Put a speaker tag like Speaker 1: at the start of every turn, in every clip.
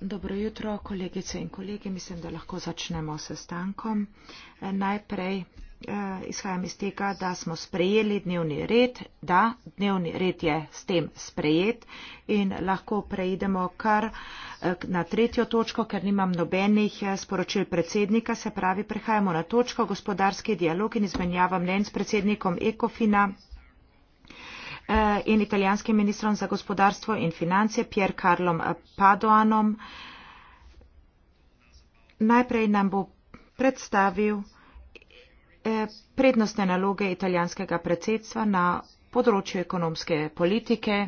Speaker 1: dobro jutro kolegice in kolegi mislim da lahko začnemo s sestankom eh, najprej eh, izhajam iz tega da smo sprejeli dnevni red da dnevni red je s tem sprejet in lahko preidemo kar eh, na tretjo točko ker nimam nobenih sporočil predsednika se pravi prehajamo na točko gospodarski dialog in izmenjava mnenj s predsednikom ecofina Eh, in italijanskim ministrom za gospodarstvo in finance Pier Karlom eh, Padoanom. Najprej nam bo predstavil eh, prednostne naloge italijanskega predsedstva na področju ekonomske politike.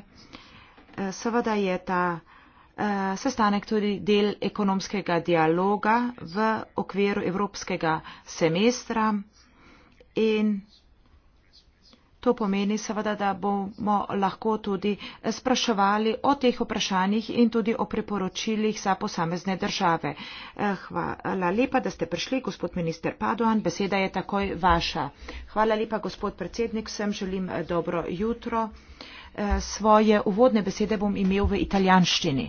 Speaker 1: Seveda je ta sestanek tudi del ekonomskega dialoga v okviru evropskega semestra in To pomeni seveda, da bomo lahko tudi spraševali o teh vprašanjih in tudi o priporočilih za posamezne države. Eh, hvala lepa, da ste prišli, gospod minister Paduan. Beseda je takoj vaša. Hvala lepa, gospod predsednik. Vsem želim eh, dobro jutro. Eh, svoje uvodne besede bom imel v italijanščini.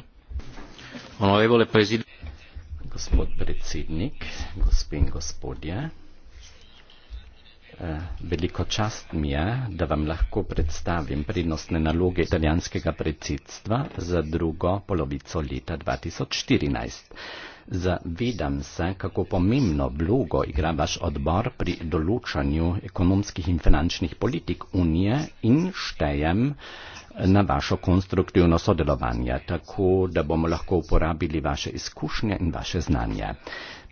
Speaker 2: Gospod predsednik, gospe in gospodje. Eh, veliko čast mi je, da vam lahko predstavim prednostne naloge italijanskega predsedstva za drugo polovico leta 2014. Zavedam se, kako pomembno vlogo igra vaš odbor pri določanju ekonomskih in finančnih politik Unije in štejem na vašo konstruktivno sodelovanje, tako da bomo lahko uporabili vaše izkušnje in vaše znanje.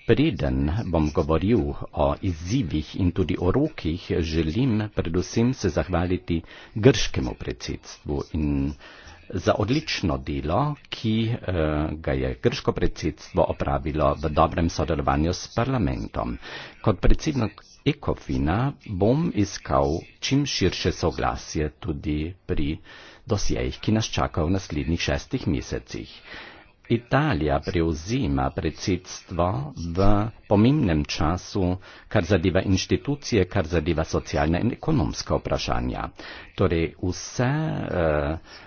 Speaker 2: Preden bom govoril o izzivih in tudi o rokih, želim predvsem se zahvaliti grškemu predsedstvu in za odlično delo, ki eh, ga je grško predsedstvo opravilo v dobrem sodelovanju s parlamentom. Kot predsednik Ekofina bom iskal čim širše soglasje tudi pri dosjejih, ki nas čakajo v naslednjih šestih mesecih. Italija prevzima predsedstvo v pomembnem času, kar zadeva inštitucije, kar zadeva socialna in ekonomska vprašanja. Torej vse uh,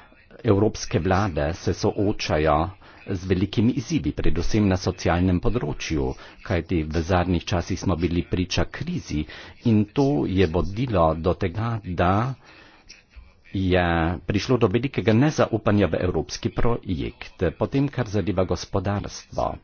Speaker 2: evropske vlade se soočajo z velikimi izzivi, predvsem na socialnem področju, kajti v zadnjih časih smo bili priča krizi in to je vodilo do tega, da je prišlo do velikega nezaupanja v evropski projekt. Potem, kar zadeva gospodarstvo,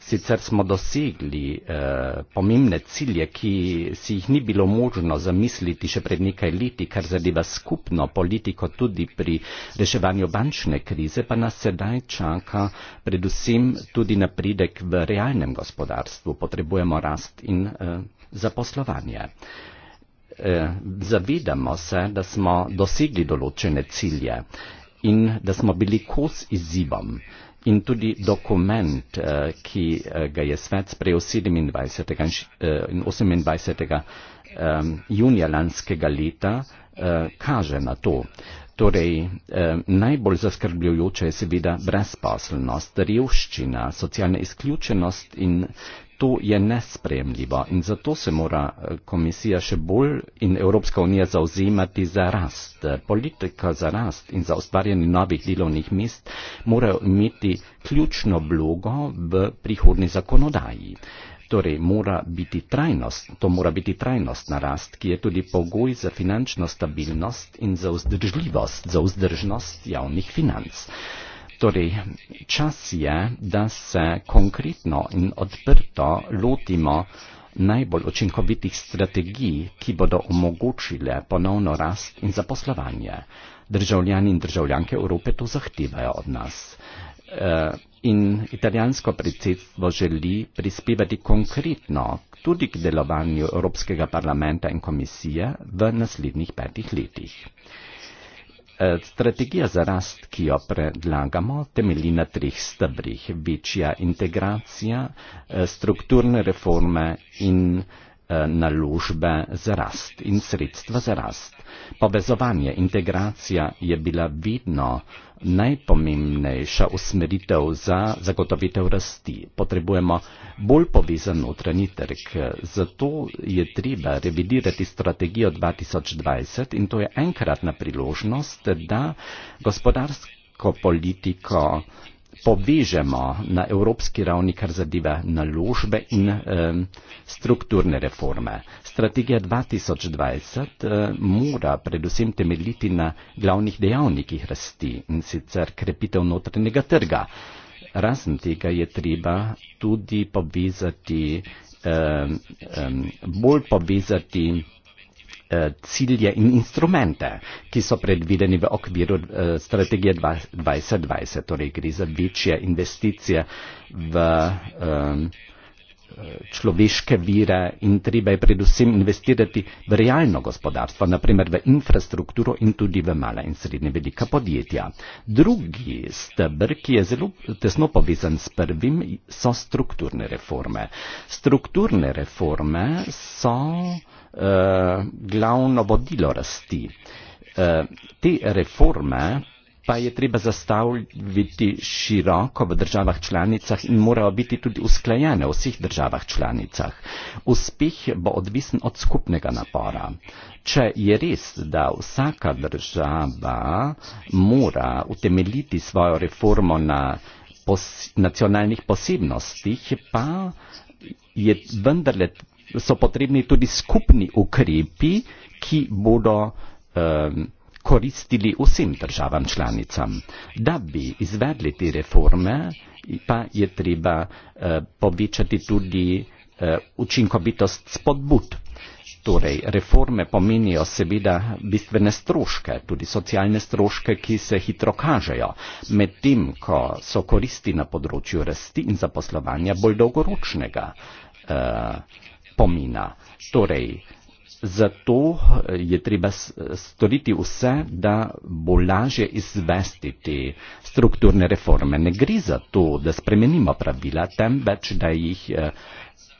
Speaker 2: sicer smo dosegli eh, pomembne cilje, ki si jih ni bilo možno zamisliti še pred nekaj leti, kar zadeva skupno politiko tudi pri reševanju bančne krize, pa nas sedaj čaka predvsem tudi napredek v realnem gospodarstvu. Potrebujemo rast in eh, zaposlovanje eh, zavedamo se, da smo dosegli določene cilje in da smo bili kos izzivom. In tudi dokument, eh, ki eh, ga je svet sprejel 27. in 28. Eh, ehm, junija lanskega leta, eh, kaže na to. Torej, eh, najbolj zaskrbljujoče je seveda brezposelnost, revščina, socialna izključenost in to je nespremljivo in zato se mora eh, komisija še bolj in Evropska unija zauzemati za rast. Politika za rast in za ustvarjanje novih delovnih mest mora imeti ključno blogo v prihodni zakonodaji. Torej, mora biti trajnost, to mora biti trajnost na rast, ki je tudi pogoj za finančno stabilnost in za vzdržljivost, za vzdržnost javnih financ. Torej, čas je, da se konkretno in odprto lotimo najbolj učinkovitih strategij, ki bodo omogočile ponovno rast in zaposlovanje. Državljani in državljanke Evrope to zahtevajo od nas. E, in italijansko predsedstvo želi prispevati konkretno tudi k delovanju Evropskega parlamenta in komisije v naslednjih petih letih. Eh, strategija za rast, ki jo predlagamo, temelji na treh stebrih. Večja integracija, eh, strukturne reforme in Eh, naložbe za rast in sredstva za rast. Povezovanje, integracija je bila vedno najpomembnejša usmeritev za zagotovitev rasti. Potrebujemo bolj povezan notranji trg. Zato je treba revidirati strategijo 2020 in to je enkratna priložnost, da gospodarsko politiko povežemo na evropski ravni, kar zadeva naložbe in eh, strukturne reforme. Strategija 2020 eh, mora predvsem temeljiti na glavnih dejavnikih rasti in sicer krepitev notranjega trga. Razen tega je treba tudi povezati, eh, eh, bolj povezati. Eh, cilje in instrumente, ki so predvideni v okviru eh, strategije 2020. Torej gre za večje investicije v človeške vire in treba je predvsem investirati v realno gospodarstvo, naprimer v infrastrukturo in tudi v mala in srednje velika podjetja. Drugi stebr, ki je zelo tesno povezan s prvim, so strukturne reforme. Strukturne reforme so Eh, glavno vodilo rasti. Eh, te reforme pa je treba zastaviti široko v državah članicah in morajo biti tudi usklajene v vseh državah članicah. Uspeh bo odvisen od skupnega napora. Če je res, da vsaka država mora utemeljiti svojo reformo na pos nacionalnih posebnostih, pa je vendarle so potrebni tudi skupni ukrepi, ki bodo um, koristili vsem državam članicam. Da bi izvedli te reforme, pa je treba uh, povečati tudi uh, učinkovitost spodbud. Torej, reforme pomenijo seveda bistvene stroške, tudi socialne stroške, ki se hitro kažejo, medtem ko so koristi na področju rasti in zaposlovanja bolj dolgoročnega. Uh, pomina. Torej, zato eh, je treba eh, storiti vse, da bo lažje izvestiti strukturne reforme. Ne gre za to, da spremenimo pravila, temveč da jih. Eh,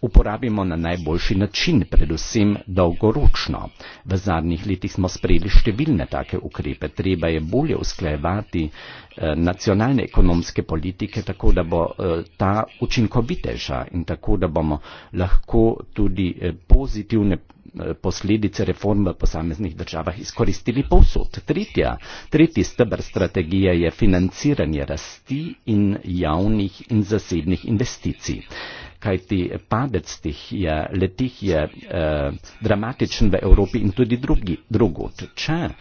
Speaker 2: uporabimo na najboljši način, predvsem dolgoročno. V zadnjih letih smo sprejeli številne take ukrepe. Treba je bolje usklajevati eh, nacionalne ekonomske politike, tako da bo eh, ta učinkovitejša in tako da bomo lahko tudi eh, pozitivne eh, posledice reform v posameznih državah izkoristili povsod. Tretja, tretji stebr strategije je financiranje rasti in javnih in zasebnih investicij kajti padec teh je, letih je eh, dramatičen v Evropi in tudi drugi, drugod. Če eh,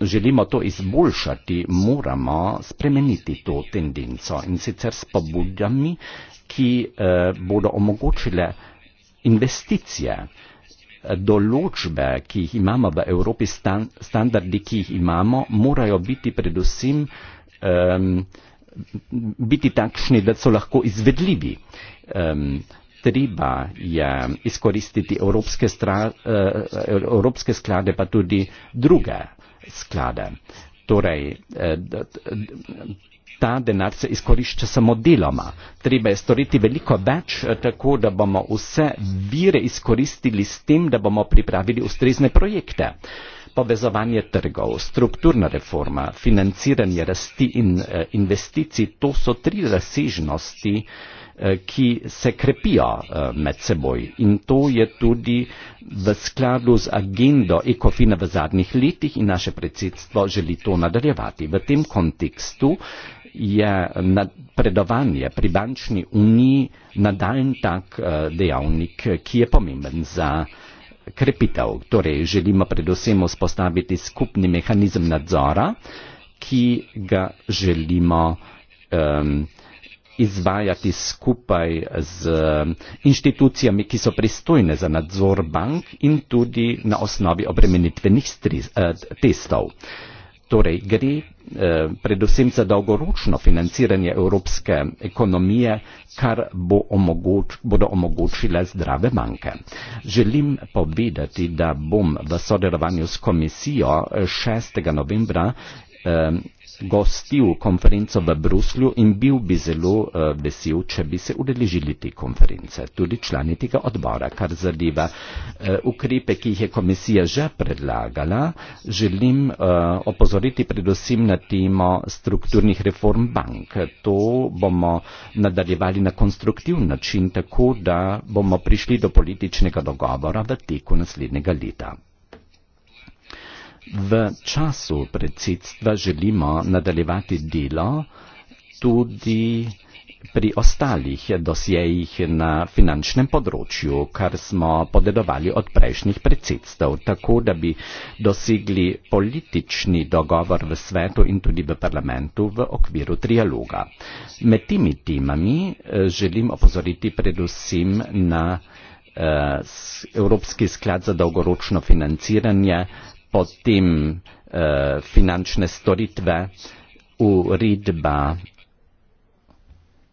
Speaker 2: želimo to izboljšati, moramo spremeniti to tendenco in sicer s pobudami, ki eh, bodo omogočile investicije določbe, ki jih imamo v Evropi, stan, standardi, ki jih imamo, morajo biti predvsem um, biti takšni, da so lahko izvedljivi um, treba je izkoristiti evropske, stra, uh, evropske sklade, pa tudi druge sklade. Torej, eh, ta denar se izkorišča samo deloma. Treba je storiti veliko več, eh, tako da bomo vse vire izkoristili s tem, da bomo pripravili ustrezne projekte. Povezovanje trgov, strukturna reforma, financiranje rasti in investicij, to so tri razsežnosti, Eh, ki se krepijo eh, med seboj. In to je tudi v skladu z agendo ECOFIN-a v zadnjih letih in naše predsedstvo želi to nadaljevati. V tem kontekstu je napredovanje pri bančni uniji nadaljn tak eh, dejavnik, ki je pomemben za krepitev. Torej želimo predvsem vzpostaviti skupni mehanizem nadzora, ki ga želimo um, izvajati skupaj z um, inštitucijami, ki so pristojne za nadzor bank in tudi na osnovi obremenitvenih stres, eh, testov. Torej, gre eh, predvsem za dolgoročno financiranje evropske ekonomije, kar bo omogoč, bodo omogočile zdrave banke. Želim povedati, da bom v sodelovanju s komisijo 6. Eh, novembra eh, gostil konferenco v Bruslju in bil bi zelo uh, vesel, če bi se udeležili te konference, tudi člani tega odbora, kar zadeva uh, ukrepe, ki jih je komisija že predlagala. Želim uh, opozoriti predvsem na temo strukturnih reform bank. To bomo nadaljevali na konstruktiv način, tako da bomo prišli do političnega dogovora v teku naslednjega leta v času predsedstva želimo nadaljevati delo tudi pri ostalih dosjejih na finančnem področju, kar smo podedovali od prejšnjih predsedstv, tako da bi dosegli politični dogovor v svetu in tudi v parlamentu v okviru trialoga. Med temi temami eh, želim opozoriti predvsem na eh, Evropski sklad za dolgoročno financiranje, pod tim eh, finančne storitve, uredba.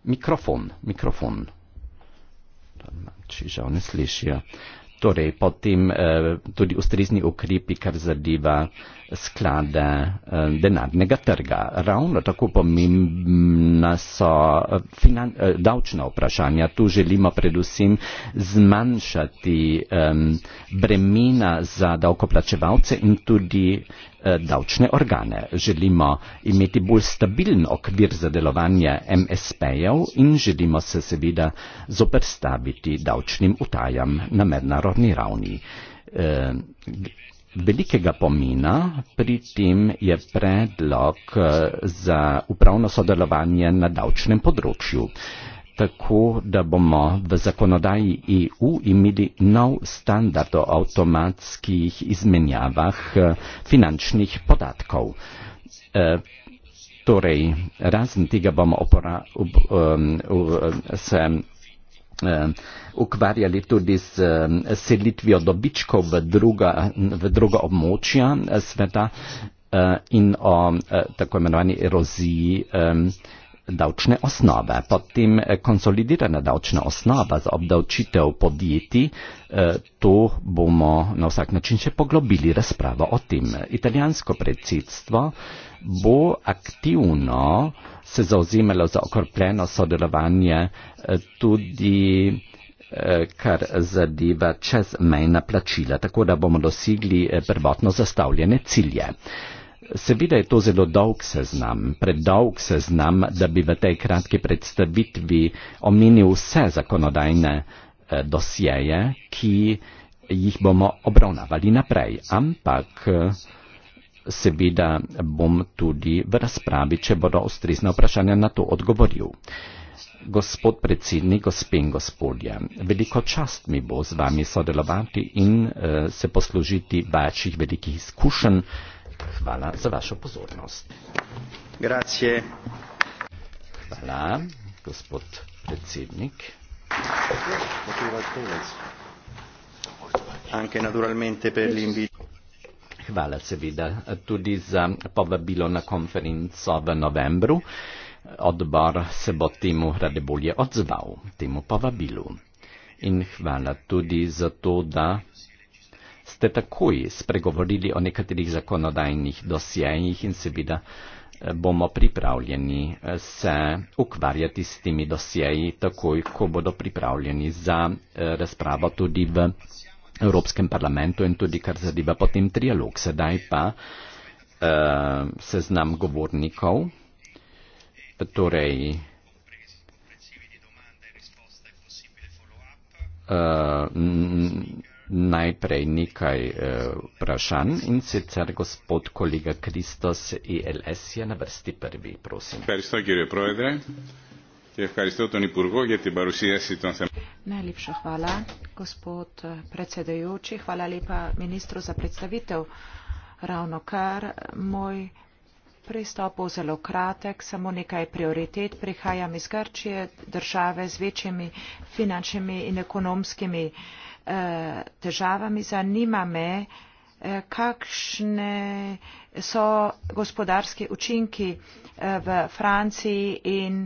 Speaker 2: Mikrofon, mikrofon. Če žal ne slišijo. Torej, potem eh, tudi ustrezni ukrepi, kar zadeva eh, sklade eh, denarnega trga. Ravno tako pomembna so eh, finan, eh, davčna vprašanja. Tu želimo predvsem zmanjšati um, bremena za davkoplačevalce in tudi uh, davčne organe. Želimo imeti bolj stabilen okvir za delovanje MSP-jev in želimo se seveda zoprstaviti davčnim utajam na mednarodni ravni. Uh, velikega pomena, pri tem je predlog eh, za upravno sodelovanje na davčnem področju tako da bomo v zakonodaji EU imeli nov standard o avtomatskih izmenjavah eh, finančnih podatkov. E, torej, razen tega bomo opora, ob, um, se Eh, ukvarjali tudi z eh, selitvijo dobičkov v druga, v druga območja eh, sveta in o tako imenovani eroziji davčne osnove. Potem konsolidirana davčna osnova za obdavčitev podjetij, to bomo na vsak način še poglobili razpravo o tem. Italijansko predsedstvo bo aktivno se zauzemalo za okrepljeno sodelovanje eh, tudi eh, kar zadeva čezmejna plačila, tako da bomo dosegli eh, prvotno zastavljene cilje. Seveda je to zelo dolg seznam, predolg seznam, da bi v tej kratki predstavitvi omenil vse zakonodajne dosjeje, ki jih bomo obravnavali naprej, ampak Seveda bom tudi v razpravi, če bodo ustrezna vprašanja na to odgovoril. Gospod predsednik, gospe in gospodje, veliko čast mi bo z vami sodelovati in uh, se poslužiti vaših velikih izkušenj. Hvala za vašo pozornost. Grazie. Hvala, gospod predsednik. Anche naturalmente per l'invito hvala seveda tudi za povabilo na konferenco v novembru. Odbor se bo temu rade bolje odzval, temu povabilu. In hvala tudi za to, da ste takoj spregovorili o nekaterih zakonodajnih dosjejih in seveda eh, bomo pripravljeni eh, se ukvarjati s temi dosjeji takoj, ko bodo pripravljeni za eh, razpravo tudi v Evropskem parlamentu in tudi kar zadeva potem trialog. Sedaj pa uh, seznam govornikov, torej uh, najprej nekaj uh, vprašanj in sicer gospod kolega Kristos ILS e je na vrsti prvi, prosim.
Speaker 3: Persta, gire, Και ευχαριστώ τον Υπουργό για την παρουσίαση των θεμάτων.
Speaker 2: Najlepša hvala,
Speaker 1: gospod predsedajoči. Hvala lepa ministru za predstavitev. Ravno kar moj pristop bo zelo kratek, samo nekaj prioritet. Prihajam iz Grčije, države z večjimi finančnimi in ekonomskimi eh, težavami. Zanima me, eh, kakšne so gospodarski učinki eh, v Franciji in.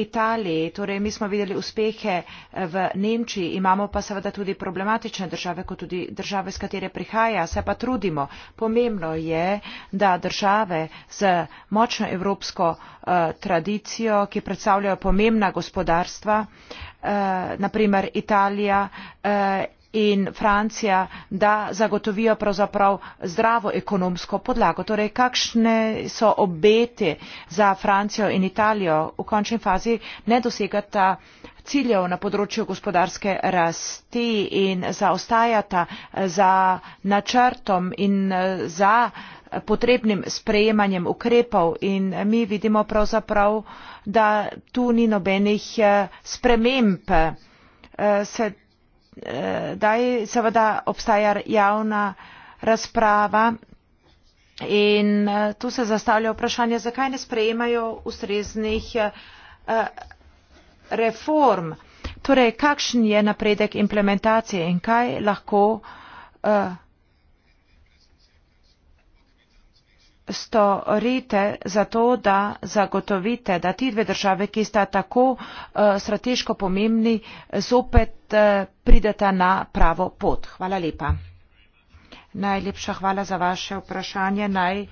Speaker 1: Italiji, torej mi smo videli uspehe eh, v Nemčiji, imamo pa seveda tudi problematične države, kot tudi države, z katere prihaja, se pa trudimo. Pomembno je, da države z močno evropsko uh, tradicijo, ki predstavljajo pomembna gospodarstva, uh, eh, naprimer Italija, uh, in francija da zagotovijo pravzaprav zdravo ekonomsko podlago torej kakšni so obeti za francijo in italijo v končni fazi ne dosegata ciljev na področju gospodarske rasti in zaostajata za načrtom in za potrebnim sprejemanjem ukrepov in mi vidimo pravzaprav da tu ni nobenih eh, sprememb eh, se da je seveda obstaja javna razprava in eh, tu se zastavlja vprašanje, zakaj ne sprejemajo ustreznih eh, reform. Torej, kakšen je napredek implementacije in kaj lahko uh, storite za to, da zagotovite, da ti dve države, ki sta tako uh, strateško pomembni, zopet uh, prideta na pravo pot? Hvala lepa. Najlepša hvala za vaše vprašanje. Naj, uh,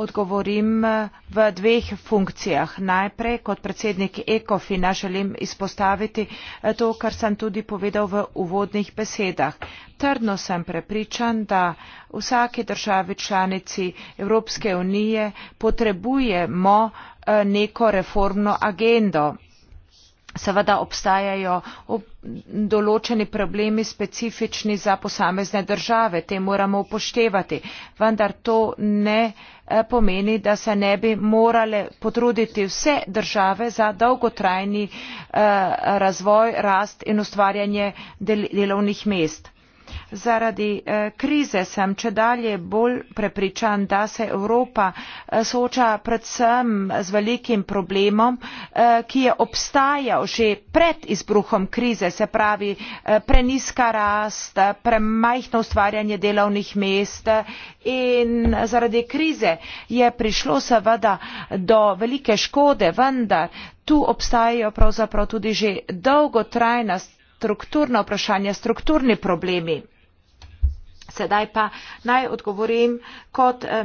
Speaker 1: odgovorim eh, v dveh funkcijah. najprej kot predsednik ecofina želim izpostaviti eh, to kar sem tudi povedal v uvodnih besedah. trdno sem prepričan da vsaki državi članici evropske unije potrebujemo eh, neko reformno agendo seveda obstajajo določeni problemi specifični za posamezne države, te moramo upoštevati, vendar to ne eh, pomeni, da se ne bi morale potruditi vse države za dolgotrajni eh, razvoj, rast in ustvarjanje delovnih mest. Zaradi eh, krize sem če dalje bolj prepričan, da se Evropa eh, sooča predvsem z velikim problemom, eh, ki je obstajal že pred izbruhom krize, se pravi preniska rast, premajhno ustvarjanje delovnih mest in zaradi krize je prišlo seveda do velike škode, vendar tu obstajajo pravzaprav tudi že dolgotrajna strukturna vprašanja strukturni problemi. sedaj pa naj odgovorim kot eh,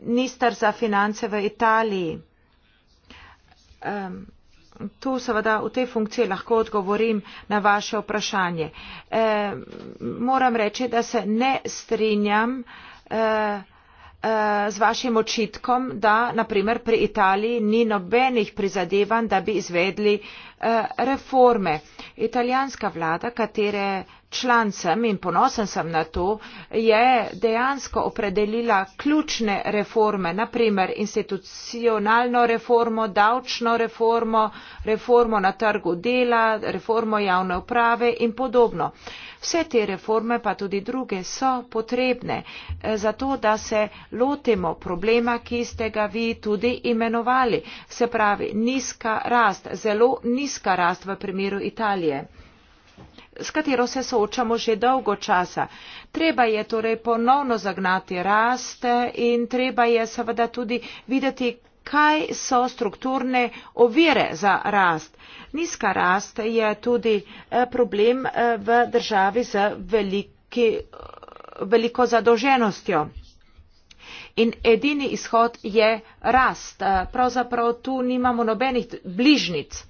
Speaker 1: minister za finance v italiji. Ehm, tu seveda v tej funkciji lahko odgovorim na vaše vprašanje. Ehm, moram reči da se ne strinjam eh, Eh, z vašim očitkom, da naprimer pri Italiji ni nobenih prizadevanj, da bi izvedli eh, reforme. Italijanska vlada, katere član sem in ponosen sem na to je dejansko opredelila ključne reforme naprimer institucionalno reformo davčno reformo reformo na trgu dela reformo javne uprave in podobno vse te reforme pa tudi druge so potrebne eh, zato da se lotimo problema ki ste ga vi tudi imenovali se pravi nizka rast zelo nizka rast v primeru italije s katero se soočamo že dolgo časa. Treba je torej ponovno zagnati rast in treba je seveda tudi videti, kaj so strukturne ovire za rast. Nizka rast je tudi eh, problem eh, v državi z veliki, veliko zadolženostjo. In edini izhod je rast. Eh, pravzaprav tu nimamo nobenih bližnic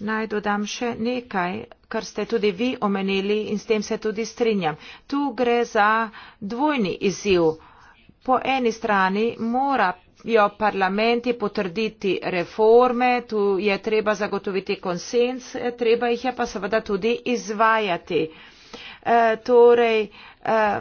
Speaker 1: naj dodam še nekaj, kar ste tudi vi omenili in s tem se tudi strinjam. Tu gre za dvojni izziv. Po eni strani mora jo parlamenti potrditi reforme, tu je treba zagotoviti konsens, treba jih je pa seveda tudi izvajati. E, torej, e,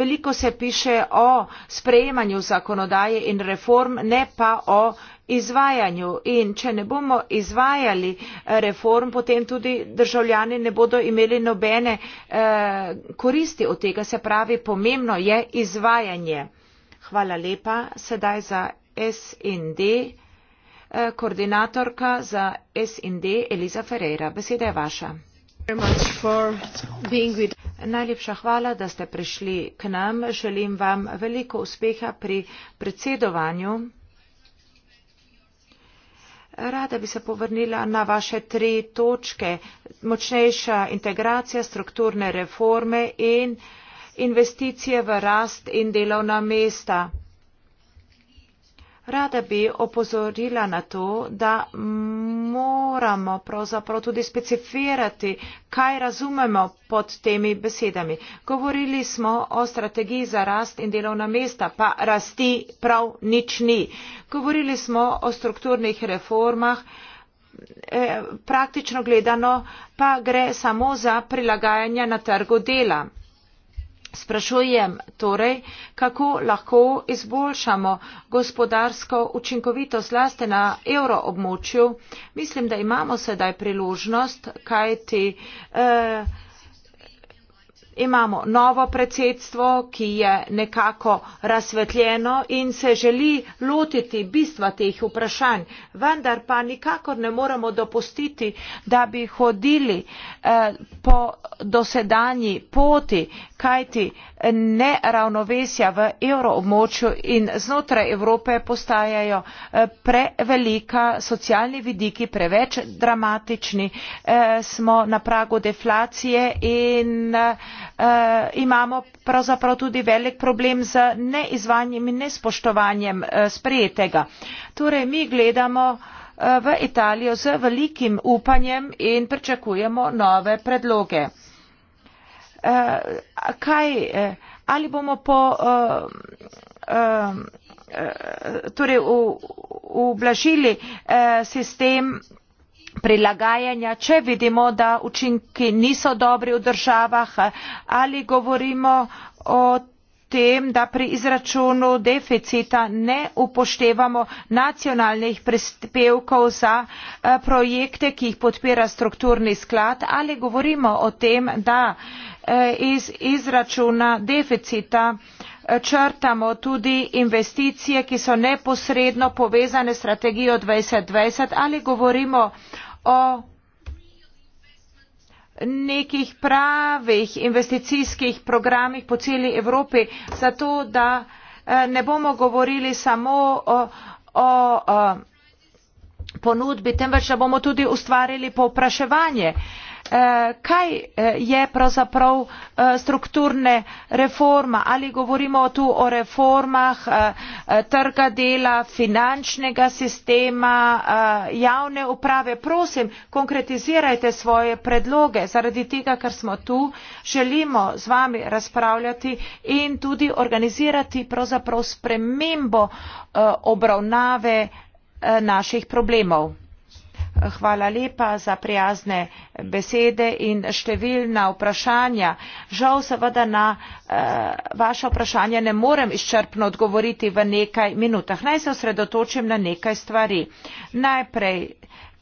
Speaker 1: veliko se piše o sprejemanju zakonodaje in reform, ne pa o izvajanju in če ne bomo izvajali eh, reform, potem tudi državljani ne bodo imeli nobene eh, koristi od tega. Se pravi, pomembno je izvajanje. Hvala lepa sedaj za SND. Eh, koordinatorka za SND Eliza Ferreira. Beseda je vaša. Najlepša hvala, da ste prišli k nam. Želim vam veliko uspeha pri predsedovanju. Rada bi se povrnila na vaše tri točke. Močnejša integracija, strukturne reforme in investicije v rast in delovna mesta. Rada bi opozorila na to, da moramo pravzaprav tudi specifirati, kaj razumemo pod temi besedami. Govorili smo o strategiji za rast in delovna mesta, pa rasti prav nič ni. Govorili smo o strukturnih reformah, eh, praktično gledano pa gre samo za prilagajanje na trgu dela. Sprašujem torej, kako lahko izboljšamo gospodarsko učinkovitost zlasti na evroobmočju. Mislim, da imamo sedaj priložnost, kajti. Eh, imamo novo predsedstvo ki je nekako razsvetljeno in se želi lotiti bistva teh vprašanj vendar pa nikakor ne moremo dopustiti da bi hodili eh, po dosedanji poti kajti neravnovesja v evroobmočju in znotraj evrope postajajo eh, prevelika socialni vidiki preveč dramatični eh, smo na pragu deflacije in eh, imamo pravzaprav tudi velik problem z neizvajanjem in nespoštovanjem sprejetega. torej mi gledamo v italijo z velikim upanjem in pričakujemo nove predloge. Eh, kaj, eh, ali bomo po, eh, torej ublažili sistem prilagajanja, če vidimo, da učinki niso dobri v državah, ali govorimo o tem, da pri izračunu deficita ne upoštevamo nacionalnih prispevkov za projekte, ki jih podpira strukturni sklad, ali govorimo o tem, da eh, Eh, iz izračuna deficita eh, črtamo tudi investicije, ki so neposredno povezane s strategijo 2020 ali govorimo o nekih pravih investicijskih programih po celi Evropi, zato da eh, ne bomo govorili samo o, o, o ponudbi, temveč da bomo tudi ustvarili popraševanje. Po Eh, kaj eh, je pravzaprav eh, strukturna reforma ali govorimo tu o reformah trga dela finančnega sistema javne uprave prosim konkretizirajte svoje predloge zaradi tega ker smo tu želimo z vami razpravljati in tudi organizirati pravzaprav spremembo obravnave naših problemov hvala lepa za prijazne besede in številna vprašanja. žal seveda na eh, vaša vprašanja ne morem izčrpno odgovoriti v nekaj minutah. naj se osredotočim na nekaj stvari. najprej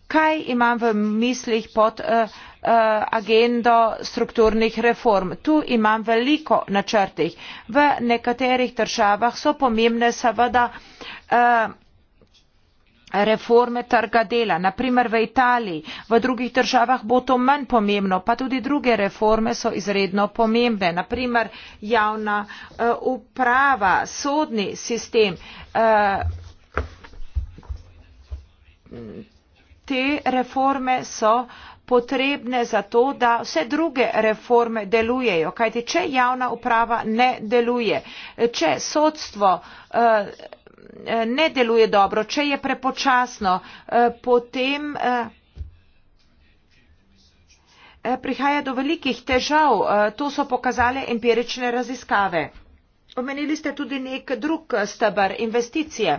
Speaker 1: kaj imam v mislih pod eh, eh, agendo strukturnih reform. tu imam veliko načrtih. v nekaterih državah so pomembne seveda reforme trga dela. Naprimer v Italiji, v drugih državah bo to manj pomembno, pa tudi druge reforme so izredno pomembne. Naprimer javna uh, uprava, sodni sistem. Uh, te reforme so potrebne za to, da vse druge reforme delujejo. Kajti, če javna uprava ne deluje, če sodstvo uh, Eh, ne deluje dobro, če je prepočasno, eh, potem eh, prihaja do velikih težav. To so pokazale empirične raziskave. Omenili ste tudi nek drug stebr investicije.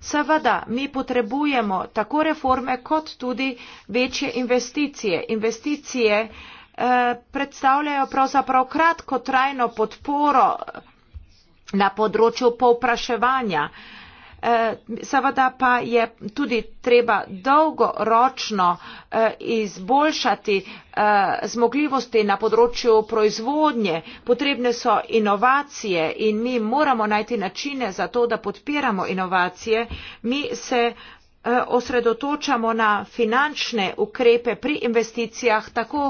Speaker 1: Seveda, mi potrebujemo tako reforme kot tudi večje investicije. Investicije predstavljajo pravzaprav kratkotrajno podporo na področju povpraševanja. Eh, seveda pa je tudi treba dolgoročno eh, izboljšati eh, zmogljivosti na področju proizvodnje potrebne so inovacije in mi moramo najti načine za to da podpiramo inovacije mi se osredotočamo na finančne ukrepe pri investicijah tako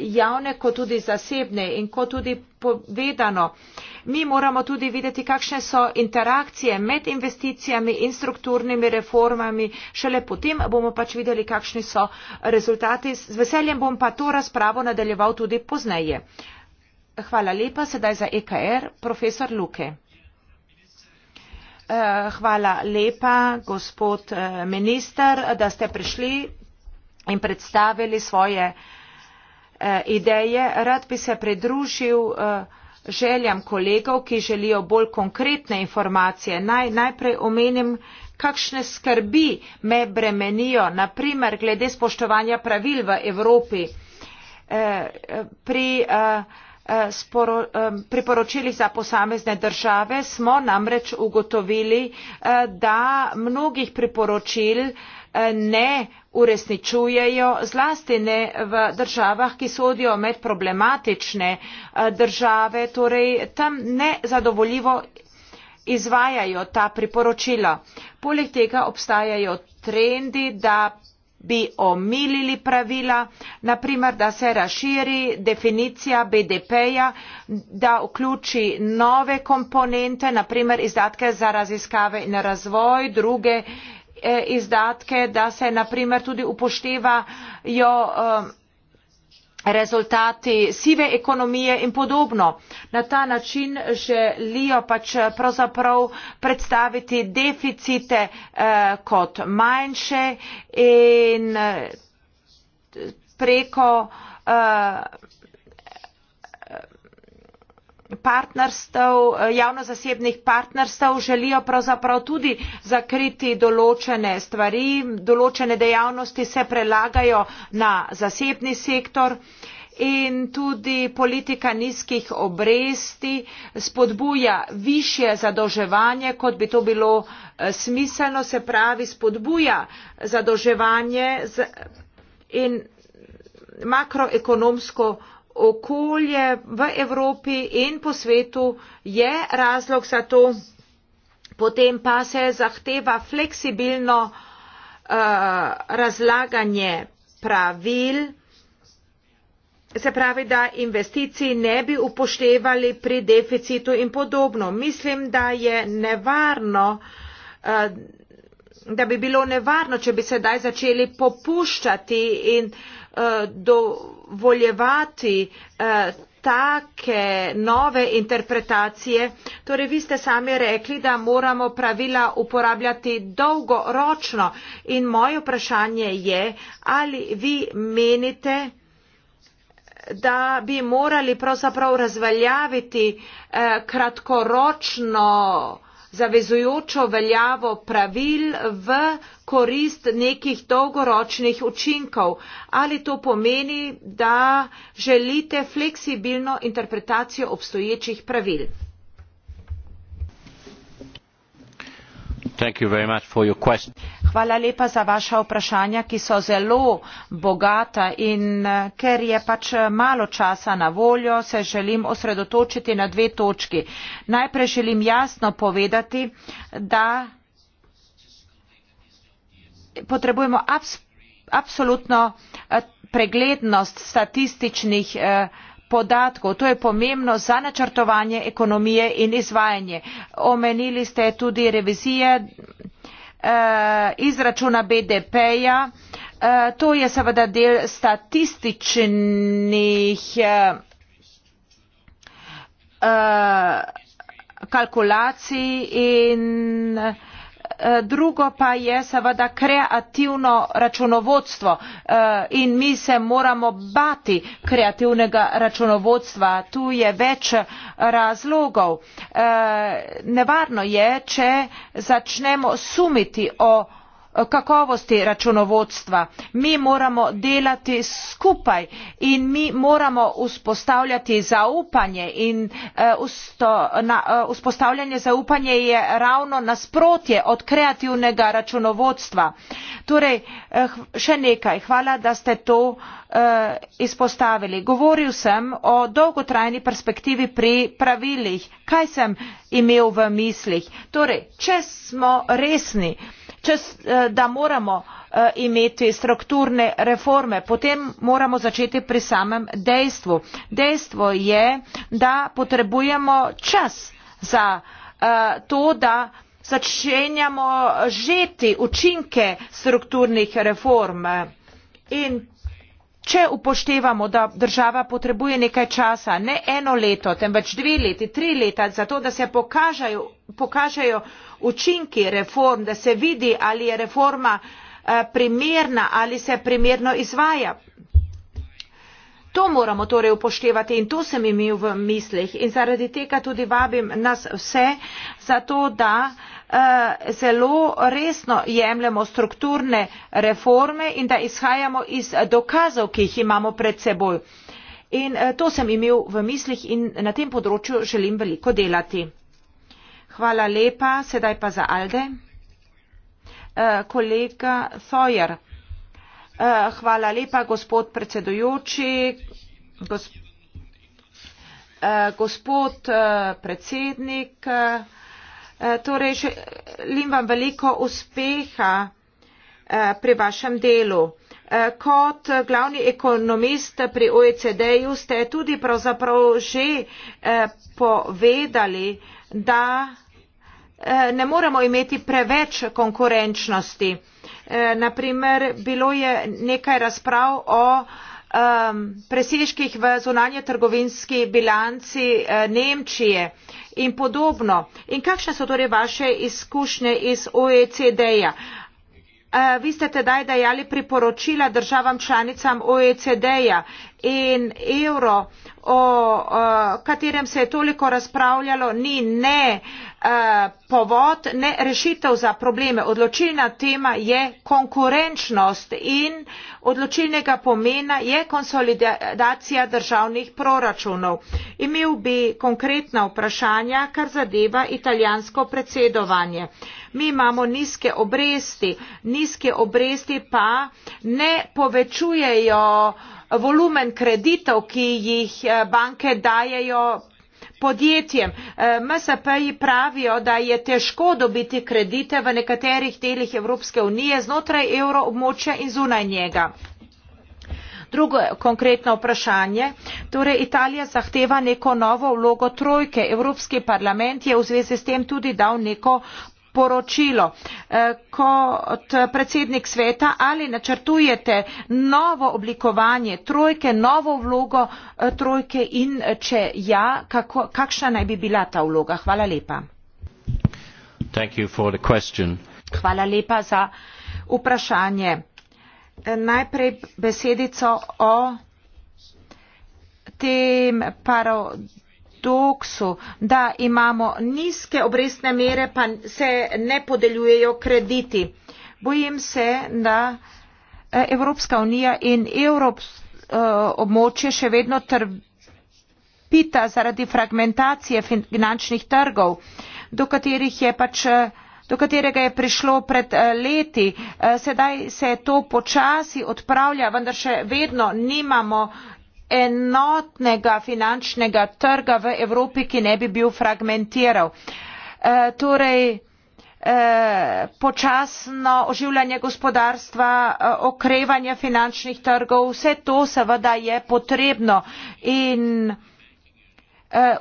Speaker 1: javne kot tudi zasebne in kot tudi povedano mi moramo tudi videti kakšne so interakcije med investicijami in strukturnimi reformami šele potem bomo pač videli kakšni so rezultati z veseljem bom pa to razpravo nadaljeval tudi pozneje hvala lepa sedaj za ekr profesor luke eh, hvala lepa gospod eh, minister da ste prišli in predstavili svoje eh, ideje rad bi se pridružil željam kolegov, ki želijo bolj konkretne informacije, naj najprej omenim, kakšne skrbi me bremenijo, naprimer glede spoštovanja pravil v Evropi. Eh, pri eh, eh, priporočilih za posamezne države smo namreč ugotovili, da mnogih priporočil ne uresničujejo zlasti ne v državah ki sodijo med problematične eh, države torej tam ne zadovoljivo izvajajo ta priporočila. poleg tega obstajajo trendi da bi omilili pravila na primer da se razširi definicija bdp ja da vključi nove komponente na primer izdatke za raziskave in razvoj druge Eh, izdatke da se na primer tudi upoštevajo eh, rezultati sive ekonomije in podobno. Na ta način želijo pač pravzaprav predstaviti deficite eh, kot manjše in eh, preko eh, partnerstev eh, javno zasebnih partnerstev želijo pravzaprav tudi zakriti določene stvari določene dejavnosti se prelagajo na zasebni sektor in tudi politika nizkih obresti spodbuja višje zadolževanje kot bi to bilo eh, smiselno se pravi spodbuja zadolževanje in makroekonomsko okolje v Evropi in po svetu je razlog za to, potem pa se zahteva fleksibilno uh, razlaganje pravil, se pravi, da investicij ne bi upoštevali pri deficitu in podobno. Mislim, da je nevarno, uh, da bi bilo nevarno, če bi sedaj začeli popuščati in uh, Eh, dovoljevati eh, take nove interpretacije. Torej, vi ste sami rekli, da moramo pravila uporabljati dolgoročno in moje vprašanje je, ali vi menite, da bi morali pravzaprav razveljaviti eh, kratkoročno eh, zavezujočo veljavo pravil v korist nekih dolgoročnih učinkov. Ali to pomeni, da želite fleksibilno interpretacijo obstoječih pravil? hvala lepa za vaša vprašanja ki so zelo bogata in eh, ker je pač eh, malo časa na voljo se želim osredotočiti na dve točki najprej želim jasno povedati da potrebujemo abs absolutno eh, preglednost statističnih eh, podatkov to je pomembno za načrtovanje ekonomije in izvajanje omenili ste tudi revizije eh, izračuna bdp ja eh, to je seveda del statističnih eh, kalkulacij in Eh, drugo pa je seveda kreativno računovodstvo eh, in mi se moramo bati kreativnega računovodstva tu je več razlogov eh, nevarno je če začnemo sumiti o kakovosti računovodstva mi moramo delati skupaj in mi moramo vzpostavljati zaupanje in eh, eh, vzpostavljanje zaupanja je ravno nasprotje od kreativnega računovodstva torej eh, še nekaj hvala da ste to izpostavili govoril sem o dolgotrajni perspektivi pri pravilih kaj sem imel v mislih torej če smo resni Eh, da moramo eh, imeti strukturne reforme potem moramo začeti pri samem dejstvu dejstvo je da potrebujemo čas za eh, to da začenjamo žeti učinke strukturnih reform in Če upoštevamo, da država potrebuje nekaj časa, ne eno leto, temveč dve leti, tri leta, zato da se pokažajo pokažejo učinki reform, da se vidi, ali je reforma eh, primerna, ali se primerno izvaja. To moramo torej upoštevati in to sem imel v mislih in zaradi tega tudi vabim nas vse za to, da uh, zelo resno jemljemo strukturne reforme in da izhajamo iz dokazov, ki jih imamo pred seboj. In uh, to sem imel v mislih in na tem področju želim veliko delati. Hvala lepa. Sedaj pa za Alde. Eh, kolega Sojer. Eh, hvala lepa, gospod predsedujoči. Eh, gospod predsednik, torej želim vam veliko uspeha pri vašem delu. Kot glavni ekonomist pri OECD-ju ste tudi pravzaprav že povedali, da Eh, ne moremo imeti preveč konkurenčnosti. Eh, Naprimer, bilo je nekaj razprav o presežkih v zunanje trgovinski bilanci eh, Nemčije in podobno. In kakšne so torej vaše izkušnje iz OECD-ja? Vi ste tedaj dajali priporočila državam članicam OECD-ja in evro, o katerem se je toliko razpravljalo, ni ne eh, povod, ne rešitev za probleme. Odločilna tema je konkurenčnost in odločilnega pomena je konsolidacija državnih proračunov. Imel bi konkretna vprašanja, kar zadeva italijansko predsedovanje. Mi imamo nizke obresti, nizke obresti pa ne povečujejo uh, volumen kreditov, ki jih eh, banke dajejo podjetjem. Eh, MSP-ji pravijo, da je težko dobiti kredite v nekaterih delih Evropske unije znotraj evroobmočja in zunaj njega. Drugo konkretno vprašanje. Torej, Italija zahteva neko novo vlogo trojke. Evropski parlament je v zvezi s tem tudi dal neko poročilo. E, kot predsednik sveta, ali načrtujete novo oblikovanje trojke, novo vlogo e, trojke in e, če ja, kako, kakšna naj bi bila ta vloga? Hvala lepa. Hvala lepa za vprašanje. Najprej besedico o tem parodiju ortodoksu, da imamo nizke obrestne mere, pa se ne podeljujejo krediti. Bojim se, da e, Evropska unija in Evropsko e, območje še vedno trpita zaradi fragmentacije finančnih trgov, do katerih je pač e, do katerega je prišlo pred leti. Sedaj se to počasi odpravlja, vendar še vedno nimamo enotnega finančnega trga v Evropi, ki ne bi bil fragmentiral. E, torej, e, počasno oživljanje gospodarstva, e, okrevanje finančnih trgov, vse to seveda je potrebno in e,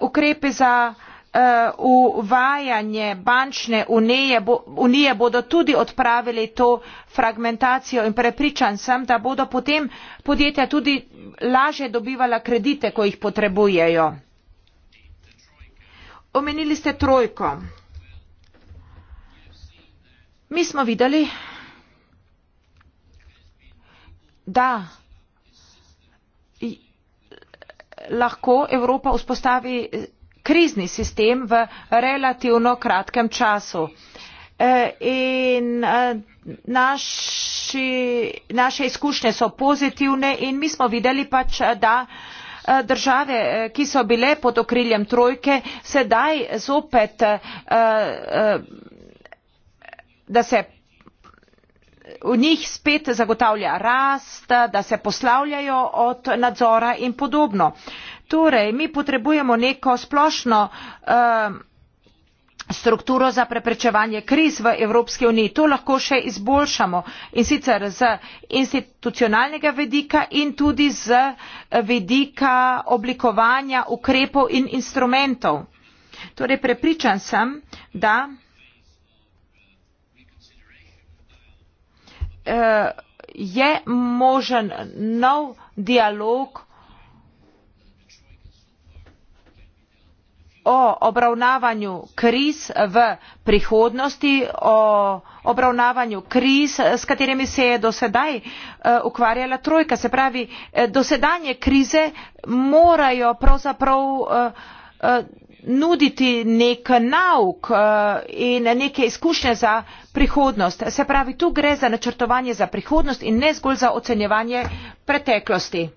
Speaker 1: ukrepe za e, Eh, uvajanje bančne unije, bo, unije bodo tudi odpravili to fragmentacijo in prepričan sem, da bodo potem podjetja tudi lažje dobivala kredite, ko jih potrebujejo. Omenili ste trojko. Mi smo videli, da lahko Evropa vzpostavi krizni sistem v relativno kratkem času. E, in e, naši, naše izkušnje so pozitivne in mi smo videli pač, da e, države, ki so bile pod okriljem trojke, sedaj zopet, da se v njih spet zagotavlja rast, da se poslavljajo od nadzora in podobno. Torej, mi potrebujemo neko splošno uh, strukturo za preprečevanje kriz v Evropski uniji. To lahko še izboljšamo in sicer z institucionalnega vidika in tudi z eh, vidika oblikovanja ukrepov in instrumentov. Torej, prepričan sem, da. Uh, je možen nov dialog o obravnavanju kriz v prihodnosti o obravnavanju kriz s katerimi se je do sedaj eh, ukvarjala trojka se pravi eh, dosedanje krize morajo pravzaprav eh, nuditi nek nauk in neke izkušnje za prihodnost se pravi tu gre za načrtovanje za prihodnost in ne zgolj za ocenjevanje preteklosti.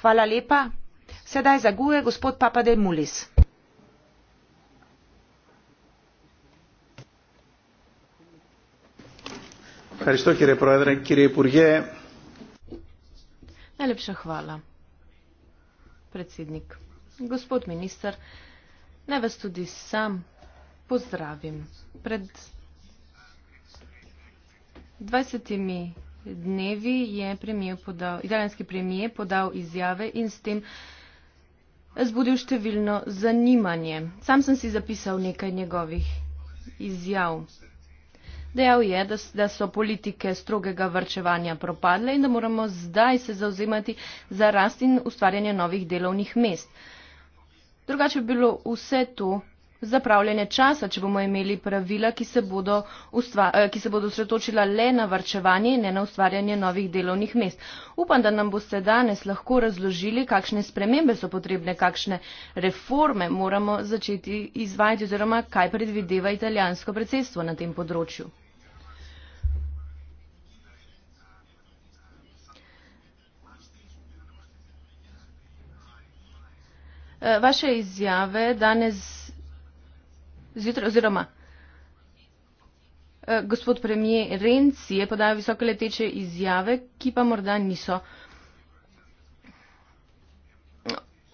Speaker 1: hvala lepa. sedaj za gue gospod papademoulis.
Speaker 3: Ευχαριστώ κύριε Πρόεδρε. Κύριε Υπουργέ. Έλεψα
Speaker 4: χβάλα. Πρετσίδνικ. Γκοσπότ Μινίστερ, νέβες του Δισάμ, поздравим пред 20 ми дневи је премијер подао италијански премијер подао изјаве и с тим збудио штевилно занимање сам сам си записао нека негових изјав Dejal je, da, da so politike strogega vrčevanja propadle in da moramo zdaj se zauzemati za rast in ustvarjanje novih delovnih mest. Drugače bi bilo vse to zapravljanje časa, če bomo imeli pravila, ki se bodo, ustva, eh, ki se bodo sretočila le na vrčevanje in ne na ustvarjanje novih delovnih mest. Upam, da nam boste danes lahko razložili, kakšne spremembe so potrebne, kakšne reforme moramo začeti izvajati oziroma kaj predvideva italijansko predsedstvo na tem področju. Eh, vaše izjave danes zjutraj oziroma eh, gospod premijer Renci je podal visoko leteče izjave, ki pa morda niso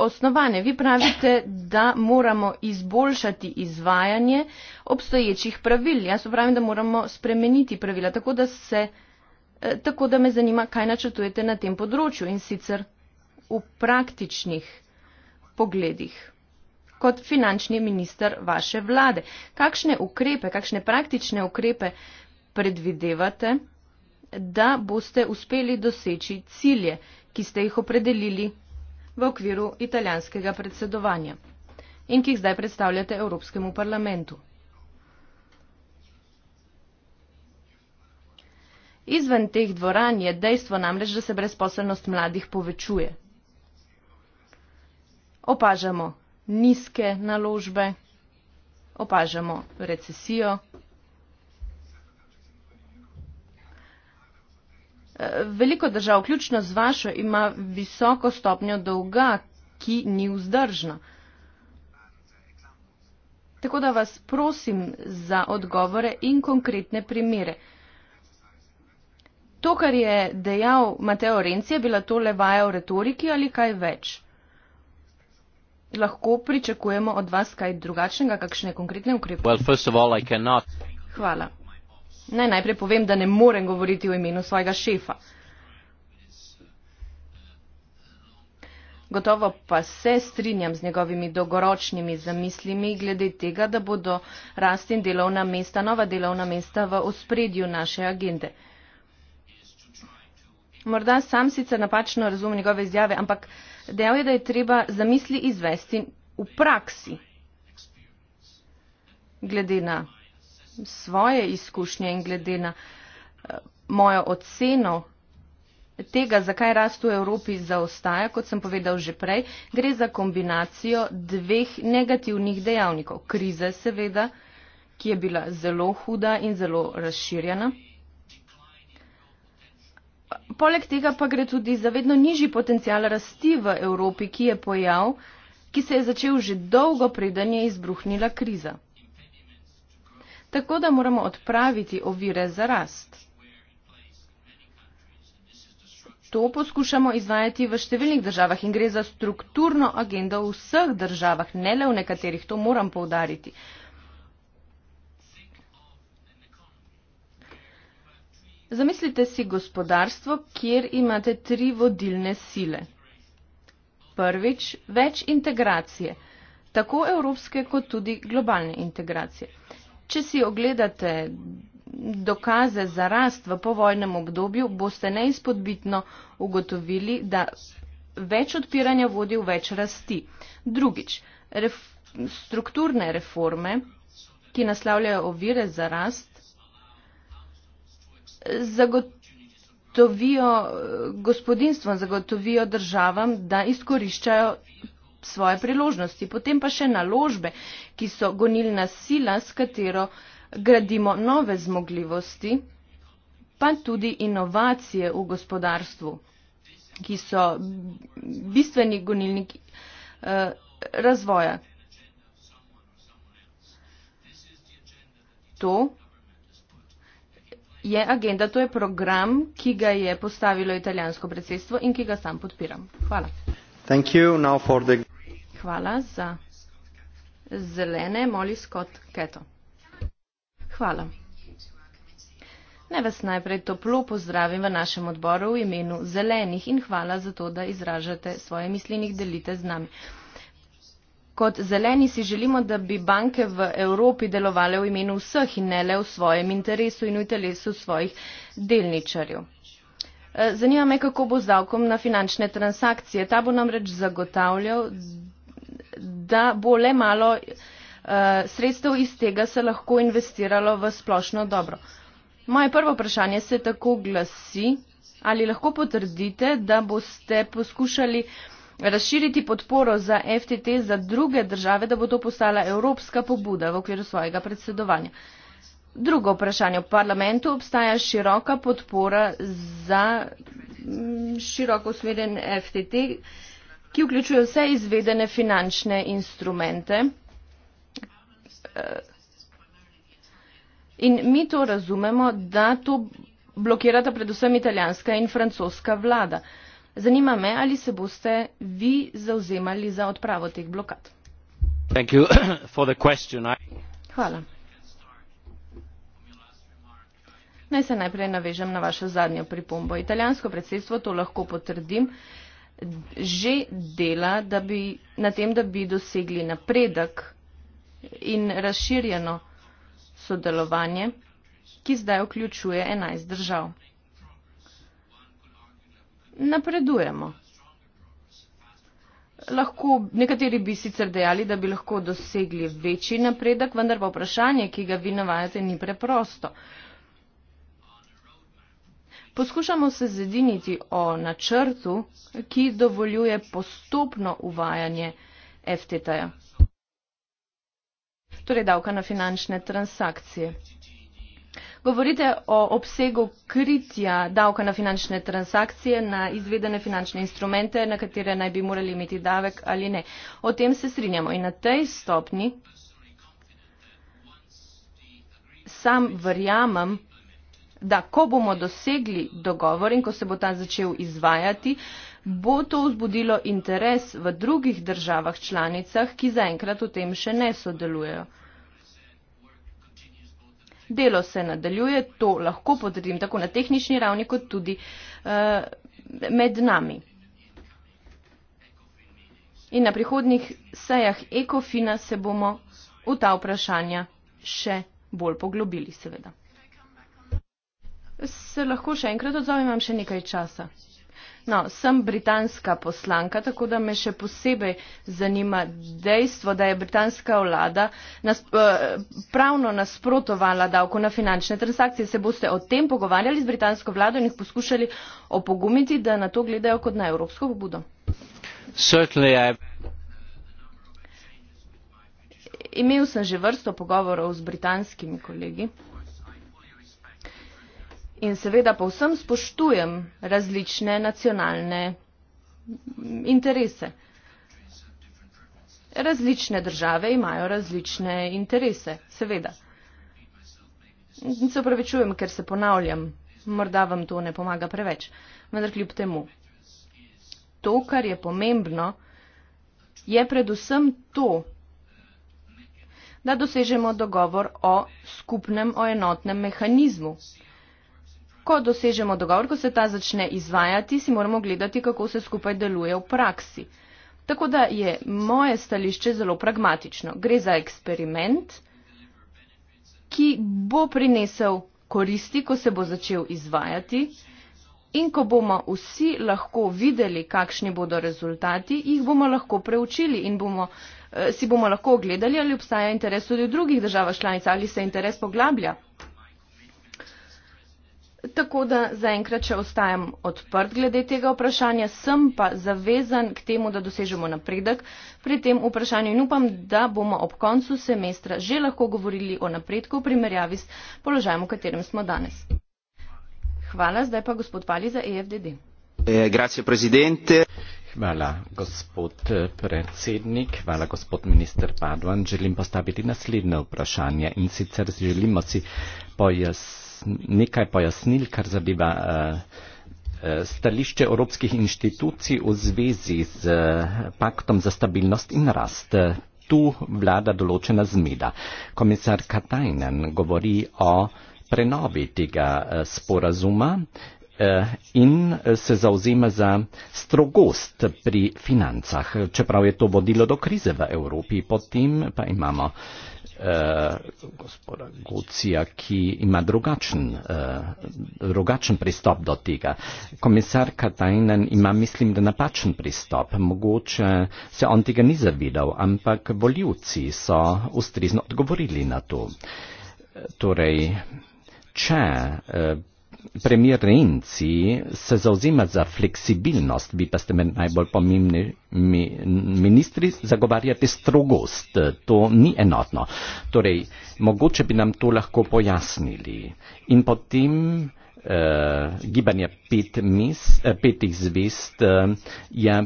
Speaker 4: osnovane. Vi pravite, da moramo izboljšati izvajanje obstoječih pravil. Jaz pravim, da moramo spremeniti pravila, tako da, se, eh, tako da me zanima, kaj načrtujete na tem področju in sicer v praktičnih pogledih kot finančni minister vaše vlade. Kakšne ukrepe, kakšne praktične ukrepe predvidevate, da boste uspeli doseči cilje, ki ste jih opredelili v okviru italijanskega predsedovanja in ki jih zdaj predstavljate Evropskemu parlamentu? Izven teh dvoran je dejstvo namreč, da se brezposelnost mladih povečuje opažamo nizke naložbe, opažamo recesijo. Veliko držav, vključno z vašo, ima visoko stopnjo dolga, ki ni vzdržna. Tako da vas prosim za odgovore in konkretne primere. To, kar je dejal Mateo Renci, je bila tole vaja v retoriki ali kaj več? lahko pričakujemo od vas kaj drugačnega, kakšne konkretne ukrepe?
Speaker 2: Well, all,
Speaker 4: Hvala. Naj najprej povem, da ne morem govoriti v imenu svojega šefa. Gotovo pa se strinjam z njegovimi dolgoročnimi zamislimi glede tega, da bodo rast in delovna mesta, nova delovna mesta v ospredju naše agende morda sam sicer napačno razumem njegove izjave, ampak dejal je, da je treba zamisli izvesti v praksi. Glede na svoje izkušnje in glede na eh, mojo oceno tega, zakaj rast v Evropi zaostaja, kot sem povedal že prej, gre za kombinacijo dveh negativnih dejavnikov. Krize seveda, ki je bila zelo huda in zelo razširjena poleg tega pa gre tudi za vedno nižji potencial rasti v Evropi, ki je pojav, ki se je začel že dolgo preden je izbruhnila kriza. Tako da moramo odpraviti ovire za rast. To poskušamo izvajati v številnih državah in gre za strukturno agendo v vseh državah, ne le v nekaterih, to moram povdariti. Zamislite si gospodarstvo, kjer imate tri vodilne sile. Prvič, več integracije, tako evropske kot tudi globalne integracije. Če si ogledate dokaze za rast v povojnem obdobju, boste neizpodbitno ugotovili, da več odpiranja vodi v več rasti. Drugič, ref, strukturne reforme, ki naslavljajo ovire za rast, zagotovijo gospodinstvom, zagotovijo državam, da izkoriščajo svoje priložnosti. Potem pa še naložbe, ki so gonilna sila, s katero gradimo nove zmogljivosti, pa tudi inovacije v gospodarstvu, ki so bistveni gonilniki eh, razvoja. To je agenda, to je program, ki ga je postavilo italijansko predsedstvo in ki ga sam podpiram. Hvala.
Speaker 3: The...
Speaker 4: Hvala za zelene, moli Scott Keto. Hvala. Naj vas najprej toplo pozdravim v našem odboru v imenu zelenih in hvala za to, da izražate svoje misli in jih delite z nami. Kot zeleni si želimo, da bi banke v Evropi delovale v imenu vseh in ne le v svojem interesu in v telesu svojih delničarjev. E, zanima me, kako bo z davkom na finančne transakcije. Ta bo namreč zagotavljal, da bo le malo e, sredstev iz tega se lahko investiralo v splošno dobro. Moje prvo vprašanje se tako glasi, ali lahko potrdite, da boste poskušali razširiti podporo za FTT za druge države, da bo to postala evropska pobuda v okviru svojega predsedovanja. Drugo vprašanje. V parlamentu obstaja široka podpora za mm, široko usmerjen FTT, ki vključuje vse izvedene finančne instrumente. In mi to razumemo, da to blokirata predvsem italijanska in francoska vlada. Zanima me, ali se boste vi zauzemali za odpravo teh blokad.
Speaker 2: Hvala.
Speaker 4: Naj se najprej navežem na vašo zadnjo pripombo. Italijansko predsedstvo, to lahko potrdim, že dela da bi, na tem, da bi dosegli napredek in razširjeno sodelovanje, ki zdaj vključuje 11 držav napredujemo. Lahko, nekateri bi sicer dejali, da bi lahko dosegli večji napredek, vendar pa vprašanje, ki ga vi navajate, ni preprosto. Poskušamo se zediniti o načrtu, ki dovoljuje postopno uvajanje FTT-ja, torej davka na finančne transakcije. Govorite o obsegu kritja davka na finančne transakcije, na izvedene finančne instrumente, na katere naj bi morali imeti davek ali ne. O tem se strinjamo in na tej stopni sam verjamem, da ko bomo dosegli dogovor in ko se bo ta začel izvajati, bo to vzbudilo interes v drugih državah članicah, ki zaenkrat v tem še ne sodelujejo. Delo se nadaljuje, to lahko potrdim tako na tehnični ravni, kot tudi eh, med nami. In na prihodnih sejah Ekofina se bomo v ta vprašanja še bolj poglobili, seveda. Se lahko še enkrat odzovem, imam še nekaj časa. No, sem britanska poslanka, tako da me še posebej zanima dejstvo, da je britanska vlada nas, eh, pravno nasprotovala davko na finančne transakcije. Se boste o tem pogovarjali z britansko vlado in jih poskušali opogumiti, da na to gledajo kot na evropsko pobudo? Imel sem že vrsto pogovorov z britanskimi kolegi in seveda povsem spoštujem različne nacionalne interese. Različne države imajo različne interese, seveda. Se upravičujem, ker se ponavljam, morda vam to ne pomaga preveč, vendar kljub temu. To, kar je pomembno, je predvsem to, da dosežemo dogovor o skupnem, o enotnem mehanizmu ko dosežemo dogovor, ko se ta začne izvajati, si moramo gledati, kako se skupaj deluje v praksi. Tako da je moje stališče zelo pragmatično. Gre za eksperiment, ki bo prinesel koristi, ko se bo začel izvajati in ko bomo vsi lahko videli, kakšni bodo rezultati, jih bomo lahko preučili in bomo, eh, si bomo lahko ogledali, ali obstaja interes tudi v drugih državah članic, ali se interes poglablja. Tako da zaenkrat še ostajam odprt glede tega vprašanja, sem pa zavezan k temu, da dosežemo napredek pri tem vprašanju in upam, da bomo ob koncu semestra že lahko govorili o napredku v primerjavi s položajem, v katerem smo danes. Hvala, zdaj pa gospod Pali za EFDD.
Speaker 2: Eh, hvala, gospod predsednik, hvala, gospod minister Padvan. Želim postaviti naslednje vprašanje in sicer želimo si pojasniti nekaj pojasnil, kar zadeva eh, eh, stališče evropskih inštitucij v zvezi z eh, paktom za stabilnost in rast. Tu vlada določena zmeda. Komisar Katajnen govori o prenovi tega sporazuma in se zauzema za strogost pri financah, čeprav je to vodilo do krize v Evropi. Potem pa imamo Eh, gospoda ki ima drugačen, uh, drugačen pristop do tega. Komisarka Tajnen ima, mislim, da napačen pristop. Mogoče se on tega ni zavidal, ampak voljivci so ustrezno odgovorili na to. Torej, če uh, premijer Renzi se zauzima za fleksibilnost, vi pa ste med najbolj pomembnimi ministri, zagovarjate strogost. To ni enotno. Torej, mogoče bi nam to lahko pojasnili. In potem eh, gibanje pet mis, eh, petih zvest eh, je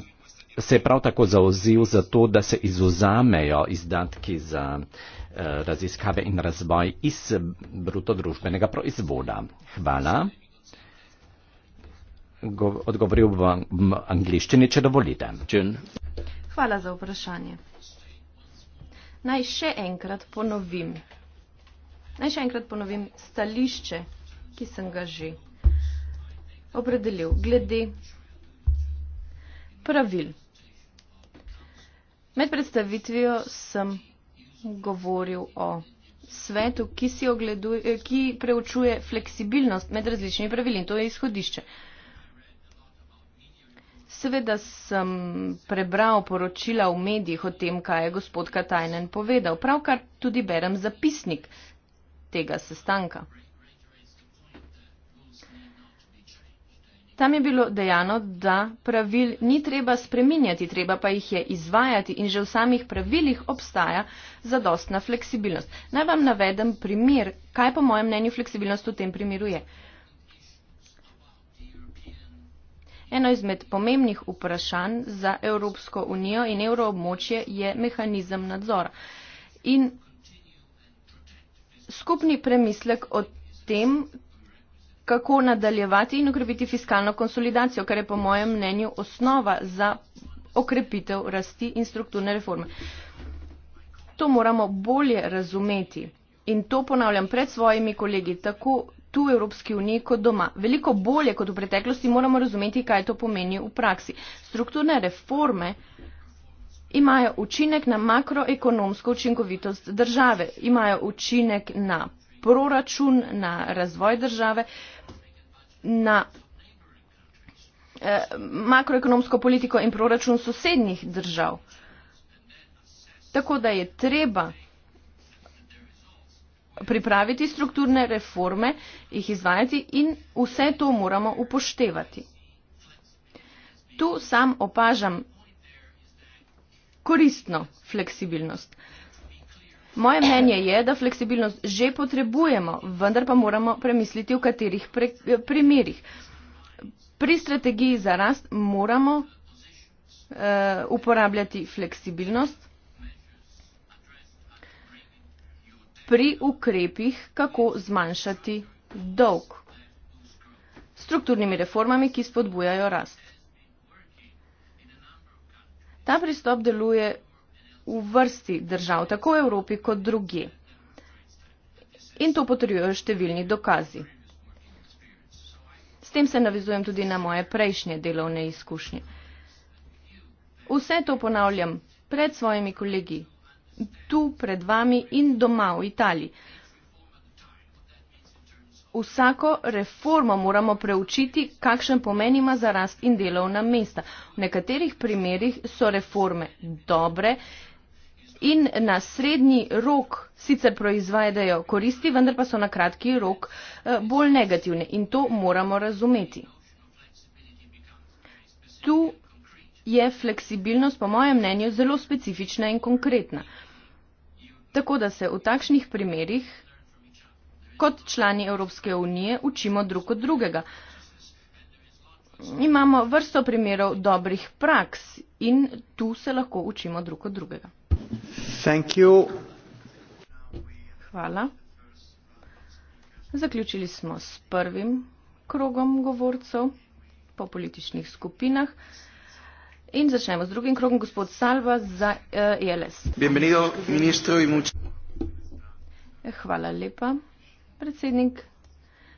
Speaker 2: se je prav tako zauzil za to, da se izuzamejo izdatki za raziskave in razvoj iz bruto družbenega proizvoda. Hvala. Go, odgovoril bom v angliščini, če dovolite. Jun. Hvala za
Speaker 4: vprašanje. Naj še enkrat ponovim. Naj še enkrat ponovim stališče, ki sem ga že opredelil glede pravil. Med predstavitvijo sem govoril o svetu, ki, ogleduje, eh, ki preučuje fleksibilnost med različnimi pravili in to je izhodišče. Seveda sem prebral poročila v medijih o tem, kaj je gospod Katajnen povedal. Pravkar tudi berem zapisnik tega sestanka. Tam je bilo dejano, da pravil ni treba spreminjati, treba pa jih je izvajati in že v samih pravilih obstaja zadostna fleksibilnost. Naj vam navedem primer, kaj po mojem mnenju fleksibilnost v tem primeru je. Eno izmed pomembnih vprašanj za Evropsko unijo in evroobmočje je mehanizem nadzora. In skupni premislek o tem, kako nadaljevati in okrepiti fiskalno konsolidacijo, kar je po mojem mnenju osnova za okrepitev rasti in strukturne reforme. To moramo bolje razumeti in to ponavljam pred svojimi kolegi, tako tu v Evropski uniji kot doma. Veliko bolje kot v preteklosti moramo razumeti, kaj to pomeni v praksi. Strukturne reforme imajo učinek na makroekonomsko učinkovitost države, imajo učinek na proračun, na razvoj države, na eh, makroekonomsko politiko in proračun sosednjih držav. Tako da je treba pripraviti strukturne reforme, jih izvajati in vse to moramo upoštevati. Tu sam opažam koristno fleksibilnost. Moje mnenje je, da fleksibilnost že potrebujemo, vendar pa moramo premisliti, v katerih pre, primerjih. Pri strategiji za rast moramo uh, uporabljati fleksibilnost pri ukrepih, kako zmanjšati dolg strukturnimi reformami, ki spodbujajo rast. Ta pristop deluje v vrsti držav, tako v Evropi kot druge. In to potrjujejo številni dokazi. S tem se navizujem tudi na moje prejšnje delovne izkušnje. Vse to ponavljam pred svojimi kolegi, tu pred vami in doma v Italiji. Vsako reformo moramo preučiti, kakšen pomen ima za rast in delovna mesta. V nekaterih primerjih so reforme dobre in na srednji rok sicer proizvajajo koristi, vendar pa so na kratki rok eh, bolj negativne in to moramo razumeti. Tu je fleksibilnost, po mojem mnenju, zelo specifična in konkretna. Tako da se v takšnih primerjih kot člani Evropske unije učimo drug od drugega. Imamo vrsto primerov dobrih praks in tu se lahko učimo drug od drugega. Hvala. Zaključili smo s prvim krogom govorcev po političnih skupinah. In začnemo z drugim krogom, gospod Salva za ELS.
Speaker 3: Eh, e uh,
Speaker 4: Hvala lepa, predsednik.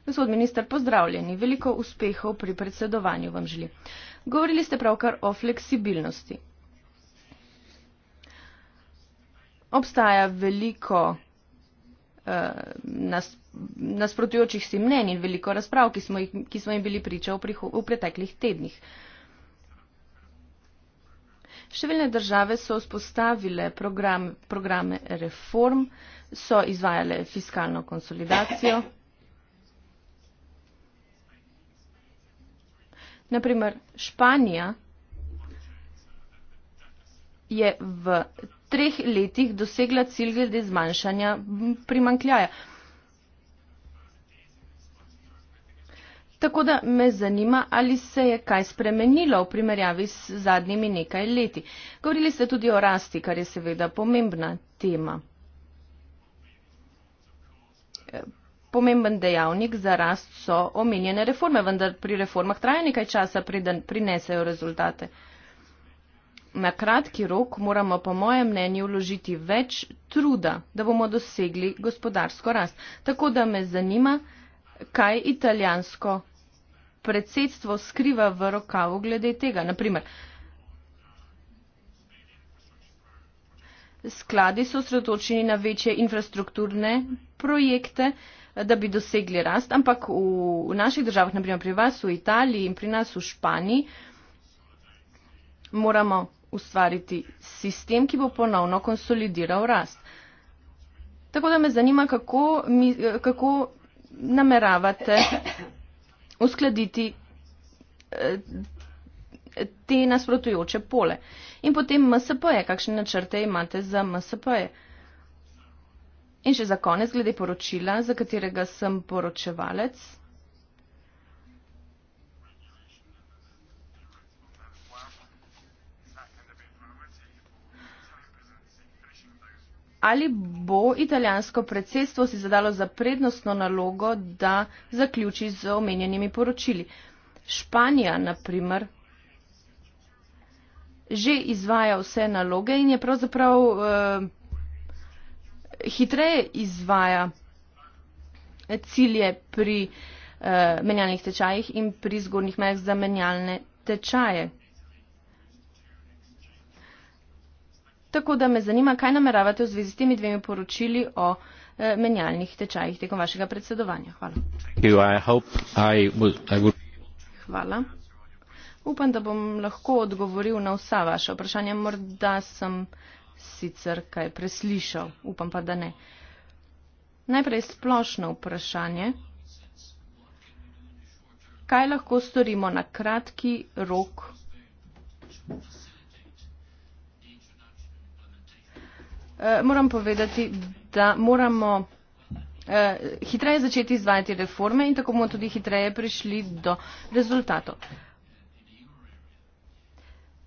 Speaker 4: Gospod minister, pozdravljeni. Veliko uspehov pri predsedovanju vam želim. Govorili ste pravkar o fleksibilnosti. obstaja veliko uh, nas, nasprotujočih si mnen in veliko razprav, ki smo, jih, ki smo jim bili priča v, v preteklih tednih. Številne države so vzpostavile program, programe reform, so izvajale fiskalno konsolidacijo. Naprimer, Španija je v treh letih dosegla cilj glede zmanjšanja primankljaja. Tako da me zanima, ali se je kaj spremenilo v primerjavi s zadnjimi nekaj leti. Govorili ste tudi o rasti, kar je seveda pomembna tema. Pomemben dejavnik za rast so omenjene reforme, vendar pri reformah traja nekaj časa, preden prinesejo rezultate. Uh, na kratki rok moramo, po mojem mnenju, vložiti več truda, da bomo dosegli gospodarsko rast. Tako da me zanima, kaj italijansko predsedstvo skriva v rokavu glede tega. Naprimer, skladi so sredotočeni na večje infrastrukturne projekte, da bi dosegli rast, ampak v, v naših državah, naprimer pri vas v Italiji in pri nas v Španiji, moramo ustvariti sistem, ki bo ponovno konsolidiral rast. Tako da me zanima, kako, mi, kako nameravate uskladiti eh, te nasprotujoče pole. In potem MSP-je, kakšne načrte imate za MSP-je. In še za konec, glede poročila, za katerega sem poročevalec. ali bo italijansko predsedstvo si zadalo za prednostno nalogo, da zaključi z omenjenimi poročili. Španija, naprimer, že izvaja vse naloge in je pravzaprav eh, hitreje izvaja eh, cilje pri eh, menjalnih tečajih in pri zgornjih mejah za menjalne tečaje. Tako da me zanima, kaj nameravate v zvezi s temi dvemi poročili o eh, menjalnih tečajih tekom vašega predsedovanja.
Speaker 2: Hvala.
Speaker 4: Hvala. Upam, da bom lahko odgovoril na vsa vaša vprašanja. Morda sem sicer kaj preslišal, upam pa, da ne. Najprej splošno vprašanje. Kaj lahko storimo na kratki rok? Eh, moram povedati, da moramo eh, hitreje začeti izvajati reforme in tako bomo tudi hitreje prišli do rezultatov.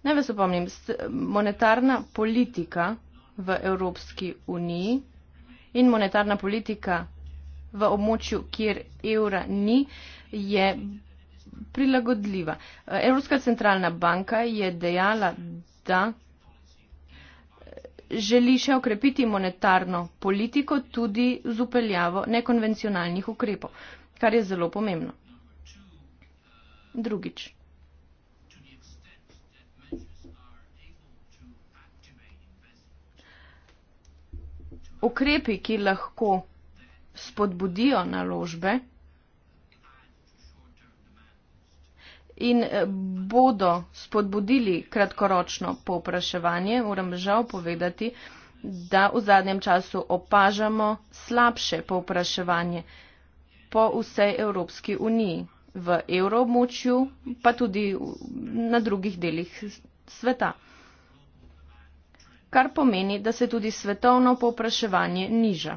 Speaker 4: Naj vas opomnim, monetarna politika v Evropski uniji in monetarna politika v območju, kjer evra ni, je prilagodljiva. Eh, Evropska centralna banka je dejala, da želi še okrepiti monetarno politiko tudi z upeljavo nekonvencionalnih ukrepov, kar je zelo pomembno. Drugič. Ukrepi, ki lahko spodbudijo naložbe, in eh, bodo spodbudili kratkoročno popraševanje, moram žal povedati, da v zadnjem času opažamo slabše popraševanje po vsej Evropski uniji, v evroobmočju, pa tudi na drugih delih sveta. Kar pomeni, da se tudi svetovno popraševanje niža.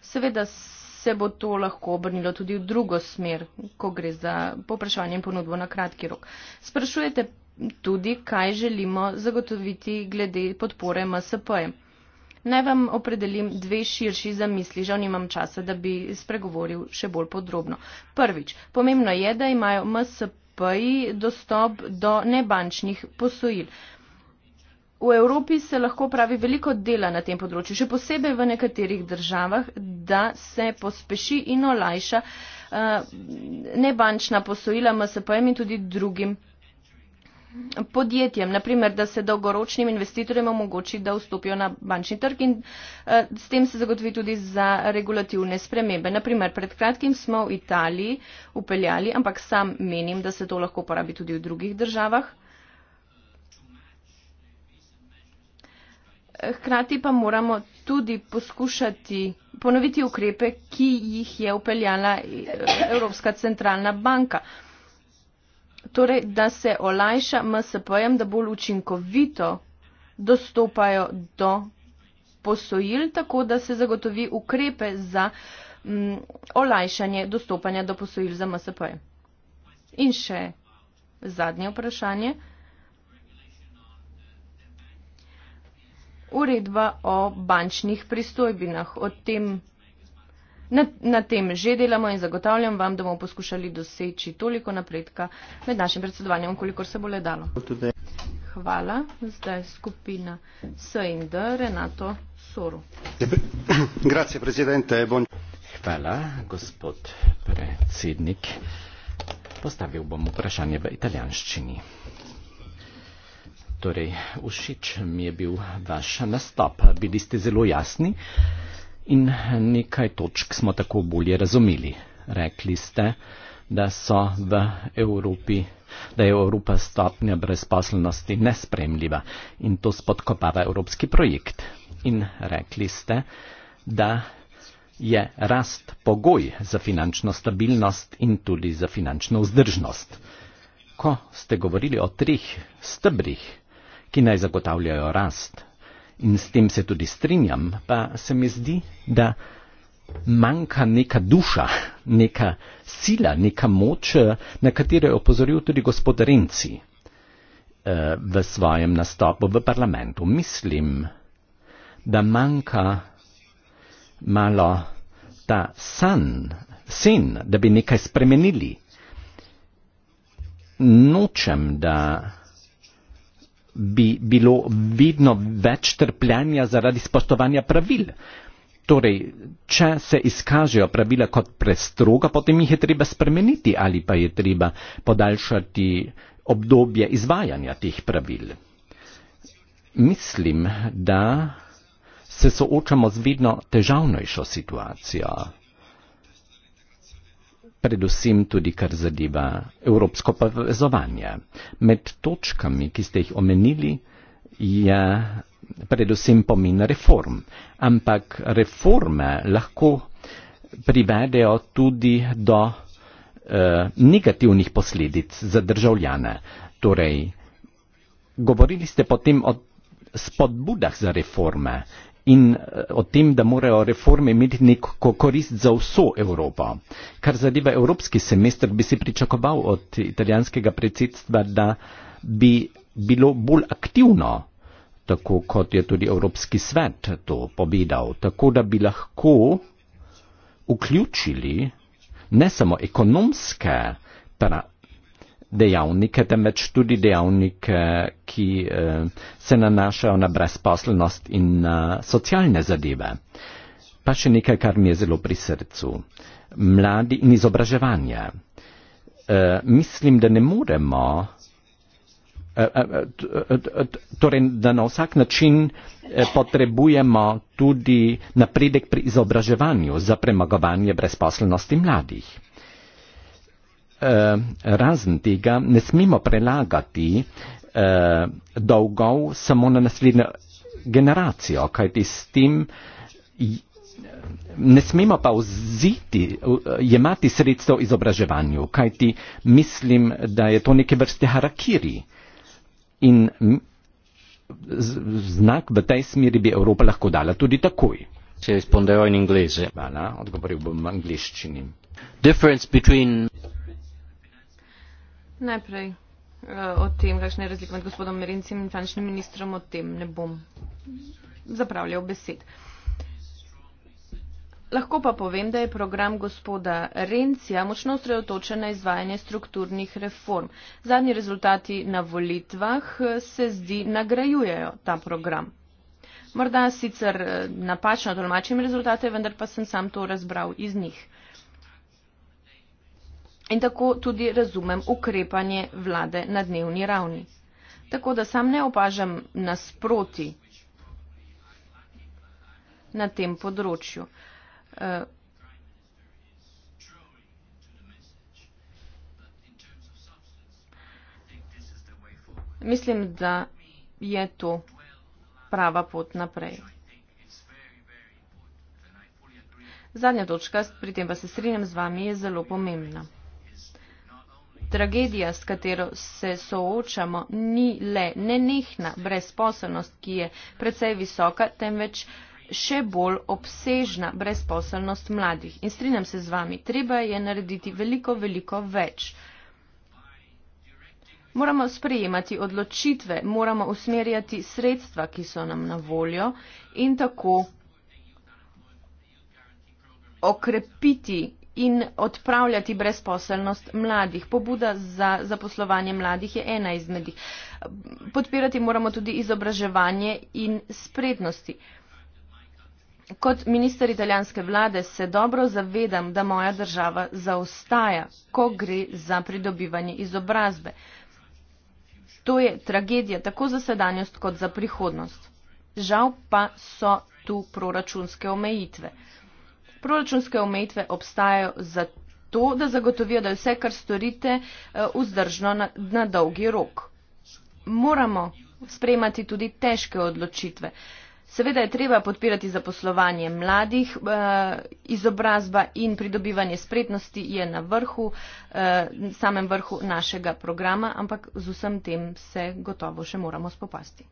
Speaker 4: Seveda se bo to lahko obrnilo tudi v drugo smer, ko gre za poprašanje in ponudbo na kratki rok. Sprašujete tudi, kaj želimo zagotoviti glede podpore MSP. Naj vam opredelim dve širši zamisli, žal nimam časa, da bi spregovoril še bolj podrobno. Prvič, pomembno je, da imajo MSP dostop do nebančnih posojil v Evropi se lahko pravi veliko dela na tem področju, še posebej v nekaterih državah, da se pospeši in olajša eh, nebančna posojila MSP-jem in tudi drugim podjetjem, naprimer, da se dolgoročnim investitorjem omogoči, da vstopijo na bančni trg in eh, s tem se zagotovi tudi za regulativne spremembe. Naprimer, pred kratkim smo v Italiji upeljali, ampak sam menim, da se to lahko porabi tudi v drugih državah. hkrati pa moramo tudi poskušati ponoviti ukrepe, ki jih je upeljala eh, Evropska centralna banka. Torej, da se olajša MSP-jem, da bolj učinkovito dostopajo do posojil, tako da se zagotovi ukrepe za m, mm, olajšanje dostopanja do posojil za MSP-je. In še zadnje vprašanje. uredba o bančnih pristojbinah. Tem, na, na tem že delamo in zagotavljam vam, da bomo poskušali doseči toliko napredka med našim predsedovanjem, koliko se bo le dalo. Hvala. Zdaj skupina SND Renato Soru.
Speaker 2: Hvala, gospod predsednik. Postavil bom vprašanje v italijanščini. Torej, všeč mi je bil vaš nastop. Bili ste zelo jasni in nekaj točk smo tako bolje razumeli. Rekli ste, da so v Evropi, da je Evropa stopnja brezposelnosti nespremljiva in to spodkopava evropski projekt. In rekli ste, da je rast pogoj za finančno stabilnost in tudi za finančno vzdržnost. Ko ste govorili o treh stebrih ki naj zagotavljajo rast. In s tem se tudi strinjam, pa se mi zdi, da manjka neka duša, neka sila, neka moč, na katero je opozoril tudi gospod Renci eh, v svojem nastopu v parlamentu. Mislim, da manjka malo ta san, sen, da bi nekaj spremenili. Nočem, da bi bilo vidno več trpljenja zaradi spoštovanja pravil. Torej, če se izkažejo pravila kot prestroga, potem jih je treba spremeniti ali pa je treba podaljšati obdobje izvajanja teh pravil. Mislim, da se soočamo z vedno težavnejšo situacijo predvsem tudi kar zadeva evropsko povezovanje. Med točkami, ki ste jih omenili, je predvsem pomen reform, ampak reforme lahko privedejo tudi do eh, negativnih posledic za državljane. Torej, govorili ste potem o spodbudah za reforme in eh, o tem, da morajo reforme imeti neko korist za vso Evropo. Kar zadeva evropski semester, bi si pričakoval od italijanskega predsedstva, da bi bilo bolj aktivno, tako kot je tudi Evropski svet to povedal, tako da bi lahko vključili ne samo ekonomske dejavnike, temveč tudi dejavnike, ki eh, se nanašajo na brezposelnost in na socialne zadeve. Pa še nekaj, kar mi je zelo pri srcu. Mladi in izobraževanje. Eh, mislim, da ne moremo. Eh, torej, da na vsak način potrebujemo tudi napredek pri izobraževanju za premagovanje brezposelnosti mladih. Eh, razen tega ne smemo prelagati eh, dolgov samo na naslednjo generacijo, kajti s tem ne smemo pa vziti, jemati sredstev izobraževanju, kajti mislim, da je to neke vrste harakiri. In znak v tej smeri bi Evropa lahko dala tudi takoj. Se je spondeval in inglese. Hvala, odgovoril bom v angliščini. Difference between
Speaker 4: Najprej uh, o tem, kakšna je razlika med gospodom Merencem in finančnim ministrom, o tem ne bom zapravljal besed. Lahko pa povem, da je program gospoda Rencija močno osredotočen na izvajanje strukturnih reform. Zadnji rezultati na volitvah eh, se zdi nagrajujejo ta program. Morda sicer eh, napačno tolmačim rezultate, vendar pa sem sam to razbral iz njih in tako tudi razumem ukrepanje vlade na dnevni ravni. Tako da sam ne opažam nasproti na tem področju. Eh, mislim, da je to prava pot naprej. Zadnja točka, pri tem pa se strinjam z vami, je zelo pomembna. Tragedija, s katero se soočamo, ni le nenehna brezposelnost, ki je precej visoka, temveč še bolj obsežna brezposelnost mladih. In strinjam se z vami, treba je narediti veliko, veliko več. Moramo sprejemati odločitve, moramo usmerjati sredstva, ki so nam na voljo in tako okrepiti in odpravljati brezposelnost mladih. Pobuda za zaposlovanje mladih je ena izmed njih. Podpirati moramo tudi izobraževanje in spretnosti. Kot minister italijanske vlade se dobro zavedam, da moja država zaostaja, ko gre za pridobivanje izobrazbe. To je tragedija tako za sedanjost kot za prihodnost. Žal pa so tu proračunske omejitve. Proračunske omejitve obstajajo zato, da zagotovijo, da je vse, kar storite, eh, vzdržno na, na dolgi rok. Moramo sprejemati tudi težke odločitve. Seveda je treba podpirati zaposlovanje mladih, eh, izobrazba in pridobivanje spretnosti je na vrhu, eh, samem vrhu našega programa, ampak z vsem tem se gotovo še moramo spopasti.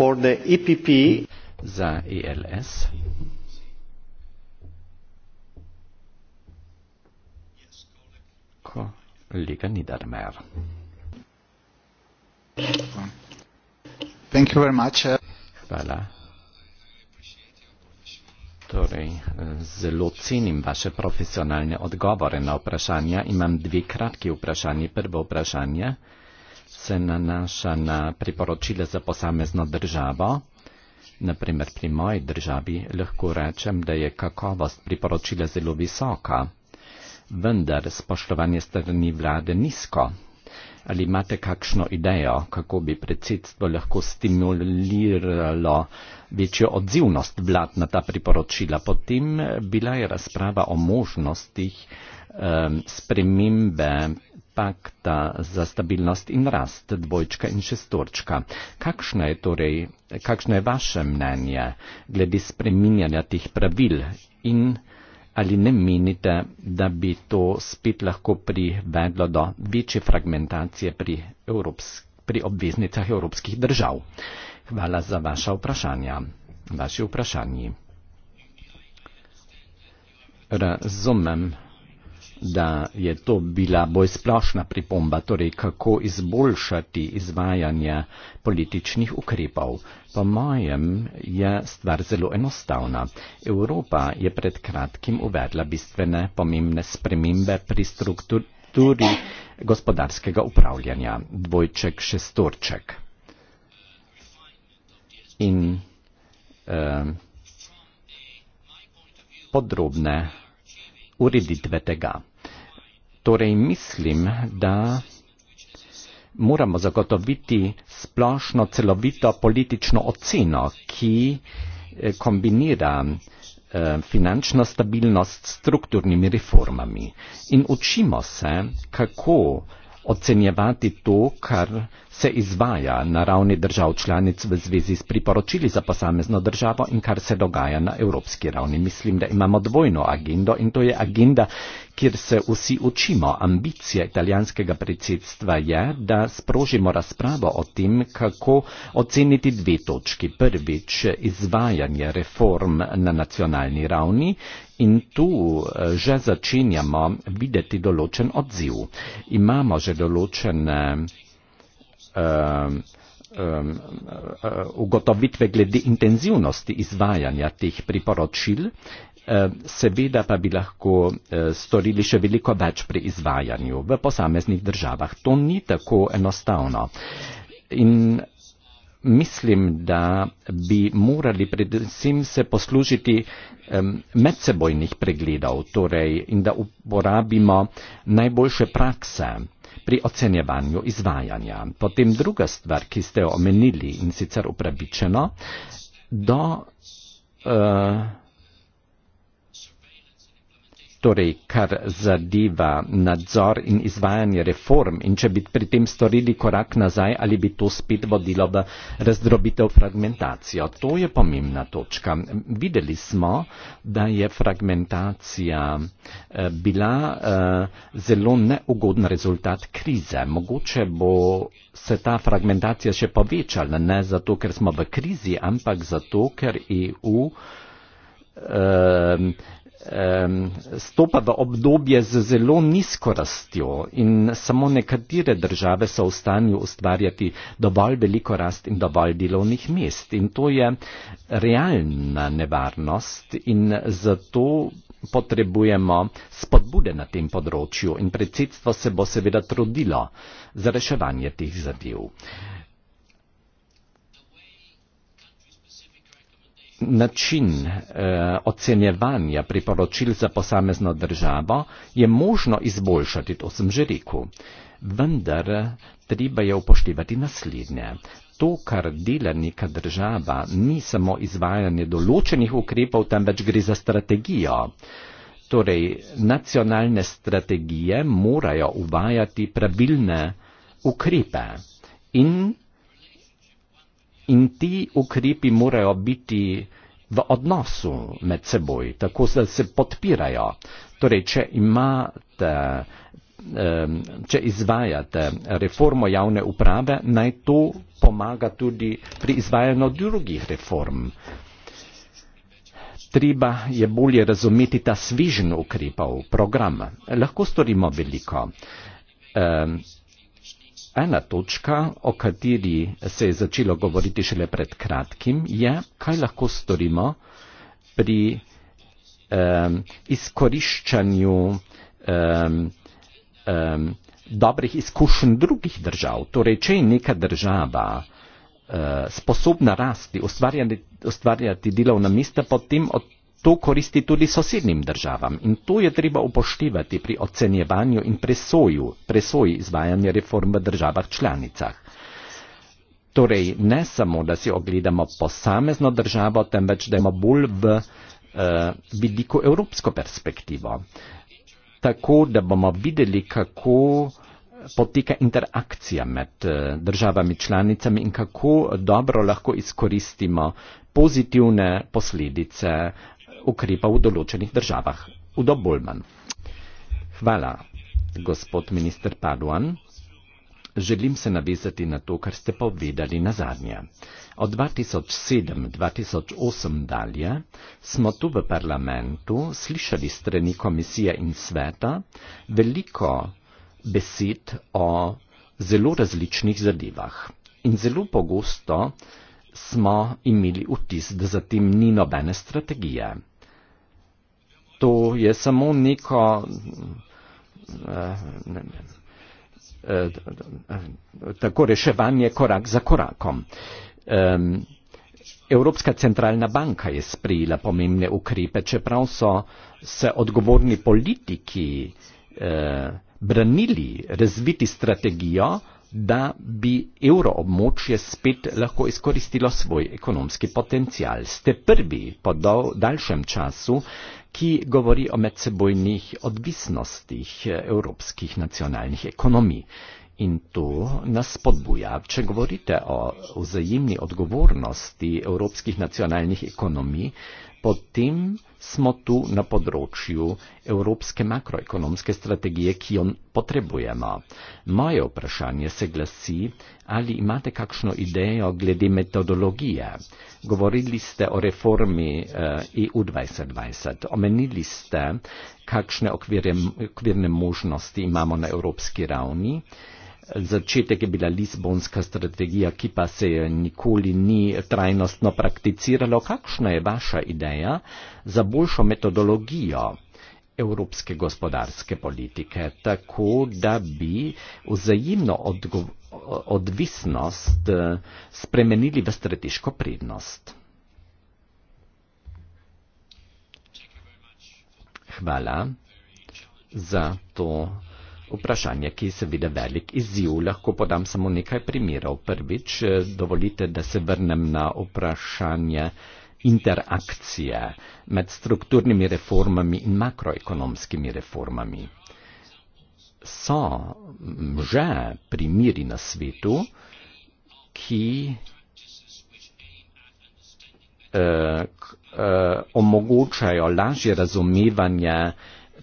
Speaker 2: for the EPP za ELS. Ko Liga Nidarmer. Thank you very much. Hvala. Torej, zelo cenim vaše profesionalne odgovore na vprašanja. Imam dve kratki vprašanje. Prvo vprašanje se nanaša na priporočila za posamezno državo. Naprimer, pri moji državi lahko rečem, da je kakovost priporočila zelo visoka, vendar spoštovanje strani vlade nizko. Ali imate kakšno idejo, kako bi predsedstvo lahko stimuliralo večjo odzivnost vlad na ta priporočila? Potem bila je razprava o možnostih um, spremembe pakta za stabilnost in rast dvojčka in šestorčka. Kakšno je torej, kakšno je vaše mnenje glede spreminjanja teh pravil in ali ne menite, da bi to spet lahko privedlo do večje fragmentacije pri, evropsk, pri obveznicah evropskih držav? Hvala za vaša vprašanja. Vaši vprašanji. Razumem da je to bila bolj splošna pripomba, torej kako izboljšati izvajanje političnih ukrepov. Po mojem je stvar zelo enostavna. Evropa je pred kratkim uvedla bistvene pomembne spremembe pri strukturi gospodarskega upravljanja. Dvojček, šestorček. In eh, podrobne ureditve tega. Torej mislim, da moramo zagotoviti splošno celovito politično oceno, ki eh, kombinira eh, finančno stabilnost s strukturnimi reformami. In učimo se, kako ocenjevati to, kar se izvaja na ravni držav članic v zvezi s priporočili za posamezno državo in kar se dogaja na evropski ravni. Mislim, da imamo dvojno agendo in to je agenda, kjer se vsi učimo. Ambicija italijanskega predsedstva je, da sprožimo razpravo o tem, kako oceniti dve točki. Prvič, izvajanje reform na nacionalni ravni. In tu eh, že začenjamo videti določen odziv. Imamo že določene eh, eh, ugotovitve uh, uh, uh, uh, glede intenzivnosti izvajanja teh priporočil Seveda pa bi lahko e, storili še veliko več pri izvajanju v posameznih državah. To ni tako enostavno. In mislim, da bi morali predvsem se poslužiti medsebojnih pregledov torej, in da uporabimo najboljše prakse pri ocenjevanju izvajanja. Potem druga stvar, ki ste omenili in sicer upravičeno, do. Uh, torej kar zadeva nadzor in izvajanje reform in če bi pri tem storili korak nazaj ali bi to spet vodilo v razdrobitev fragmentacijo. To je pomembna točka. Videli smo, da je fragmentacija eh, bila eh, zelo neugodna rezultat krize. Mogoče bo se ta fragmentacija še povečala, ne zato, ker smo v krizi, ampak zato, ker EU uh, eh, um, stopa v obdobje z zelo nizko rastjo in samo nekatere države so v stanju ustvarjati dovolj veliko rast in dovolj delovnih mest. In to je realna nevarnost in zato potrebujemo spodbude na tem področju in predsedstvo se bo seveda trudilo za reševanje teh zadev. način eh, ocenjevanja priporočil za posamezno državo je možno izboljšati, to sem že rekel. Vendar treba je upoštevati naslednje. To, kar dela neka država, ni samo izvajanje določenih ukrepov, temveč gre za strategijo. Torej, nacionalne strategije morajo uvajati pravilne ukrepe in in ti ukrepi morajo biti v odnosu med seboj, tako da se podpirajo. Torej, če imate, če izvajate reformo javne uprave, naj to pomaga tudi pri izvajanju drugih reform. Treba je bolje razumeti ta svižen ukrepov program. Lahko storimo veliko ena točka, o kateri se je začelo govoriti šele pred kratkim, je, kaj lahko storimo pri eh, izkoriščanju eh, eh, dobrih izkušenj drugih držav. Torej, če je neka država eh, sposobna rasti, ustvarjati, ustvarjati delovna mesta, potem od To koristi tudi sosednjim državam in to je treba upoštevati pri ocenjevanju in presoju, presoji izvajanja reform v državah članicah. Torej, ne samo, da si ogledamo posamezno državo, temveč da imamo bolj v eh, vidiku evropsko perspektivo. Tako, da bomo videli, kako poteka interakcija med eh, državami članicami in kako dobro lahko izkoristimo pozitivne posledice ukrepa v določenih državah. Udo Bolman. Hvala, gospod minister Paduan. Želim se navezati na to, kar ste povedali na zadnje. Od 2007-2008 dalje smo tu v parlamentu slišali strani komisije in sveta veliko besed o zelo različnih zadevah. In zelo pogosto smo imeli vtis, da za tem ni nobene strategije to je samo neko eh, eh, tako reševanje korak za korakom. Evropska centralna banka je sprejela pomembne ukrepe, čeprav so se odgovorni politiki eh, branili razviti strategijo, da bi evroobmočje spet lahko izkoristilo svoj ekonomski potencial. Ste prvi po daljšem času, ki govori o medsebojnih odvisnostih eh, evropskih nacionalnih ekonomij. In to nas podbuja. Če govorite o vzajemni odgovornosti evropskih nacionalnih ekonomij, potem smo tu na področju evropske makroekonomske strategije, ki jo potrebujemo. Moje vprašanje se glasi, ali imate kakšno idejo glede metodologije. Govorili ste o reformi EU eh, e 2020, omenili ste, kakšne okvirne možnosti imamo na evropski ravni začetek je bila Lizbonska strategija, ki pa se je nikoli ni trajnostno prakticiralo. Kakšna je vaša ideja za boljšo metodologijo? evropske gospodarske politike, tako da bi vzajemno odvisnost eh, spremenili v strateško prednost. Hvala za to vprašanje, ki je seveda velik izziv. Lahko podam samo nekaj primerov. Prvič, eh, dovolite, da se vrnem na vprašanje interakcije med strukturnimi reformami in makroekonomskimi reformami. So že primiri na svetu, ki eh, eh, omogočajo lažje razumevanje eh,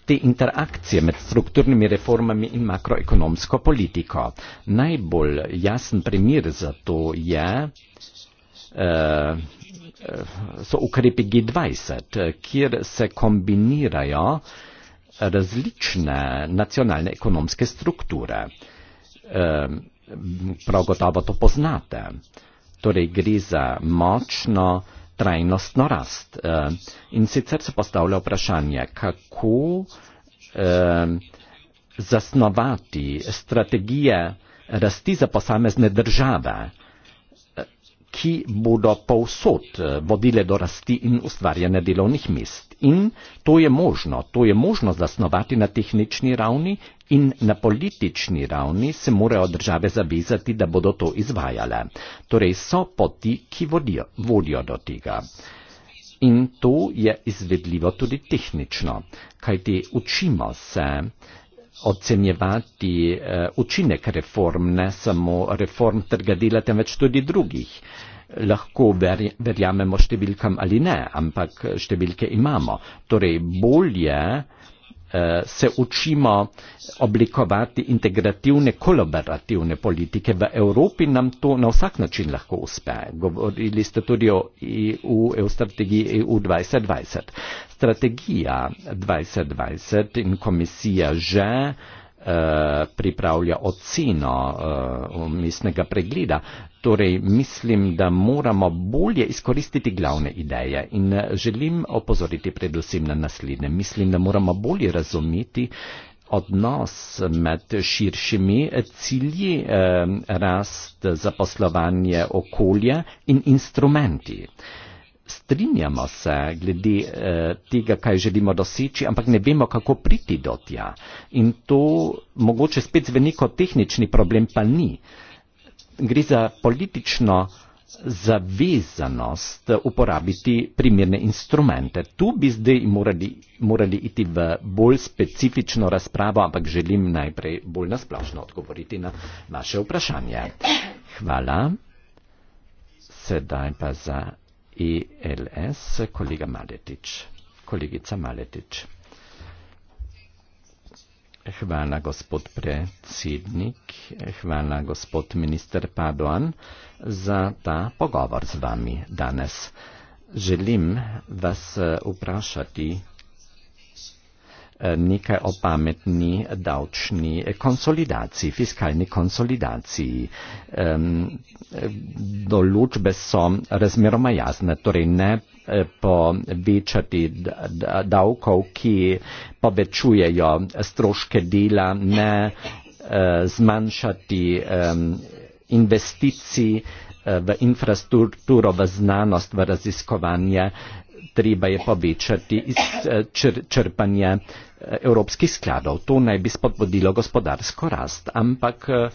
Speaker 2: te interakcije med strukturnimi reformami in makroekonomsko politiko. Najbolj jasen primir za to je, eh, so ukrepi G20, kjer se kombinirajo različne nacionalne ekonomske strukture. Eh, prav gotovo to poznate. Torej gre za močno trajnostno rast. Eh, in sicer se postavlja vprašanje, kako eh, zasnovati strategije rasti za posamezne države ki bodo povsod eh, vodile do rasti in ustvarjanja delovnih mest. In to je možno, to je možno zasnovati na tehnični ravni in na politični ravni se morajo države zavezati, da bodo to izvajale. Torej so poti, ki vodijo, vodijo do tega. In to je izvedljivo tudi tehnično, kajti učimo se ocenjevati tudi eh, učinek reform, ne samo reform trga dela, temveč tudi drugih. Lahko ver, verjamemo številkam ali ne, ampak številke imamo. Torej, bolje, Eh, se učimo oblikovati integrativne, kolaborativne politike. V Evropi nam to na vsak način lahko uspe. Govorili ste tudi o EU, EU strategiji EU 2020. Strategija 2020 in komisija že Eh, pripravlja oceno eh, umestnega pregleda. Torej, mislim, da moramo bolje izkoristiti glavne ideje in eh, želim opozoriti predvsem na naslednje. Mislim, da moramo bolje razumeti odnos med širšimi cilji, rast, zaposlovanje, okolje in instrumenti strinjamo se glede eh, tega, kaj želimo doseči, ampak ne vemo, kako priti do tja. In to mogoče spet zveni kot tehnični problem, pa ni. Gre za politično zavezanost uporabiti primerne instrumente. Tu bi zdaj morali, morali iti v bolj specifično razpravo, ampak želim najprej bolj nasplošno odgovoriti na vaše vprašanje. Hvala. Sedaj pa za ELS, kolega Maletič. Kolegica Maletič. Hvala, gospod predsednik, hvala, gospod minister Paduan, za ta pogovor z vami danes. Želim vas eh, vprašati Eh, nekaj o pametni davčni konsolidaciji, fiskalni konsolidaciji. Določbe so razmeroma jasne, torej ne eh, povečati davkov, ki povečujejo stroške dela, ne eh, zmanjšati investicij v infrastrukturo, v znanost, v raziskovanje treba je povečati eh, črpanje eh, evropskih skladov. To naj bi spodbudilo gospodarsko rast, ampak eh,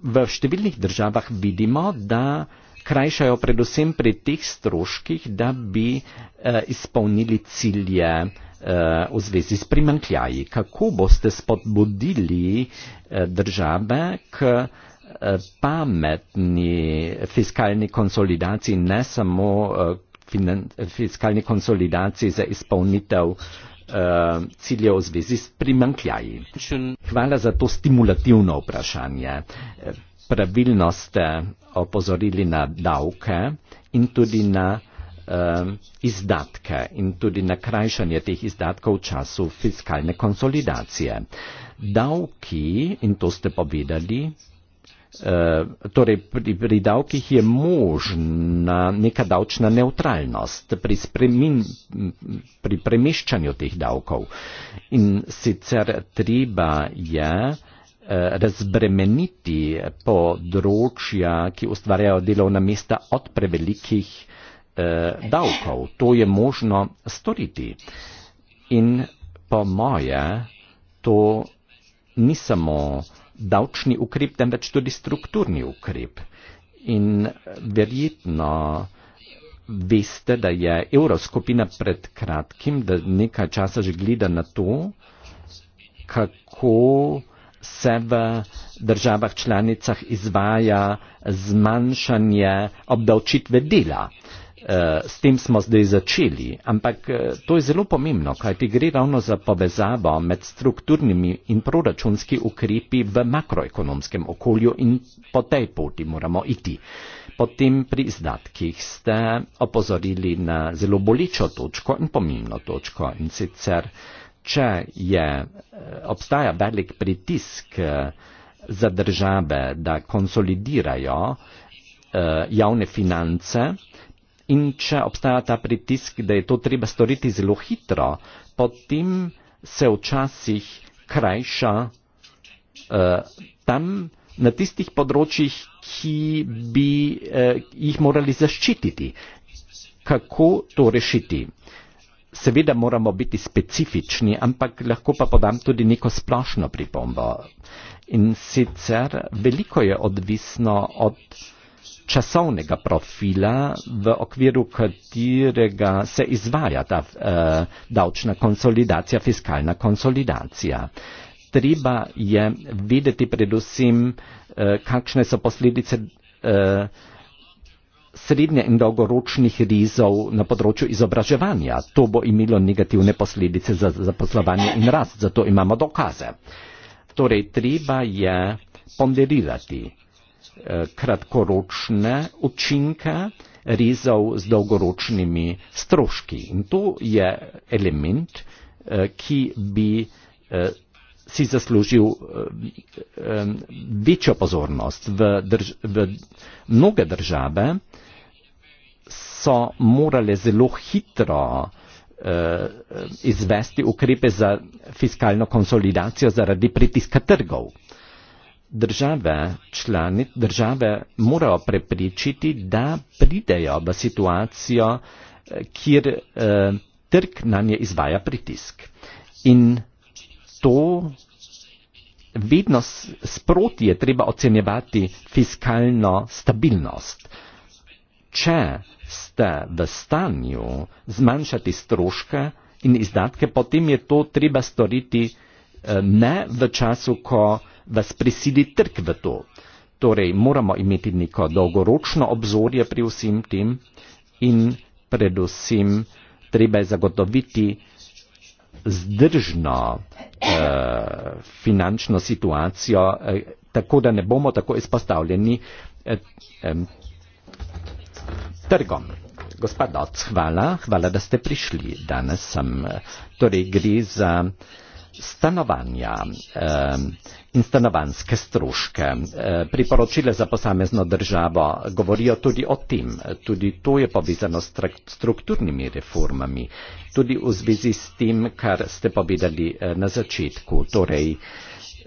Speaker 2: v številnih državah vidimo, da krajšajo predvsem pri teh stroških, da bi izpolnili cilje v zvezi s primankljaji. Kako boste spodbudili države k pametni fiskalni konsolidaciji, ne samo finan, fiskalne konsolidacije za izpolnitev uh, ciljev v zvezi s primankljaji. Hvala za to stimulativno vprašanje. Pravilno ste opozorili na davke in tudi na uh, izdatke in tudi na krajšanje teh izdatkov v času fiskalne konsolidacije. Davki, in to ste povedali, Eh, torej pri, pri davkih je možna neka davčna neutralnost pri, spremin, pri premeščanju teh davkov. In sicer treba je eh, razbremeniti področja, ki ustvarjajo delovna mesta od prevelikih eh, davkov. To je možno storiti. In po moje, to ni samo eh, davčni ukrep, temveč tudi strukturni ukrep. In verjetno veste, da je Evroskupina pred kratkim, da nekaj časa že gleda na to, kako se v državah članicah izvaja zmanjšanje obdavčitve dela. Uh, Eh, s tem smo zdaj začeli, ampak eh, to je zelo pomembno, kajti gre ravno za povezavo med strukturnimi in proračunski ukrepi v makroekonomskem okolju in po tej poti moramo iti. Potem pri izdatkih ste opozorili na zelo bolečo točko in pomembno točko in sicer, če je, eh, obstaja velik pritisk za države, da konsolidirajo javne finance, In če obstaja ta pritisk, da je to treba storiti zelo hitro, potem se včasih krajša eh, tam na tistih področjih, ki bi eh, jih morali zaščititi. Kako to rešiti? Seveda moramo biti specifični, ampak lahko pa podam tudi neko splošno pripombo. In sicer veliko je odvisno od časovnega profila, v okviru katerega se izvaja ta eh, davčna konsolidacija, fiskalna konsolidacija. Treba je vedeti predvsem, eh, kakšne so posledice eh, srednje in dolgoročnih rizov na področju izobraževanja. To bo imelo negativne posledice za zaposlovanje in rast, zato imamo dokaze. Torej, treba je ponderirati. Eh, kratkoročne učinke rizov z dolgoročnimi stroški. In to je element, eh, ki bi eh, si zaslužil večjo pozornost. V, drž v mnoge države so morale zelo hitro izvesti ukrepe za fiskalno konsolidacijo zaradi pritiska trgov države, člani, države morajo prepričiti, da pridejo v situacijo, eh, kjer eh, trg na nje izvaja pritisk. In to vedno sproti je treba ocenjevati fiskalno stabilnost. Če ste v stanju zmanjšati stroške in izdatke, potem je to treba storiti eh, ne v času, ko vas prisili trg v to. Torej, moramo imeti neko dolgoročno obzorje pri vsem tem in predvsem treba je zagotoviti zdržno eh, finančno situacijo, eh, tako da ne bomo tako izpostavljeni eh, eh, trgom. Gospod Doc, hvala, hvala, da ste prišli danes sem. Torej, gre za stanovanja. Eh, in stanovanske stroške. E, priporočile za posamezno državo govorijo tudi o tem. Tudi to je povezano s strukturnimi reformami. Tudi v zvezi s tem, kar ste povedali e, na začetku. Torej,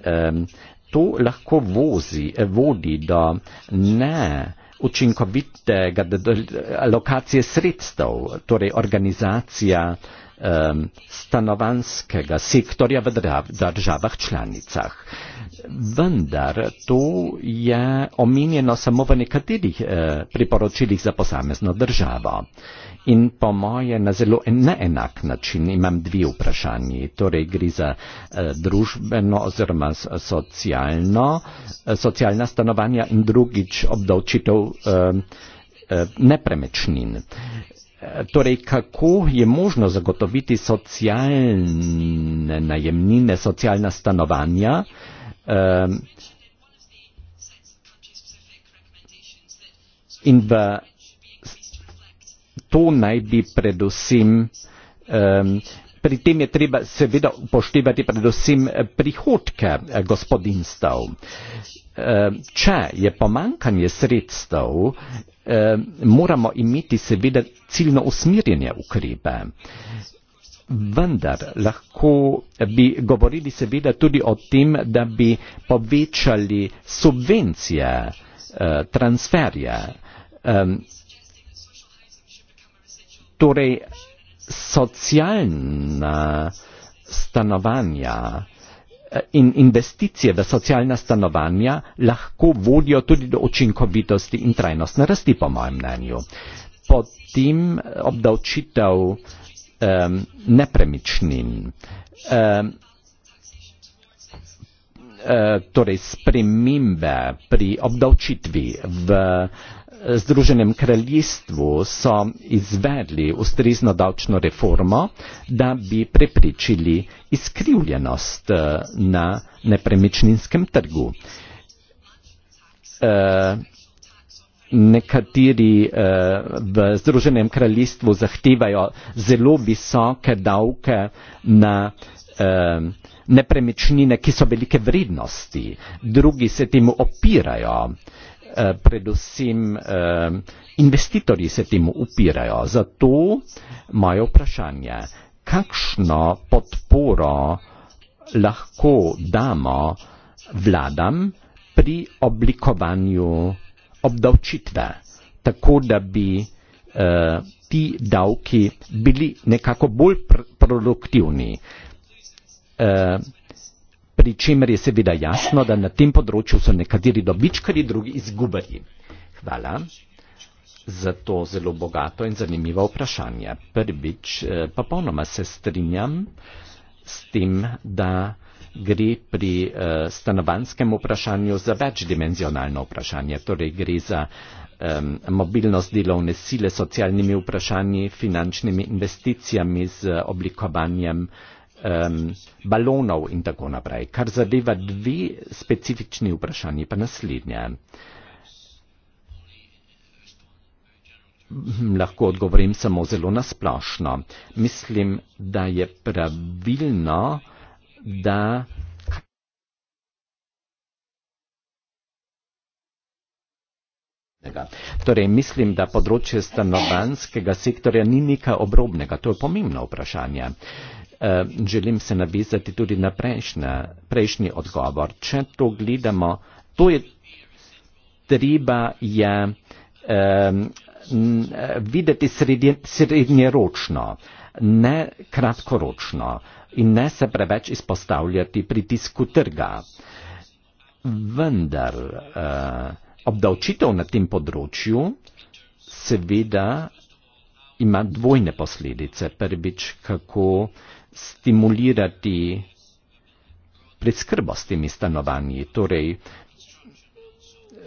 Speaker 2: e, to lahko vozi, vodi do ne učinkovitega lokacije sredstev, torej organizacija Um, stanovanskega sektorja v državah članicah. Vendar to je omenjeno samo v nekaterih eh, priporočilih za posamezno državo. In po moje na zelo neenak način imam dve vprašanji. Torej gre za eh, družbeno oziroma socialno, eh, socialna stanovanja in drugič obdavčitev eh, eh, nepremečnin. Eh, Torej, kako je možno zagotoviti socialne najemnine, socialna stanovanja? In v to naj bi predvsem pri tem je treba seveda upoštevati predvsem eh, prihodke eh, gospodinstv. Eh, če je pomankanje sredstev, moramo imeti seveda ciljno usmirjene ukrepe. Vendar lahko bi govorili seveda tudi o tem, da bi povečali subvencije, transferje. Torej, socjalna stanovanja eh, in investicije v socialna stanovanja lahko vodijo tudi do učinkovitosti in trajnostne rasti, po mojem mnenju. Potem eh, obdavčitev um, nepremičnin. Um, Torej, spremembe pri obdavčitvi v združenem kraljestvu so izvedli ustrezno davčno reformo, da bi prepričili izkrivljenost eh, na nepremičninskem trgu. Eh, nekateri eh, v združenem kraljestvu zahtevajo zelo visoke davke na nepremičnine, ki so velike vrednosti, drugi se temu opirajo. Eh, predvsem eh, investitorji se temu upirajo. Zato moje vprašanje, kakšno podporo lahko damo vladam pri oblikovanju obdavčitve, tako da bi eh, ti davki bili nekako bolj pr produktivni. Eh, pri čemer je seveda jasno, da na tem področju so nekateri dobičkari, drugi izgubarji. Hvala za to zelo bogato in zanimivo vprašanje. Prvič, eh, popolnoma se strinjam s tem, da gre pri eh, stanovanskem vprašanju za večdimenzionalno vprašanje, torej gre za mobilnost delovne sile, socialnimi vprašanji, finančnimi investicijami z oblikovanjem um, balonov in tako naprej. Kar zadeva dve specifični vprašanji, pa naslednje. Hm, lahko odgovorim samo zelo nasplošno. Mislim, da je pravilno, da. Torej, mislim, da področje stanovanskega sektorja ni nekaj obrobnega. To je pomembno vprašanje. Eh, želim se navizati tudi na prejšnja, prejšnji odgovor. Če to gledamo, to je treba je eh, videti sredje, srednjeročno, ne kratkoročno in ne se preveč izpostavljati pritisku trga. Vendar eh, obdavčitev na tem področju seveda ima dvojne posledice. Prvič, kako stimulirati preskrbo s temi stanovanji. Torej,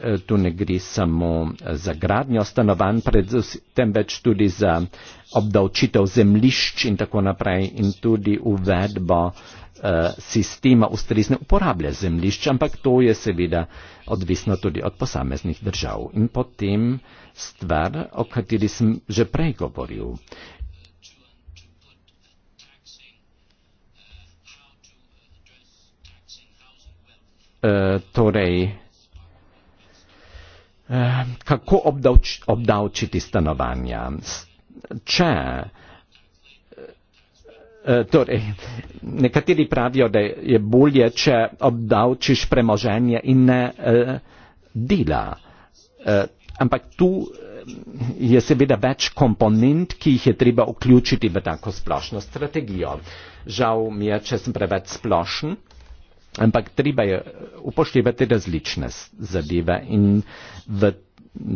Speaker 2: eh, tu ne gre samo za gradnjo stanovanj, temveč tudi za obdavčitev zemlišč in tako naprej in tudi uvedbo eh, sistema ustrezne uporablja zemljišč, ampak to je seveda odvisno tudi od posameznih držav. In potem stvar, o kateri sem že prej govoril, Eh, torej, eh, kako obdavč, obdavčiti stanovanja. Če, eh, torej, nekateri pravijo, da je bolje, če obdavčiš premoženje in ne dela. Ampak tu je seveda več komponent, ki jih je treba vključiti v tako splošno strategijo. Žal mi je, če sem preveč splošen. Ampak treba je upoštevati različne zadeve in v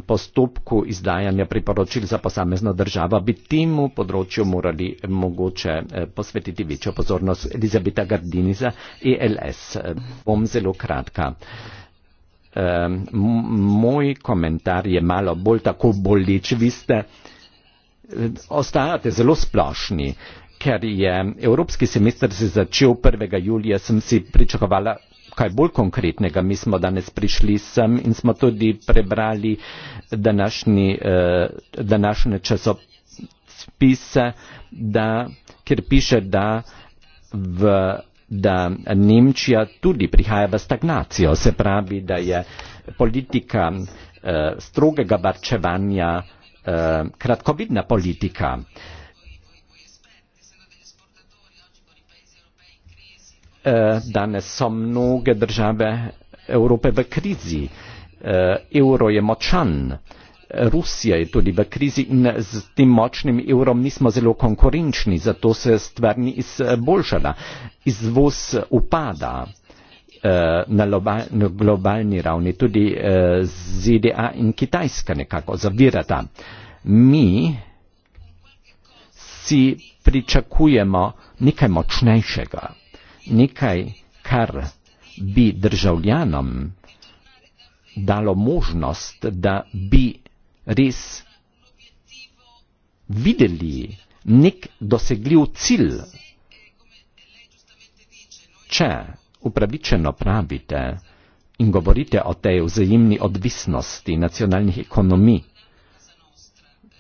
Speaker 2: postopku izdajanja priporočil za posamezno državo bi temu področju morali mogoče eh, posvetiti večjo pozornost. Elizabeta Gardiniza, ELS. Bom zelo kratka. Moj komentar je malo bolj tako boleč. Vi ste. Eh, ostajate zelo splošni ker je evropski semester se začel 1. julija, sem si pričakovala kaj bolj konkretnega. Mi smo danes prišli sem in smo tudi prebrali današnji, eh, današnje časopise, da, kjer piše, da, v, da Nemčija tudi prihaja v stagnacijo. Se pravi, da je politika eh, strogega barčevanja eh, kratkovidna politika. Eh, danes so mnoge države Evrope v krizi. Eh, evro je močan, Rusija je tudi v krizi in z tem močnim evrom nismo zelo konkurenčni, zato se stvar ni izboljšala. Izvoz upada eh, na globalni ravni, tudi ZDA in Kitajska nekako zavirata. Mi si pričakujemo nekaj močnejšega nekaj, kar bi državljanom dalo možnost, da bi res videli nek dosegljiv cilj. Če upravičeno pravite in govorite o tej vzajemni odvisnosti nacionalnih ekonomij,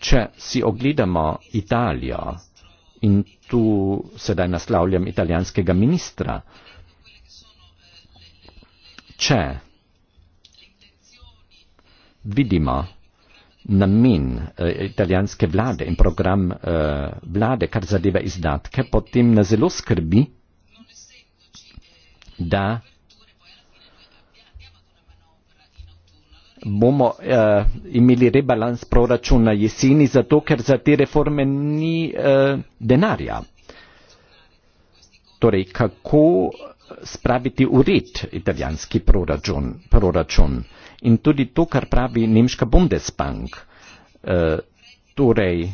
Speaker 2: če si ogledamo Italijo, in tu sedaj naslavljam italijanskega ministra. Če vidimo namen eh, italijanske vlade in program eh, vlade, kar zadeva izdatke, potem nas zelo skrbi, da bomo uh, imeli rebalans proračuna jeseni, zato ker za te reforme ni uh, denarja. Torej, kako spraviti ured italijanski proračun, proračun? In tudi to, kar pravi nemška Bundesbank. Uh, torej,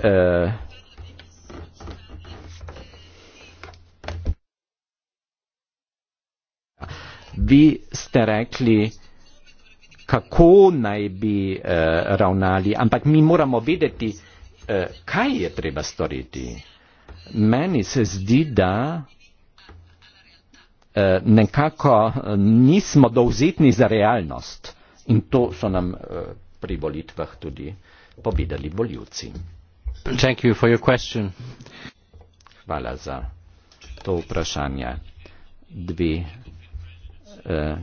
Speaker 2: uh, vi ste rekli, kako naj bi eh, ravnali, ampak mi moramo vedeti, eh, kaj je treba storiti. Meni se zdi, da eh, nekako eh, nismo dovzetni za realnost in to so nam eh, pri volitvah tudi povedali voljivci. Hvala za to vprašanje. Dve Eh,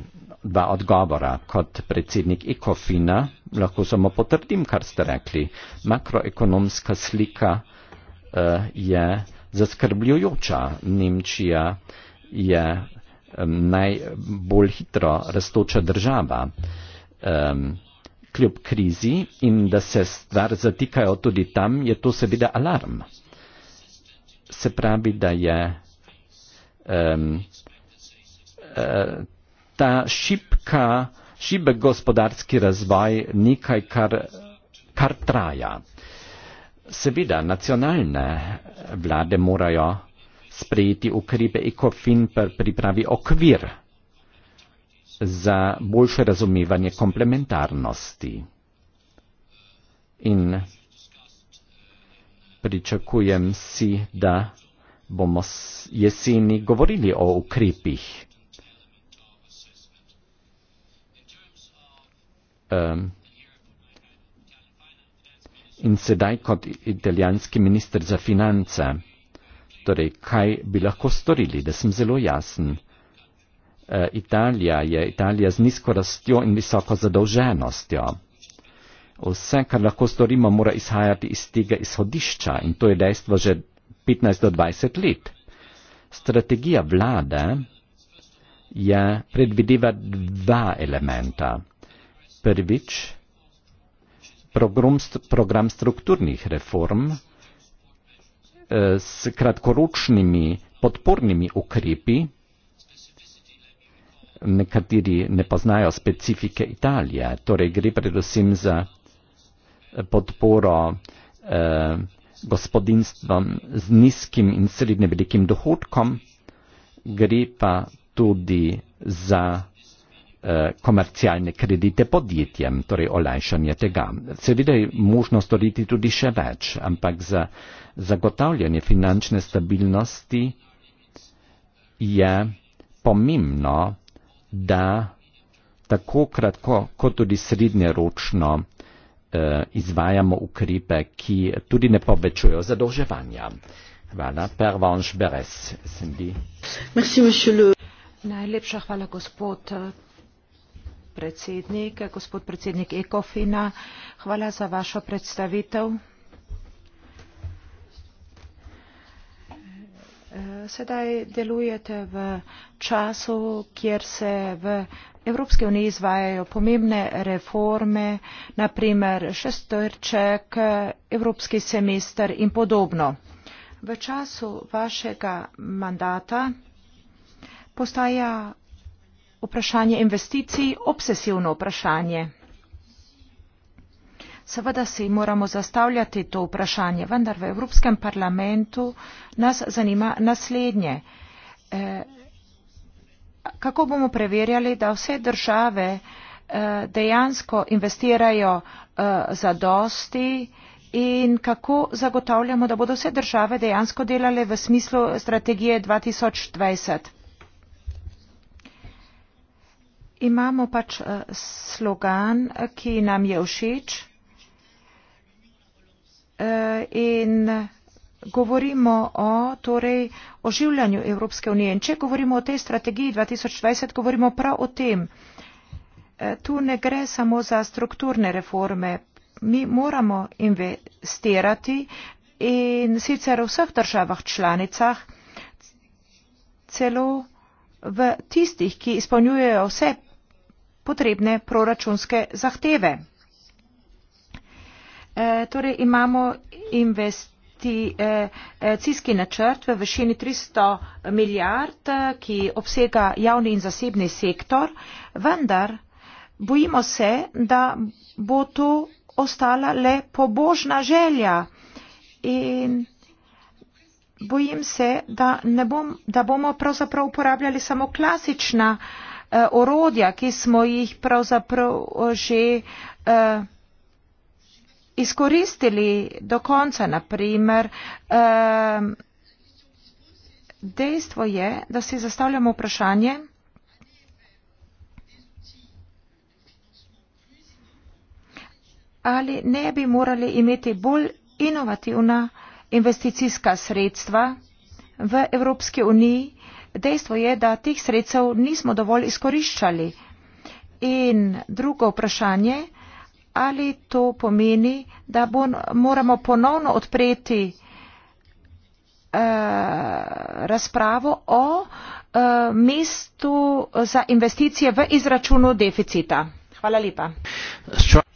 Speaker 2: dva odgovora. Kot predsednik ECOFIN-a lahko samo potrdim, kar ste rekli. Makroekonomska slika eh, je zaskrbljujoča. Nemčija je najbolj hitro rastoča država kljub krizi in da se stvar zatikajo tudi tam, je to seveda alarm. Se pravi, da je um, ta šipka, šibek gospodarski razvoj ni kaj, kar, kar traja. Seveda, nacionalne vlade morajo sprejeti ukrepe ECOFIN pri pripravi okvir za boljše razumevanje komplementarnosti. In pričakujem si, da bomo jeseni govorili o ukrepih. um, in sedaj kot italijanski minister za finance. Torej, kaj bi lahko storili, da sem zelo jasen. E, Italija je Italija z nizko rastjo in visoko zadolženostjo. Vse, kar lahko storimo, mora izhajati iz tega izhodišča in to je dejstvo že 15 do 20 let. Strategija vlade je predvideva dva elementa prvič program, program strukturnih reform e, s kratkoročnimi podpornimi ukrepi, nekateri ne poznajo specifike Italije, torej gre predvsem za e, podporo eh, gospodinstvom z nizkim in srednje velikim dohodkom, gre pa tudi za Eh, komercialne kredite podjetjem, torej olajšanje tega. Seveda je možno storiti tudi še več, ampak za zagotavljanje finančne stabilnosti je pomembno, da tako kratko kot tudi srednjeročno eh, izvajamo ukrepe, ki tudi ne povečujejo zadolževanja. Hvala. Pervanš Beres, sem di.
Speaker 1: Najlepša hvala, gospod. Eh, predsednik, gospod predsednik Ekofina. Hvala za vašo predstavitev. Sedaj delujete v času, kjer se v Evropske unije izvajajo pomembne reforme, naprimer šestrček, evropski semester in podobno. V času vašega mandata postaja vprašanje investicij obsesivno vprašanje. Seveda si moramo zastavljati to vprašanje, vendar v Evropskem parlamentu nas zanima naslednje. E, kako bomo preverjali, da vse države e, dejansko investirajo e, eh, za dosti in kako zagotavljamo, da bodo vse države dejansko delale v smislu strategije 2020? imamo pač eh, slogan, eh, ki nam je všeč eh, in govorimo o torej oživljanju Evropske unije. In če govorimo o tej strategiji 2020, govorimo prav o tem. Tu ne gre samo za strukturne reforme. Mi moramo investirati in sicer v vseh državah članicah, celo v tistih, ki izpolnjujejo vse potrebne proračunske zahteve. E, torej imamo investicijski načrt v višini 300 milijard, ki obsega javni in zasebni sektor, vendar bojimo se, da bo to ostala le pobožna želja. In bojim se, da, ne bom, da bomo pravzaprav uporabljali samo klasična eh, Eh, orodja ki smo jih pravzaprav eh, že eh, izkoristili do konca naprimer dejstvo je da si zastavljamo vprašanje ali ne bi morali imeti bolj inovativna investicijska sredstva v Evropski uniji dejstvo je, da teh sredstev nismo dovolj izkoriščali. In drugo vprašanje, ali to pomeni, da bon, moramo ponovno odpreti eh, razpravo o eh, mestu za investicije v izračunu deficita. Hvala lepa.
Speaker 2: Sure.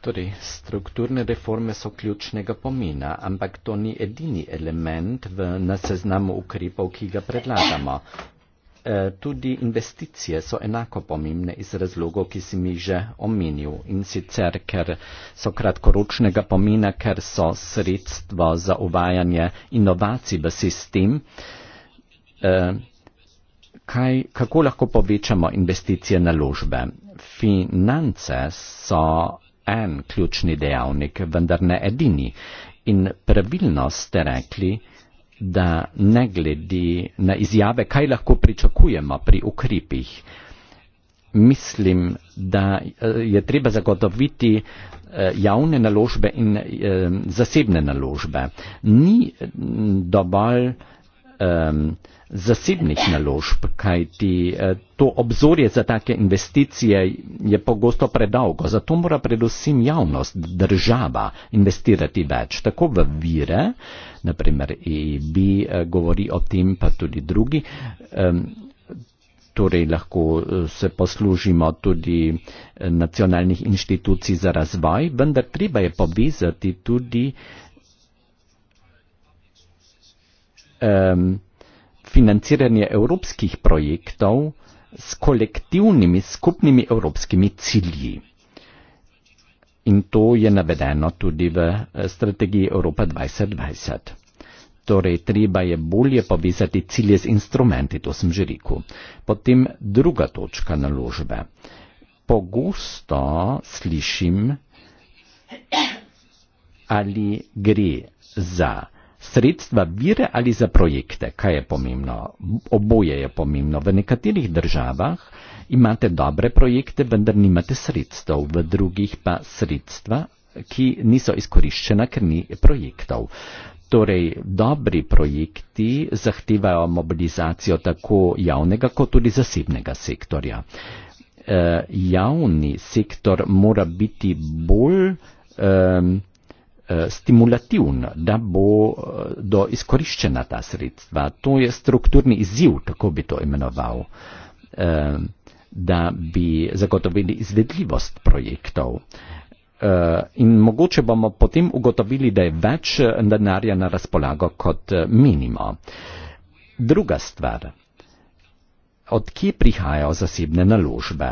Speaker 2: Torej, strukturne reforme so ključnega pomena, ampak to ni edini element v seznamu ukrepov, ki ga predlagamo. E, tudi investicije so enako pomembne iz razlogov, ki si mi že omenil in sicer, ker so kratkoročnega pomena, ker so sredstvo za uvajanje inovacij v sistem. E, kaj, kako lahko povečamo investicije na ložbe? Finance so en ključni dejavnik, vendar ne edini. In pravilno ste rekli, da ne glede na izjave, kaj lahko pričakujemo pri ukrepih, mislim, da eh, je treba zagotoviti eh, javne naložbe in eh, zasebne naložbe. Ni mm, dovolj Um, zasebnih naložb, kajti eh, to obzorje za take investicije je pogosto predolgo. Zato mora predvsem javnost, država investirati več, tako v vire, naprimer EIB eh, govori o tem, pa tudi drugi. Um, torej lahko eh, se poslužimo tudi nacionalnih inštitucij za razvoj, vendar treba je povezati tudi um, financiranje evropskih projektov s kolektivnimi skupnimi evropskimi cilji. In to je navedeno tudi v eh, strategiji Evropa 2020. Torej, treba je bolje povezati cilje z instrumenti, to sem že rekel. Potem druga točka naložbe. Pogosto slišim, ali gre za Sredstva vire ali za projekte, kaj je pomembno? Oboje je pomembno. V nekaterih državah imate dobre projekte, vendar nimate sredstev, v drugih pa sredstva, ki niso izkoriščena, ker ni projektov. Torej, dobri projekti zahtevajo mobilizacijo tako javnega kot tudi zasebnega sektorja. E, javni sektor mora biti bolj. E, Eh, stimulativen, da bodo eh, izkoriščena ta sredstva. To je strukturni izziv, tako bi to imenoval, eh, da bi zagotovili izvedljivost projektov. In mogoče bomo potem ugotovili, da je več denarja na razpolago kot minimo. Druga stvar, odkje prihajajo zasebne naložbe?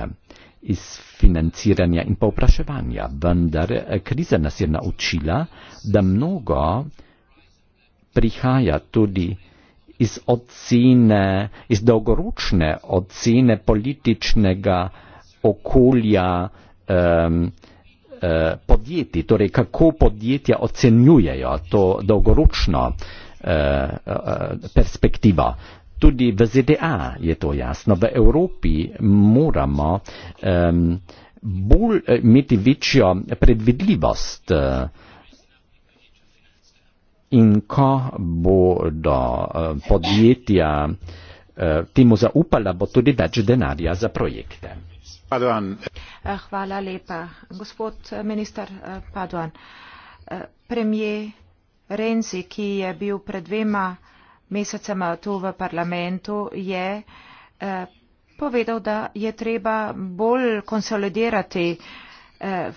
Speaker 2: iz financiranja in povpraševanja. Vendar eh, kriza nas je naučila, da mnogo prihaja tudi iz ocene, iz dolgoročne ocene političnega okolja um, um, podjetij, torej kako podjetja ocenjujejo to dolgoročno uh, uh, perspektivo tudi v ZDA je to jasno. V Evropi moramo um, bolj eh, imeti večjo predvidljivost. Eh, in ko bodo eh, podjetja temu zaupala, bo tudi več denarja za projekte. Paduan.
Speaker 1: Hvala lepa. Gospod minister Paduan, premijer Renzi, ki je bil pred dvema mesecema tu v parlamentu, je eh, povedal, da je treba bolj konsolidirati eh,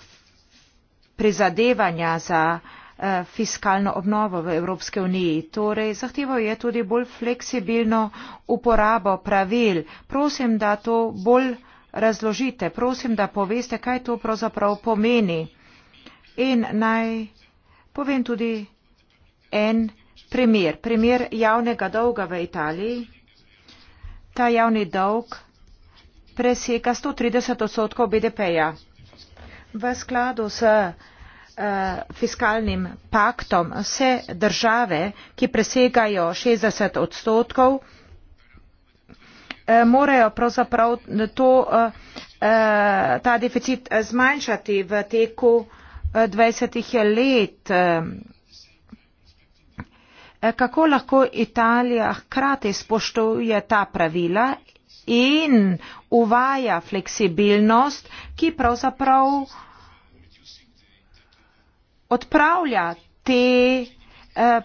Speaker 1: prizadevanja za eh, fiskalno obnovo v Evropske uniji. Torej, zahteval je tudi bolj fleksibilno uporabo pravil. Prosim, da to bolj razložite. Prosim, da poveste, kaj to pravzaprav pomeni. In naj povem tudi en primer, primer javnega dolga v Italiji. Ta javni dolg presega 130 odstotkov BDP-ja. V skladu s uh, fiskalnim paktom vse države, ki presegajo 60 odstotkov, eh, morajo pravzaprav to, eh, ta deficit zmanjšati v teku 20 let kako lahko Italija hkrati spoštuje ta pravila in uvaja fleksibilnost, ki pravzaprav odpravlja te eh,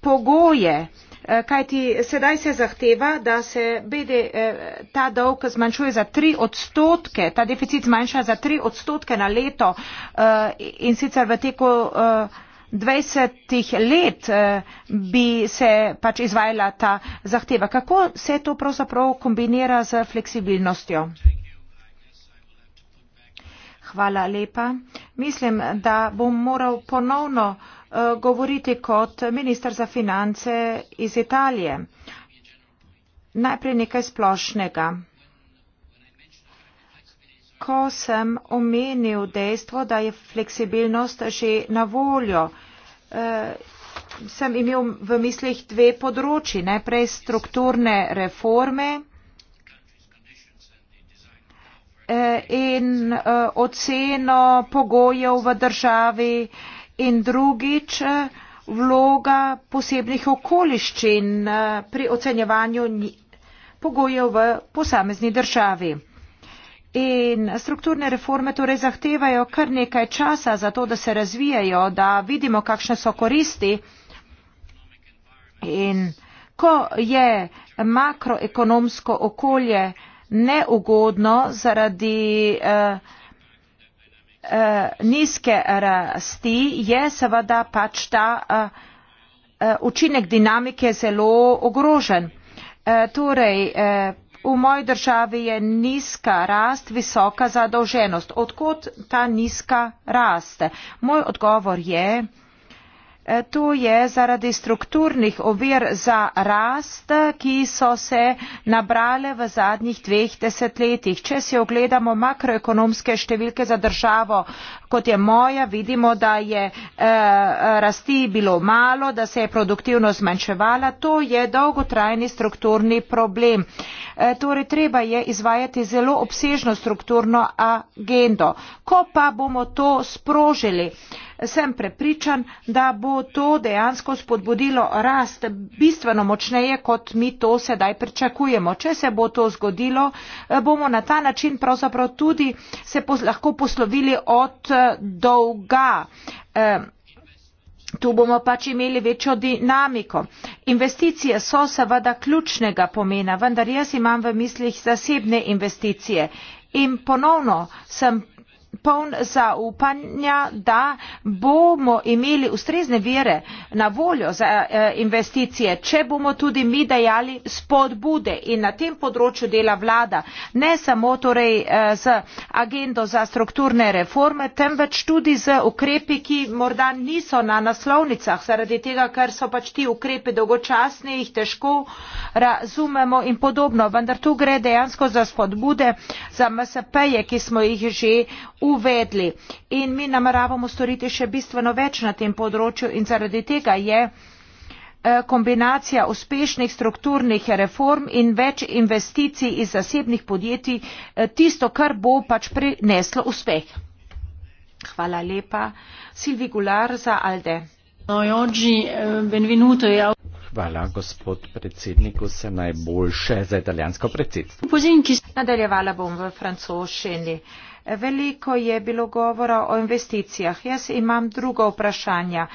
Speaker 1: pogoje. Eh, kajti sedaj se zahteva, da se bede, eh, ta dolg zmanjšuje za tri odstotke, ta deficit zmanjša za tri odstotke na leto eh, in sicer v teku 20 let eh, bi se pač izvajala ta zahteva. Kako se to pravzaprav kombinira z fleksibilnostjo? Hvala lepa. Mislim, da bom moral ponovno eh, govoriti kot minister za finance iz Italije. Najprej nekaj splošnega ko sem omenil dejstvo, da je fleksibilnost že na voljo, eh, sem imel v mislih dve področji. Najprej strukturne reforme eh, in eh, oceno pogojev v državi in drugič vloga posebnih okoliščin pri ocenjevanju pogojev v posamezni državi. In strukturne reforme torej zahtevajo kar nekaj časa za to, da se razvijajo, da vidimo, kakšne so koristi. In ko je makroekonomsko okolje neugodno zaradi uh, uh, nizke rasti, je seveda pač ta uh, uh, učinek dinamike zelo ogrožen. Uh, torej, uh, v moji državi je nizka rast visoka zadolženost. odkod ta nizka rast? moj odgovor je Eh, to je zaradi strukturnih ovir za rast, ki so se nabrale v zadnjih dveh desetletjih. Če si ogledamo makroekonomske številke za državo, kot je moja, vidimo, da je eh, rasti bilo malo, da se je produktivnost zmanjševala. To je dolgotrajni strukturni problem. E, torej, treba je izvajati zelo obsežno strukturno agendo. Ko pa bomo to sprožili, sem prepričan, da bo to dejansko spodbudilo rast bistveno močneje, kot mi to sedaj pričakujemo. Če se bo to zgodilo, eh, bomo na ta način pravzaprav tudi se lahko poslovili od eh, dolga. Tu bomo pač imeli večjo dinamiko. Investicije so seveda ključnega pomena, vendar jaz imam v mislih zasebne investicije. In ponovno sem poln zaupanja, da bomo imeli ustrezne vire na voljo za e, investicije, če bomo tudi mi dajali spodbude in na tem področju dela vlada, ne samo torej e, z agendo za strukturne reforme, temveč tudi z ukrepi, ki morda niso na naslovnicah, zaradi tega, ker so pač ti ukrepi dolgočasni, jih težko razumemo in podobno, vendar tu gre dejansko za spodbude za MSP-je, ki smo jih že uvedli. In mi nameravamo storiti še bistveno več na tem področju in zaradi tega je eh, kombinacija uspešnih strukturnih reform in več investicij iz zasebnih podjetij eh, tisto, kar bo pač prineslo uspeh. Hvala lepa. Silvi Gular za Alde. Eh, e
Speaker 2: Hvala, gospod predsednik, vse najboljše za italijansko predsedstvo.
Speaker 1: Nadaljevala bom v francoščini. Veliko je bilo govora o investicijah. Jaz imam drugo vprašanje.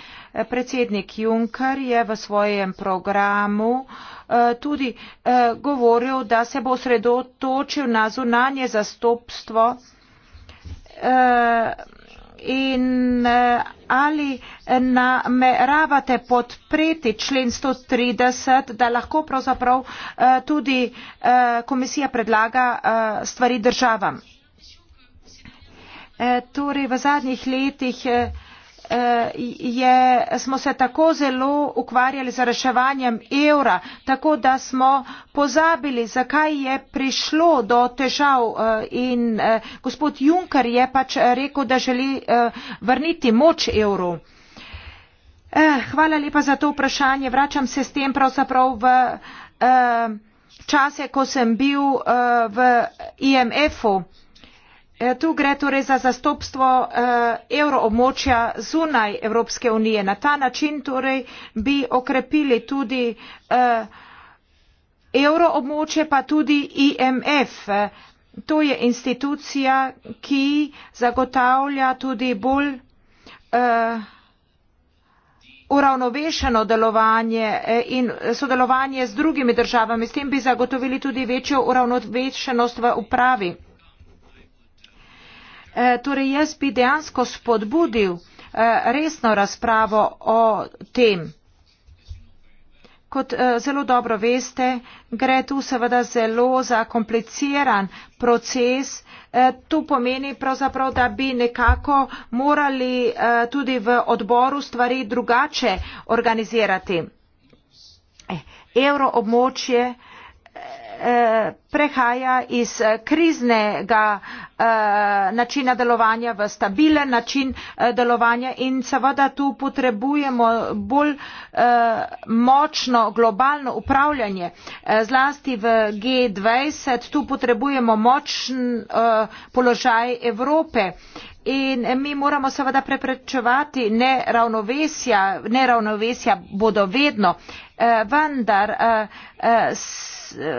Speaker 1: Predsednik Juncker je v svojem programu eh, tudi eh, govoril, da se bo osredotočil na zunanje zastopstvo. Eh, in ali nameravate podpreti člen 130, da lahko pravzaprav tudi komisija predlaga stvari državam? Eh, torej v zadnjih letih eh, eh, je, smo se tako zelo ukvarjali z reševanjem evra, tako da smo pozabili, zakaj je prišlo do težav in gospod Juncker je pač rekel, da želi vrniti moč evru. Hvala lepa za to vprašanje. Vračam se s tem pravzaprav v čase, ko sem bil v IMF-u. E, tu gre torej za zastopstvo e, evroobmočja zunaj evropske unije na ta način torej bi okrepili tudi e, evroobmočje pa tudi imf to je institucija ki zagotavlja tudi bolj uravnovešeno delovanje in sodelovanje z drugimi državami s tem bi zagotovili tudi večjo uravnovešenost v upravi. E, torej, jaz bi dejansko spodbudil e, resno razpravo o tem. Kot e, zelo dobro veste, gre tu seveda zelo za kompliciran proces. To pomeni pravzaprav, da bi nekako morali tudi v odboru stvari drugače organizirati. Evroobmočje prehaja iz kriznega Eh, načina delovanja v stabilen način eh, delovanja in seveda tu potrebujemo bolj eh, močno globalno upravljanje zlasti v G20 tu potrebujemo močen položaj Evrope in mi moramo seveda preprečevati neravnovesja, neravnovesja bodo vedno, vendar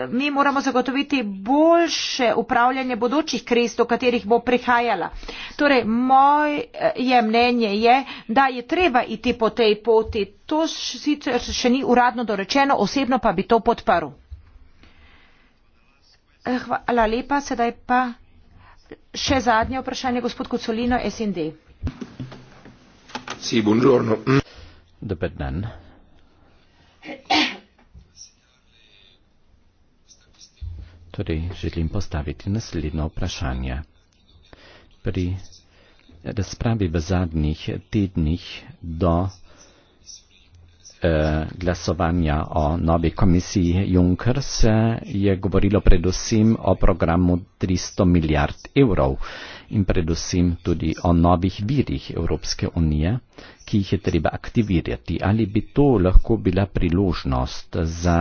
Speaker 1: mi moramo zagotoviti boljše upravljanje bodočih kriz, do katerih bo prihajala. Torej, moje eh, mnenje je, da je treba iti po tej poti. To sicer še ni uradno dorečeno, osebno pa bi to podparil. Eh, hvala lepa, sedaj pa še zadnje vprašanje, gospod Kocolino, SND.
Speaker 2: Si, buongiorno. Dober dan. Torej, želim postaviti naslednjo vprašanje. Pri razpravi v zadnjih tednih do eh, glasovanja o novi komisiji Juncker se je govorilo predvsem o programu 300 milijard evrov in predvsem tudi o novih virih Evropske unije, ki jih je treba aktivirati. Ali bi to lahko bila priložnost za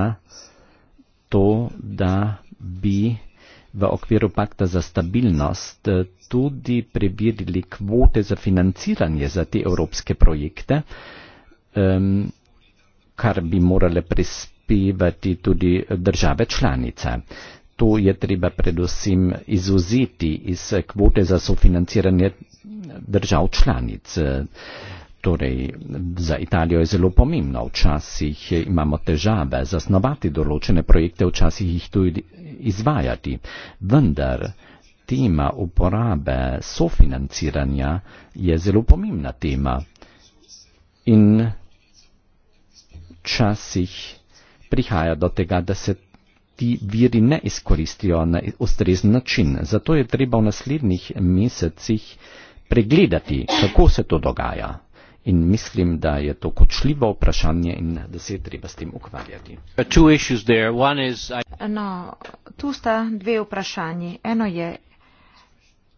Speaker 2: to, da bi v okviru pakta za stabilnost eh, tudi preverili kvote za financiranje za te evropske projekte, kar bi morale prispevati tudi države članice. To je treba predvsem izuzeti iz kvote za sofinanciranje držav članic torej za Italijo je zelo pomembno. Včasih imamo težave zasnovati določene projekte, včasih jih tudi izvajati. Vendar tema uporabe sofinanciranja je zelo pomembna tema. In včasih prihaja do tega, da se ti viri ne izkoristijo na ustrezen način. Zato je treba v naslednjih mesecih pregledati, kako se to dogaja in mislim, da je to kočljivo vprašanje in da se je treba s tem ukvarjati.
Speaker 1: No, tu sta dve vprašanji. Eno je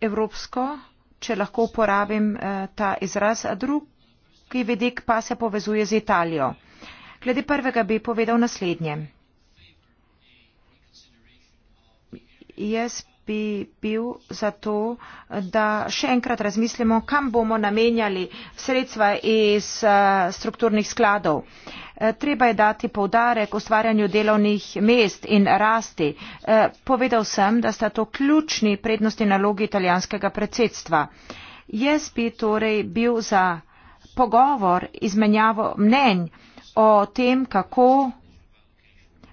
Speaker 1: evropsko, če lahko uporabim eh, ta izraz, a drugi vidik pa se povezuje z Italijo. Glede prvega bi povedal naslednje. Jaz bi bil zato, da še enkrat razmislimo, kam bomo namenjali sredstva iz eh, strukturnih skladov. Eh, treba je dati povdarek ustvarjanju delovnih mest in rasti. Eh, povedal sem, da sta to ključni prednosti nalogi italijanskega predsedstva. Jaz bi torej bil za pogovor izmenjavo mnenj o tem, kako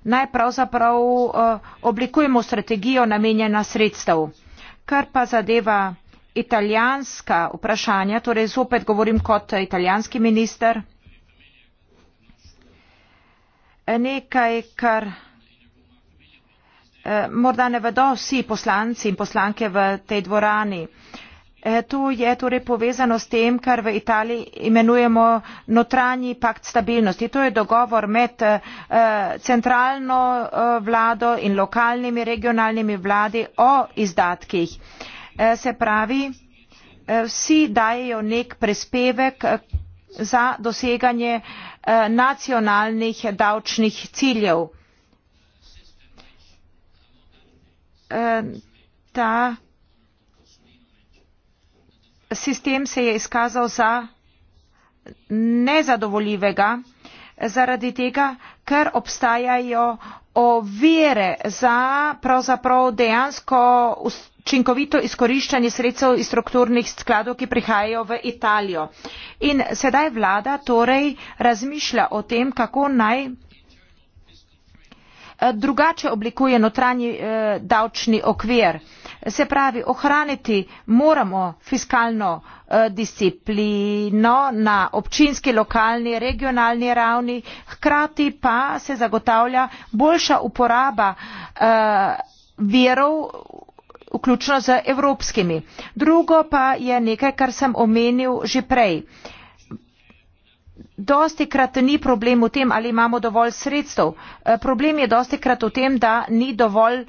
Speaker 1: naj pravzaprav eh, oblikujemo strategijo namenjena sredstev. Kar pa zadeva italijanska vprašanja, torej zopet govorim kot italijanski minister, nekaj, kar eh, morda ne vedo vsi poslanci in poslanke v tej dvorani. Eh, to je torej povezano s tem, kar v Italiji imenujemo notranji pakt stabilnosti. To je dogovor med eh, centralno eh, vlado in lokalnimi, regionalnimi vladi o izdatkih. Se pravi, vsi dajejo nek prispevek za doseganje nacionalnih davčnih ciljev. Ta sistem se je izkazal za nezadovoljivega zaradi tega, ker obstajajo ovire za pravzaprav dejansko učinkovito izkoriščanje sredstev iz strukturnih skladov, ki prihajajo v Italijo. In sedaj vlada torej razmišlja o tem, kako naj eh, drugače oblikuje notranji eh, davčni okvir se pravi ohraniti moramo fiskalno eh, disciplino na občinski, lokalni, regionalni ravni, hkrati pa se zagotavlja boljša uporaba uh, virov, vključno z evropskimi. Drugo pa je nekaj, kar sem omenil že prej. Dosti krat ni problem v tem, ali imamo dovolj sredstev. Eh, problem je dosti krat v tem, da ni dovolj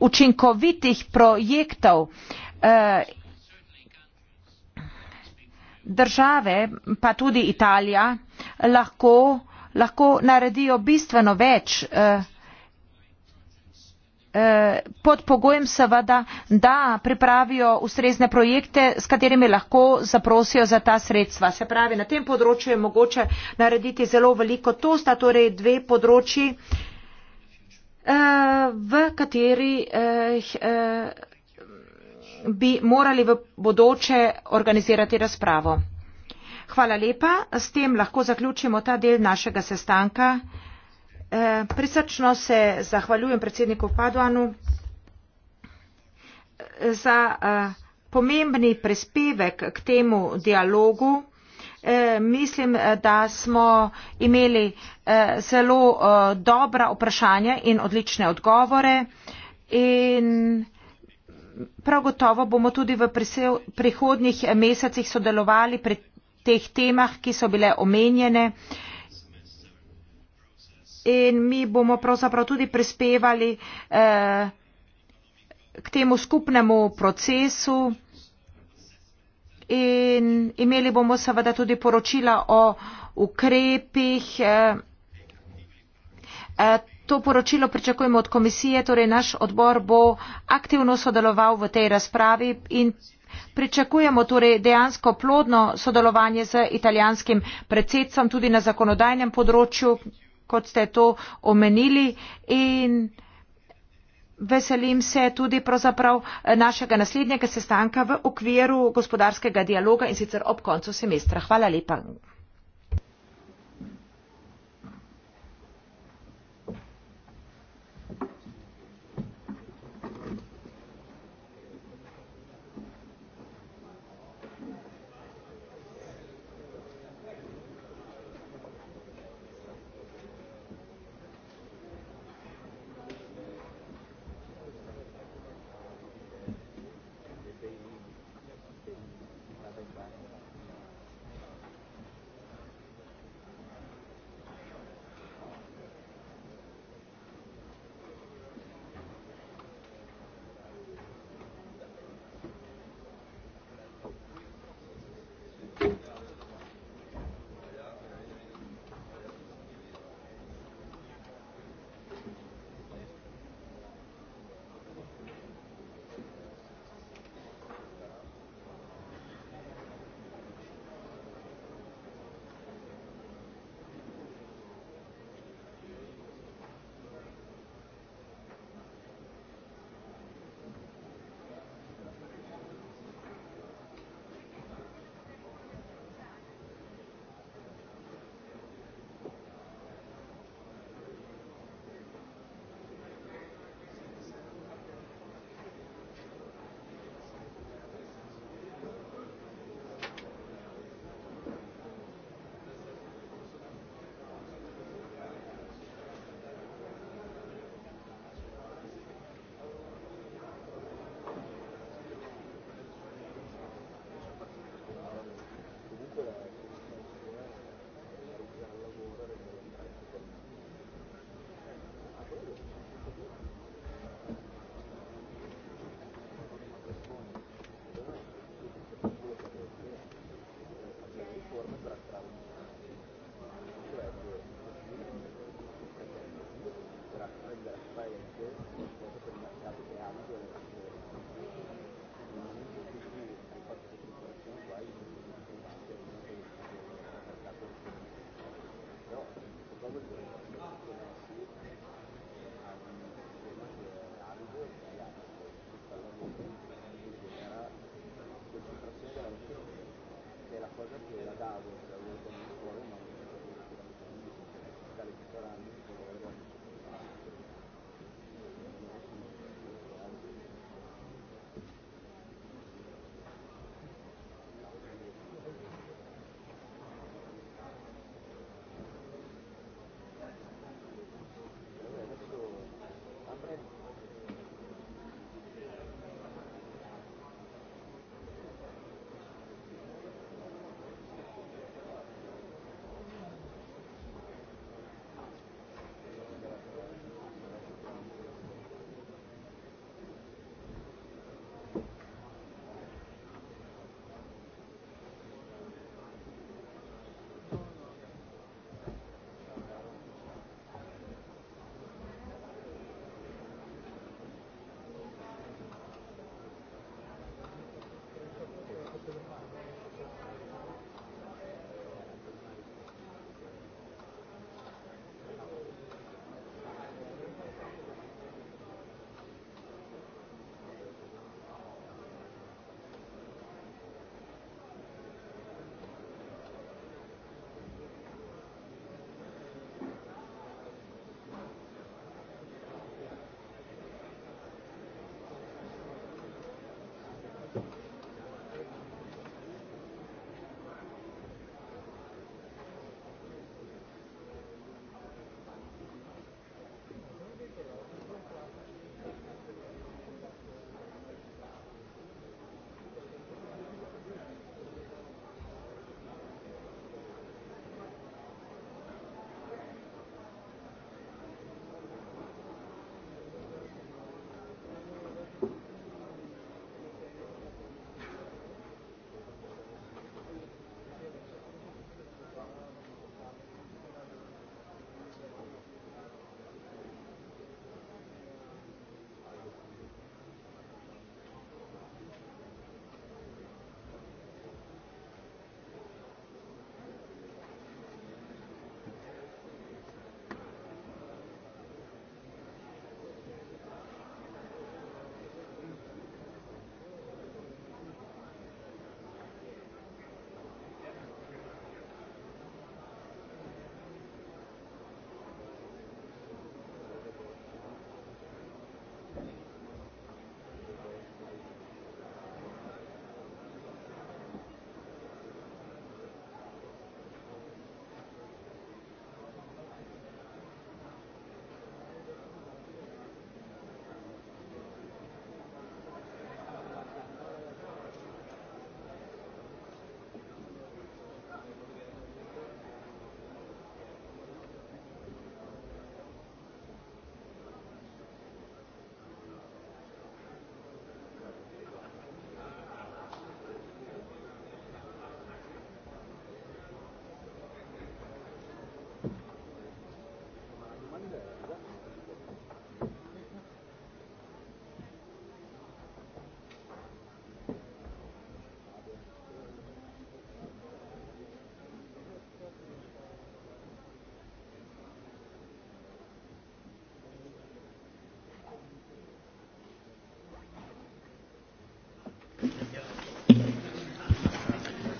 Speaker 1: učinkovitih projektov. Eh, države, pa tudi Italija, lahko, lahko naredijo bistveno več eh, eh, pod pogojem seveda, da pripravijo ustrezne projekte, s katerimi lahko zaprosijo za ta sredstva. Se pravi, na tem področju je mogoče narediti zelo veliko. To sta torej dve področji, eh, v katerih eh, eh, bi morali v bodoče organizirati razpravo. Hvala lepa. S tem lahko zaključimo ta del našega sestanka. Eh, prisrčno se zahvaljujem predsedniku Paduanu za pomembni prispevek k temu dialogu. Eh, mislim eh, da smo imeli eh, zelo dobra vprašanja in odlične odgovore in prav gotovo bomo tudi v prihodnjih mesecih sodelovali pri teh temah, ki so bile omenjene in mi bomo pravzaprav tudi prispevali k temu skupnemu procesu in imeli bomo seveda tudi poročila o ukrepih. Eh, eh, to poročilo pričakujemo od komisije, torej naš odbor bo aktivno sodeloval v tej razpravi in pričakujemo torej dejansko plodno sodelovanje z italijanskim predsedstvom tudi na zakonodajnem področju, kot ste to omenili. In veselim se tudi pravzaprav eh, našega naslednjega sestanka v okviru gospodarskega dialoga in sicer ob koncu semestra.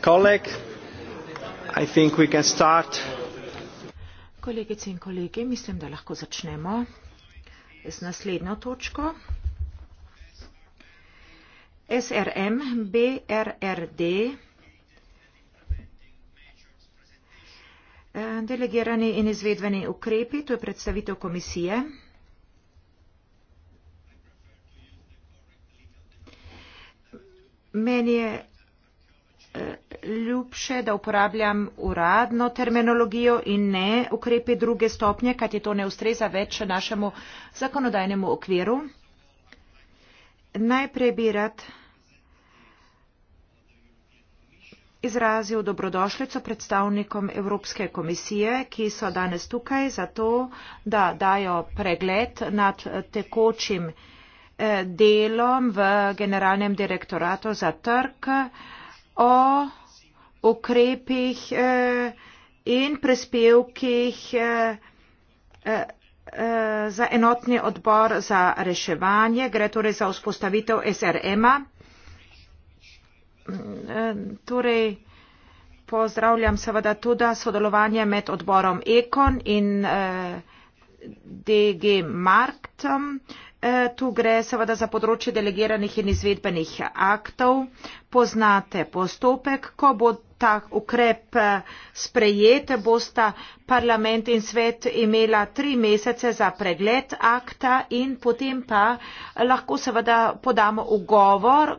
Speaker 3: colleagues, I think we can start.
Speaker 1: Kolegice in kolegi, mislim, da lahko začnemo z naslednjo točko. SRM, BRRD, eh, delegirani in izvedveni ukrepi, to je predstavitev komisije. Meni je ljubše, da uporabljam uradno terminologijo in ne ukrepe druge stopnje, kaj ti to ne ustreza več našemu zakonodajnemu okviru. Najprej bi rad izrazil dobrodošljico predstavnikom Evropske komisije, ki so danes tukaj zato, da dajo pregled nad tekočim eh, delom v Generalnem direktoratu za trg o ukrepih eh, in prispevkih eh, eh, za enotni odbor za reševanje. Gre torej za vzpostavitev SRM-a. Mm, torej, pozdravljam seveda tudi sodelovanje med odborom Ekon in DG Marktom. Tu gre seveda za področje delegiranih in izvedbenih aktov. Poznate postopek, ko bo ta ukrep eh, sprejet, bosta parlament in svet imela tri mesece za pregled akta in potem pa lahko seveda podamo ugovor.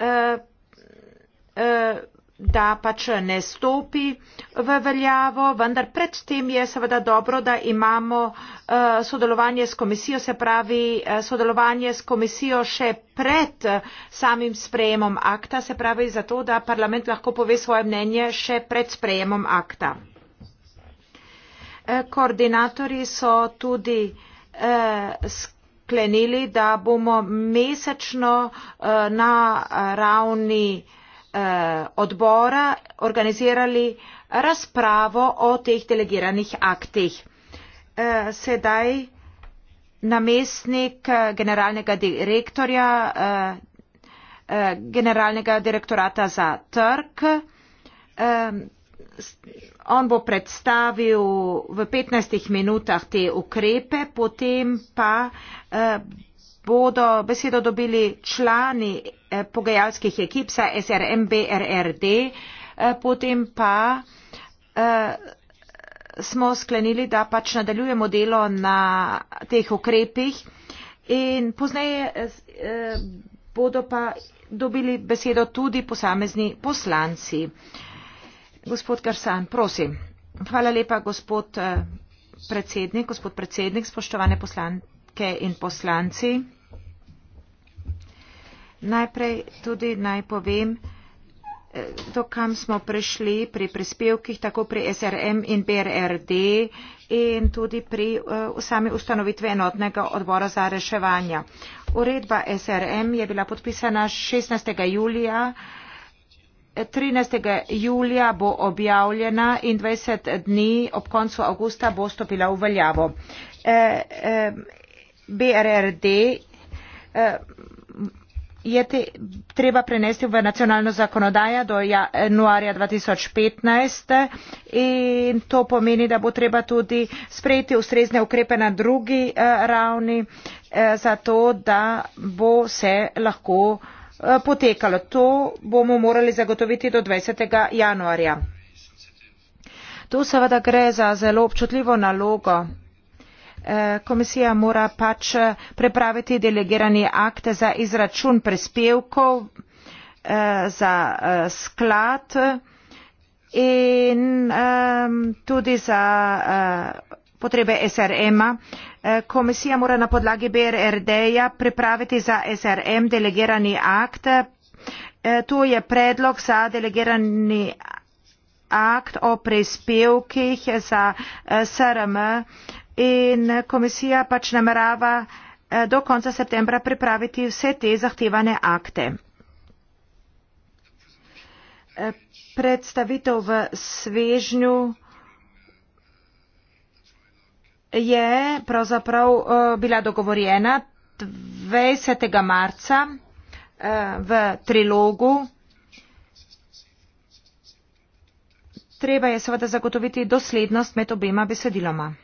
Speaker 1: Uh, uh, da pač ne stopi v veljavo, vendar predtem je seveda dobro, da imamo eh, sodelovanje s komisijo, se pravi eh, sodelovanje s komisijo še pred eh, samim sprejemom akta, se pravi zato, da parlament lahko pove svoje mnenje še pred sprejemom akta. Koordinatori so tudi sklenili, da bomo mesečno na ravni Eh, odbora organizirali razpravo o teh delegiranih aktih. Eh, sedaj namestnik eh, generalnega direktorja generalnega direktorata za trg. Ehm, on bo predstavil v 15 minutah te ukrepe, potem pa bodo besedo dobili člani eh, pogajalskih ekip za SRM, BRRD, eh, potem pa eh, smo sklenili, da pač nadaljujemo delo na teh ukrepih in pozneje bodo pa dobili besedo tudi posamezni poslanci. Gospod Garsan, prosim. Hvala lepa, gospod predsednik, gospod predsednik, spoštovane poslanke poslanke in poslanci. Najprej tudi naj povem, eh, to, kam smo prišli pri prispevkih, tako pri SRM in BRRD in tudi pri uh, sami ustanovitve enotnega odbora za reševanje. Uredba SRM je bila podpisana 16. julija. 13. julija bo objavljena in 20 dni ob koncu avgusta bo stopila v veljavo. E, e, BRRD eh, je te, treba prenesti v nacionalno zakonodajo do ja, januarja 2015 in to pomeni, da bo treba tudi sprejeti ustrezne ukrepe na drugi eh, ravni, eh, zato da bo se lahko potekalo. To bomo morali zagotoviti do 20. januarja. Tu seveda gre za zelo občutljivo nalogo komisija mora pač eh, prepraviti delegirani akt za izračun prispevkov eh, za eh, sklad in ehm, tudi za potrebe SRM. -a. Komisija mora na podlagi BRRD-ja pripraviti za SRM delegirani akt. Tu je predlog za delegirani akt o prispevkih za SRM in komisija pač namerava eh, do konca septembra pripraviti vse te zahtevane akte. Eh, predstavitev v svežnju je pravzaprav eh, bila dogovorjena 20. marca v trilogu. Treba je seveda zagotoviti doslednost med obema besediloma.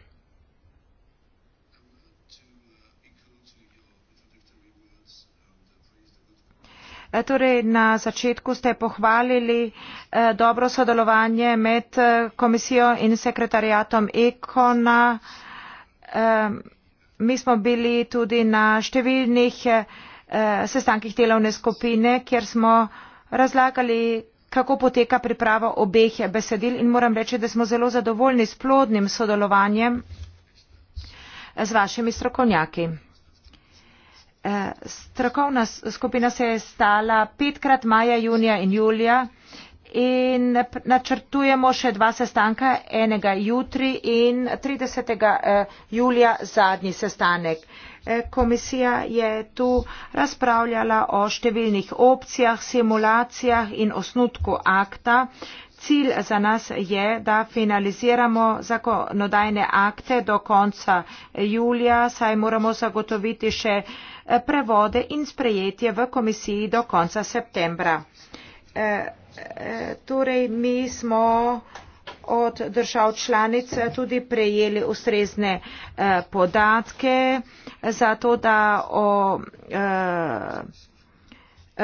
Speaker 1: Eh, torej, na začetku ste pohvalili eh, dobro sodelovanje med eh, komisijo in sekretarjatom ECONA. Eh, mi smo bili tudi na številnih eh, eh, sestankih delovne skupine, kjer smo razlagali, kako poteka priprava obeh besedil in moram reči, da smo zelo zadovoljni s plodnim sodelovanjem eh, z vašimi strokovnjaki. Eh, strokovna skupina se je stala petkrat maja, junija in julija in načrtujemo še dva sestanka, enega jutri in 30. Eh, julija zadnji sestanek. Eh, komisija je tu razpravljala o številnih opcijah, simulacijah in osnutku akta, cilj za nas je, da finaliziramo zakonodajne akte do konca julija, saj moramo zagotoviti še eh, prevode in sprejetje v komisiji do konca septembra. E, torej, mi smo od držav članic tudi prejeli ustrezne podatke za to, da o e,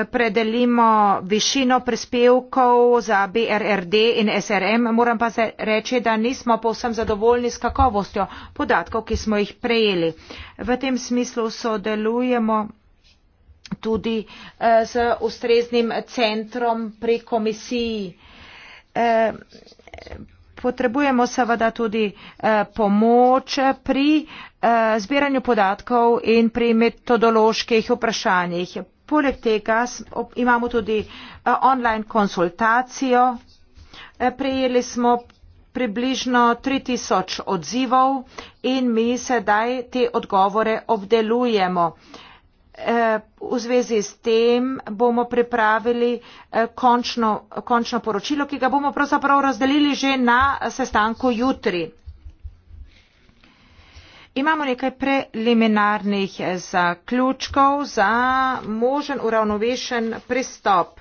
Speaker 1: predelimo višino prispevkov za BRRD in SRM, moram pa reči, da nismo povsem zadovoljni s kakovostjo podatkov, ki smo jih prejeli. V tem smislu sodelujemo tudi eh, z ustreznim centrom pri komisiji. Eh, potrebujemo seveda tudi eh, pomoč pri zbiranju podatkov in pri metodoloških vprašanjih. Poleg tega imamo tudi eh, online konsultacijo. Eh, prejeli smo približno 3000 odzivov in mi sedaj te odgovore obdelujemo. Eh, v zvezi s tem bomo pripravili končno, končno poročilo, ki ga bomo pravzaprav razdelili že na sestanku jutri. Imamo nekaj preliminarnih eh, zaključkov za možen uravnovešen pristop.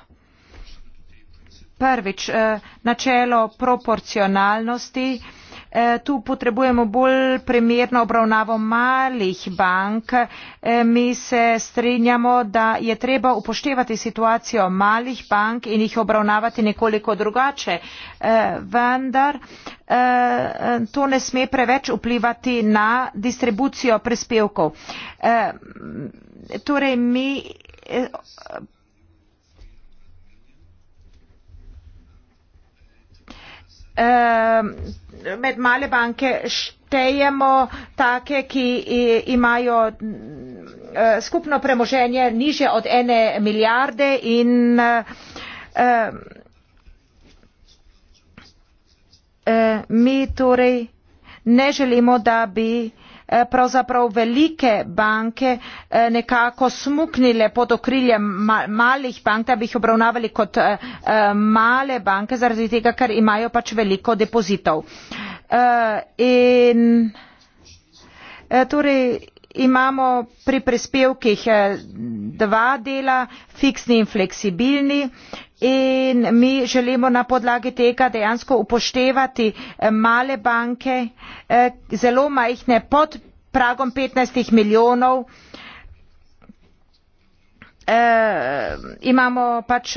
Speaker 1: Prvič, eh, načelo proporcionalnosti. E, tu potrebujemo bolj primerno obravnavo malih bank. E, mi se strinjamo, da je treba upoštevati situacijo malih bank in jih obravnavati nekoliko drugače, e, vendar to ne sme preveč vplivati na distribucijo prispevkov. Torej, mi Ehm, med male banke štejemo take, ki imajo eh, skupno premoženje niže od ene milijarde in ehm, eh, mi torej ne želimo, da bi Eh, pravzaprav velike banke eh, nekako smuknile pod okrilje malih bank, da bi jih obravnavali kot eh, male banke, zaradi tega, ker imajo pač veliko depozitov. In torej imamo pri prispevkih dva dela, fiksni in fleksibilni in mi želimo na podlagi tega dejansko upoštevati eh, male banke eh, zelo majhne pod pragom petnajstih milijonov E, imamo pač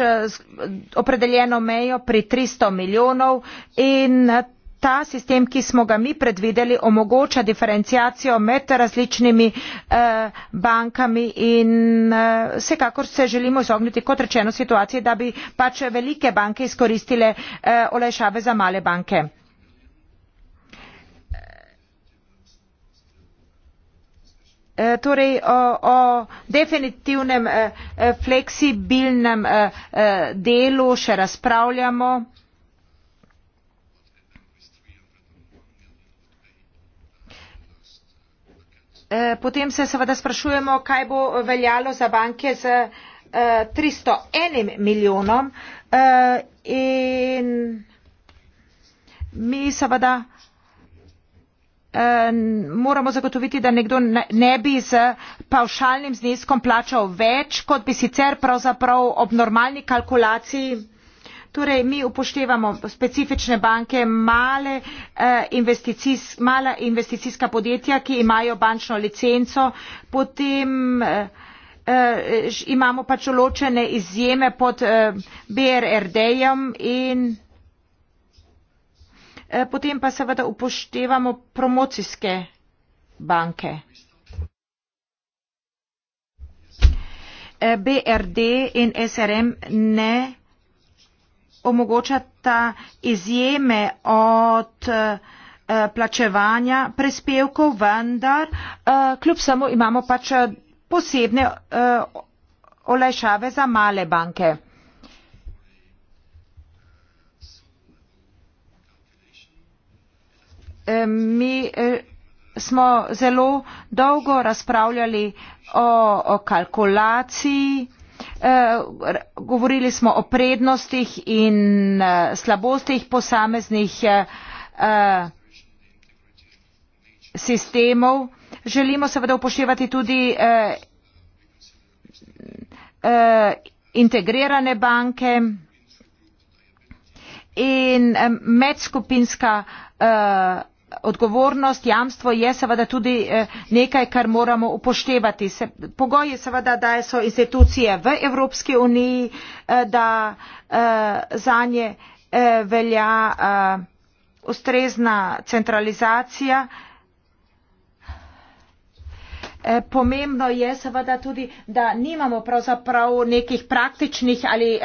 Speaker 1: opredeljeno mejo pri 300 milijonov in ta sistem ki smo ga mi predvideli omogoča diferenciacijo med različnimi eh, bankami in eh, vsekakor se želimo izogniti kot rečeno situaciji da bi pač velike banke izkoristile eh, olajšave za male banke. Torej o, o definitivnem fleksibilnem delu še razpravljamo. Eh, potem se seveda sprašujemo, kaj bo veljalo za banke z 301 eh, milijonom eh, in mi seveda moramo zagotoviti, da nekdo ne bi z pavšalnim zneskom plačal več, kot bi sicer pravzaprav ob normalni kalkulaciji torej mi upoštevamo specifične banke male, eh, investicijs, mala investicijska podjetja ki imajo bančno licenco potem eh, Uh, imamo pač določene izjeme pod uh, eh, BRRD-jem in uh, potem pa seveda upoštevamo promocijske banke. Uh, BRD in SRM ne omogočata izjeme od eh, plačevanja prispevkov, vendar eh, kljub samo imamo pač eh, posebne olajšave za male banke. Mi smo zelo dolgo razpravljali o, o kalkulaciji. Eh, govorili smo o prednostih in eh, slabostih posameznih eh, sistemov želimo seveda upoštevati tudi integrirane banke in medskupinska odgovornost, jamstvo je seveda tudi eh, nekaj, kar moramo upoštevati. Se, pogoji seveda, da so institucije v Evropski uniji, eh, da eh, za nje velja ustrezna centralizacija. Pomembno je seveda tudi, da nimamo pravzaprav nekih praktičnih ali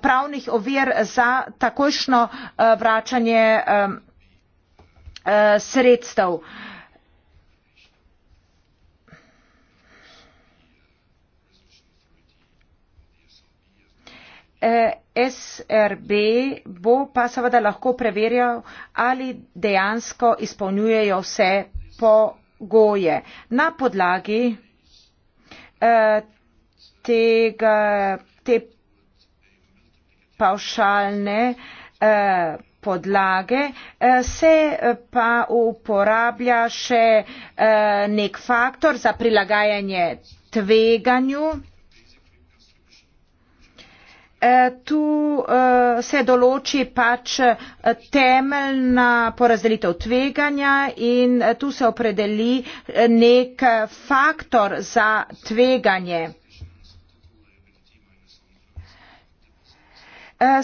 Speaker 1: pravnih ovir za takošno vračanje Eh, sredstev. Eh, SRB bo pa seveda lahko preverjal, ali dejansko izpolnjujejo vse pogoje. Na podlagi eh, tega, te pavšalne podlage, eh, se eh, pa uporablja še eh, nek faktor za prilagajanje tveganju. Tu se določi pač temeljna porazdelitev tveganja in tu se opredeli nek faktor za tveganje.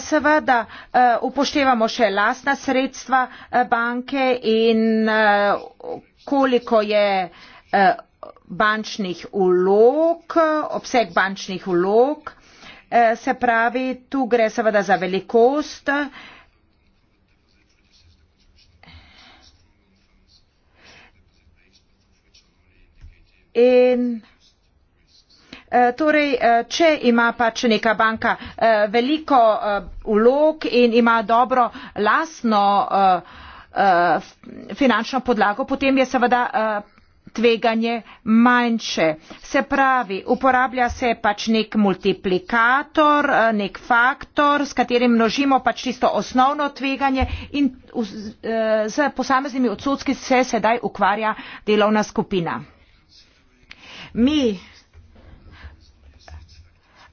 Speaker 1: Seveda, Eh, upoštevamo še lastna sredstva eh, banke in eh, koliko je bančnih ulog, obseg bančnih ulog. Se pravi, tu gre seveda za velikost. In Eh, torej eh, če ima pač neka banka eh, veliko vlog in ima dobro lastno finančno podlago potem je seveda tveganje manjše. Se pravi, uporablja se pač nek multiplikator, nek faktor, s katerim množimo pač čisto osnovno tveganje in z posameznimi odsotki se sedaj ukvarja delovna skupina. Mi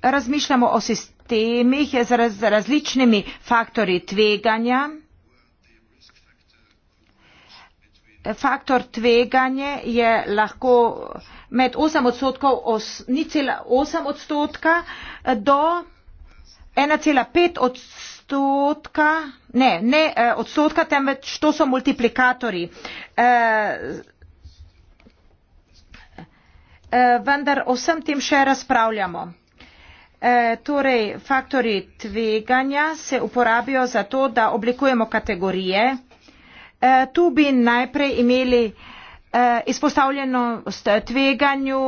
Speaker 1: razmišljamo o sistemih z različnimi faktori tveganja. Faktor tveganje je lahko med 8 odstotkov, ni cela 8 odstotka, do 1,5 odstotka, ne, ne e, odstotka, temveč to so multiplikatori. E, e, vendar o vsem tem še razpravljamo. E, torej faktori tveganja se uporabijo za to, da oblikujemo kategorije. E, tu bi najprej imeli e, izpostavljeno tveganju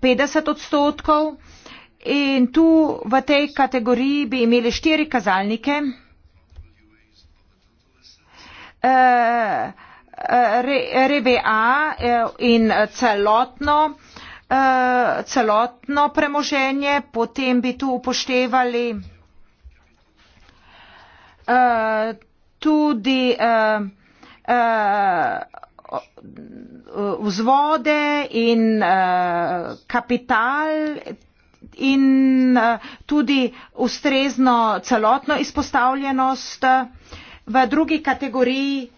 Speaker 1: 50 odstotkov in tu v tej kategoriji bi imeli štiri kazalnike. Re, reve A in celotno Eh, celotno premoženje, potem bi tu upoštevali eh, tudi eh, vzvode in kapital in tudi ustrezno celotno izpostavljenost. V drugi kategoriji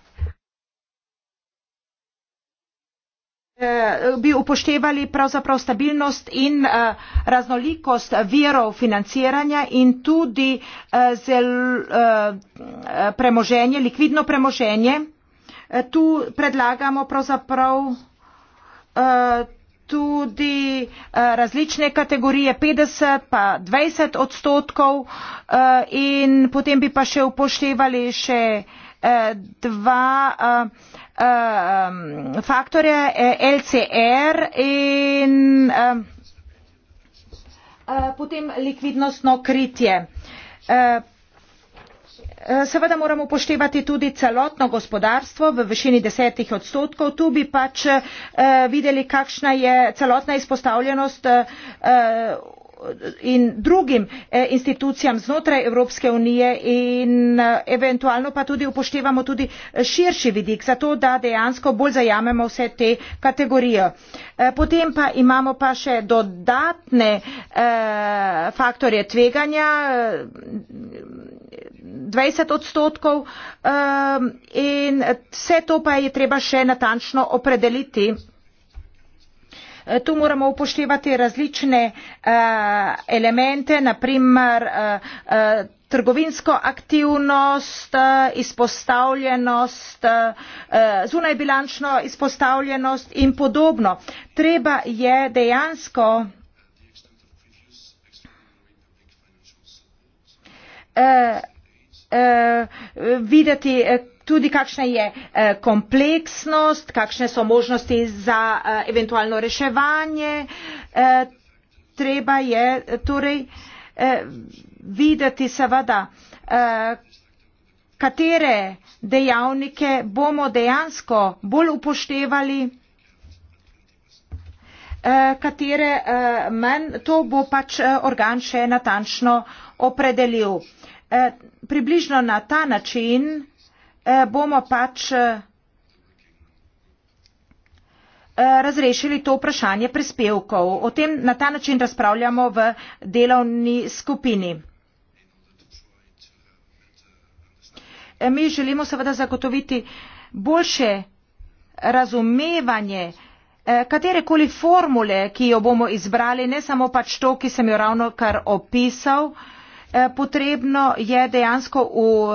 Speaker 1: Eh, bi upoštevali pravzaprav stabilnost in eh, raznolikost virov financiranja in tudi eh, premoženje likvidno premoženje tu predlagamo pravzaprav tudi različne kategorije petdeset pa dvajset odstotkov in potem bi pa še upoštevali še dva eh, eh, faktorja eh, LCR in potem likvidnostno kritje. Seveda moramo upoštevati tudi celotno gospodarstvo v višini desetih odstotkov. Tu bi pač videli, kakšna je celotna izpostavljenost in drugim eh, institucijam znotraj evropske unije in eh, eventualno pa tudi upoštevamo tudi eh, širši vidik zato da dejansko bolj zajamemo vse te kategorije. potem pa imamo pa še dodatne faktorje tveganja dvajset odstotkov in vse to pa je treba še natančno opredeliti. Eh, tu moramo upoštevati različne eh, elemente naprimer eh, trgovinsko aktivnost izpostavljenost zunajbilančno izpostavljenost in podobno treba je dejansko videti tudi kakšna je eh, kompleksnost, kakšne so možnosti za eh, eventualno reševanje. Eh, treba je torej videti seveda, katere dejavnike bomo dejansko bolj upoštevali, katere manj, to bo pač organ še natančno opredelil. Približno na ta način Eh, bomo pač eh, eh, razrešili to vprašanje prispevkov. O tem na ta način razpravljamo v delovni skupini. Mi želimo seveda zagotoviti boljše razumevanje katerekoli formule, ki jo bomo izbrali, ne samo pač to, ki sem jo ravno kar opisal, Eh, potrebno je dejansko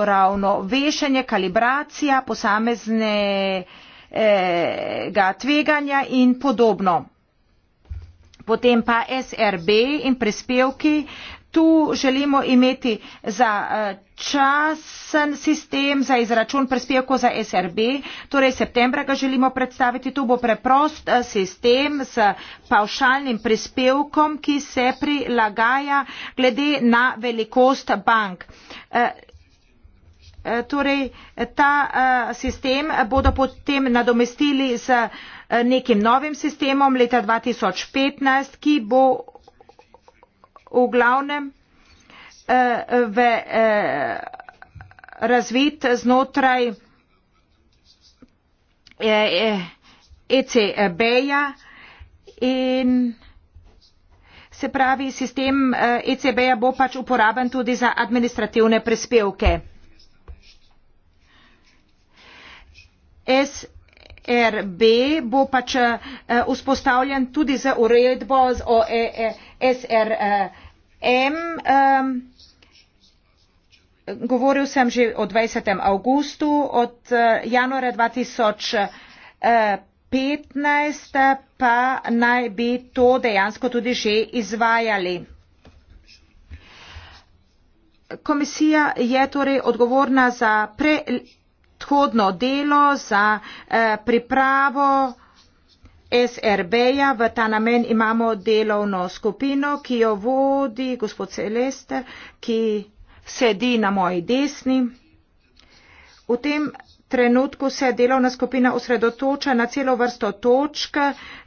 Speaker 1: uravnovešenje, kalibracija posameznega tveganja in podobno. Potem pa SRB in prispevki tu želimo imeti za eh, časen sistem za izračun prispevkov za SRB, torej septembra ga želimo predstaviti, tu bo preprost eh, sistem s pavšalnim prispevkom, ki se prilagaja glede na velikost bank. Eh, torej, ta sistem bodo potem nadomestili z nekim novim sistemom leta 2015, ki bo v glavnem eh, v eh, razvit znotraj ECB-ja eh, e in se pravi, sistem ECB-ja e bo pač uporaben tudi za administrativne prispevke. RB bo pač eh, vzpostavljen tudi z uredbo o e, e, SRM. E, Govoril sem že o 20. augustu, od eh, januara 2015 eh, pa naj bi to dejansko tudi že izvajali. Komisija je torej odgovorna za pre predhodno delo za eh, pripravo SRB-ja. V ta namen imamo delovno skupino, ki jo vodi gospod Celester, ki sedi na moji desni. V tem trenutku se delovna skupina osredotoča na celo vrsto točk,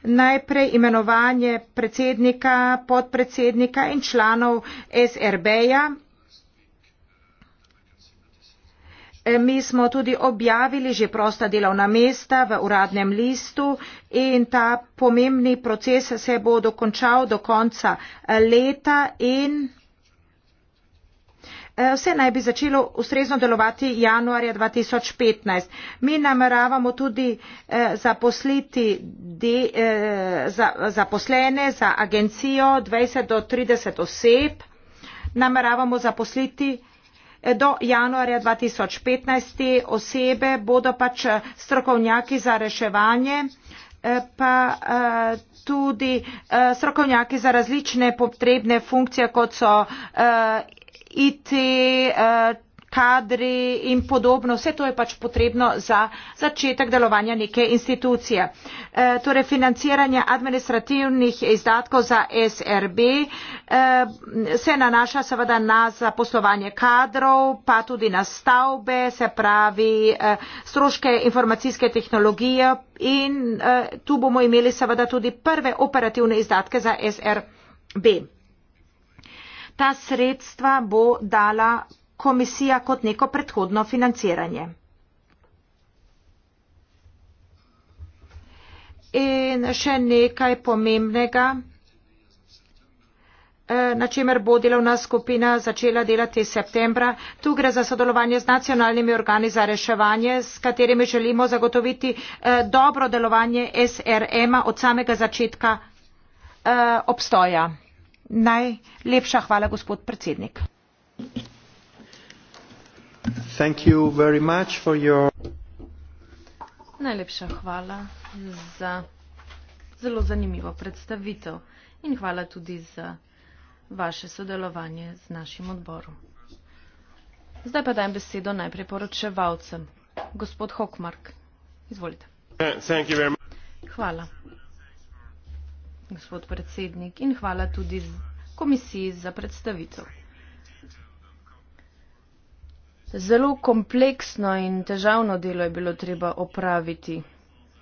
Speaker 1: najprej imenovanje predsednika, podpredsednika in članov SRB-ja. E, mi smo tudi objavili že prosta delovna mesta v uradnem listu in ta pomembni proces se bo dokončal do konca e, leta in e, vse naj bi začelo ustrezno delovati januarja 2015. Mi nameravamo tudi zaposliti de, za, zaposlene za agencijo 20 do 30 oseb. Nameravamo zaposliti do januarja dva tisoč petnajst te osebe bodo pač eh, strokovnjaki za reševanje eh, pa eh, tudi strokovnjaki za različne potrebne funkcije kot so IT, kadri in podobno, vse to je pač potrebno za začetek delovanja neke institucije. E, torej, financiranje administrativnih izdatkov za SRB e, se nanaša seveda na zaposlovanje kadrov, pa tudi na stavbe, se pravi e, stroške informacijske tehnologije in e, tu bomo imeli seveda tudi prve operativne izdatke za SRB. Ta sredstva bo dala komisija kot neko predhodno financiranje. In še nekaj pomembnega, eh, na čemer bo delovna skupina začela delati septembra. Tu gre za sodelovanje z nacionalnimi organi za reševanje, s katerimi želimo zagotoviti eh, dobro delovanje SRM-a od samega začetka eh, obstoja. Najlepša hvala, gospod predsednik.
Speaker 4: Najlepša hvala za zelo zanimivo predstavitev in hvala tudi za vaše sodelovanje z našim odborom. Zdaj pa dajem besedo najprej poročevalcem. Gospod Hokmark, izvolite. Hvala, gospod predsednik, in hvala tudi komisiji za predstavitev. Zelo kompleksno in težavno delo je bilo treba opraviti.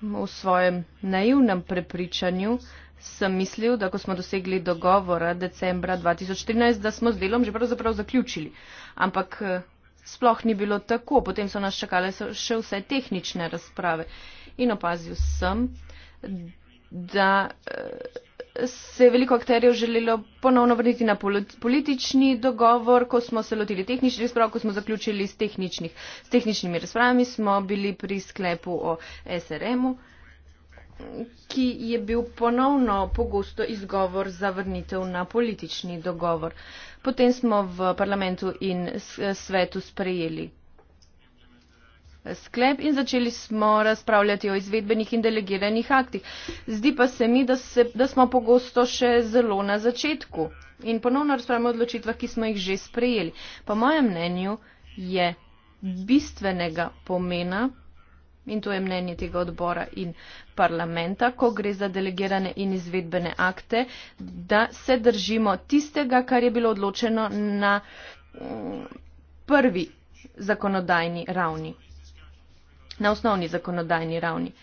Speaker 4: V svojem naivnem prepričanju sem mislil, da ko smo dosegli dogovora decembra 2013, da smo z delom že pravzaprav zaključili. Ampak eh, sploh ni bilo tako. Potem so nas čakale še vse tehnične razprave. In opazil sem, da. Eh, se je veliko akterjev želelo ponovno vrniti na politični dogovor, ko smo se lotili tehničnih razprav, ko smo zaključili s, s tehničnimi razpravami, smo bili pri sklepu o SRM-u, ki je bil ponovno pogosto izgovor za vrnitev na politični dogovor. Potem smo v parlamentu in svetu sprejeli sklep in začeli smo razpravljati o izvedbenih in delegiranih aktih. Zdi pa se mi, da, se, da smo pogosto še zelo na začetku in ponovno razpravljamo o odločitvah, ki smo jih že sprejeli. Po mojem mnenju je bistvenega pomena in to je mnenje tega odbora in parlamenta, ko gre za delegirane in izvedbene akte, da se držimo tistega, kar je bilo odločeno na mm, prvi zakonodajni ravni na osnovni zakonodajni ravni.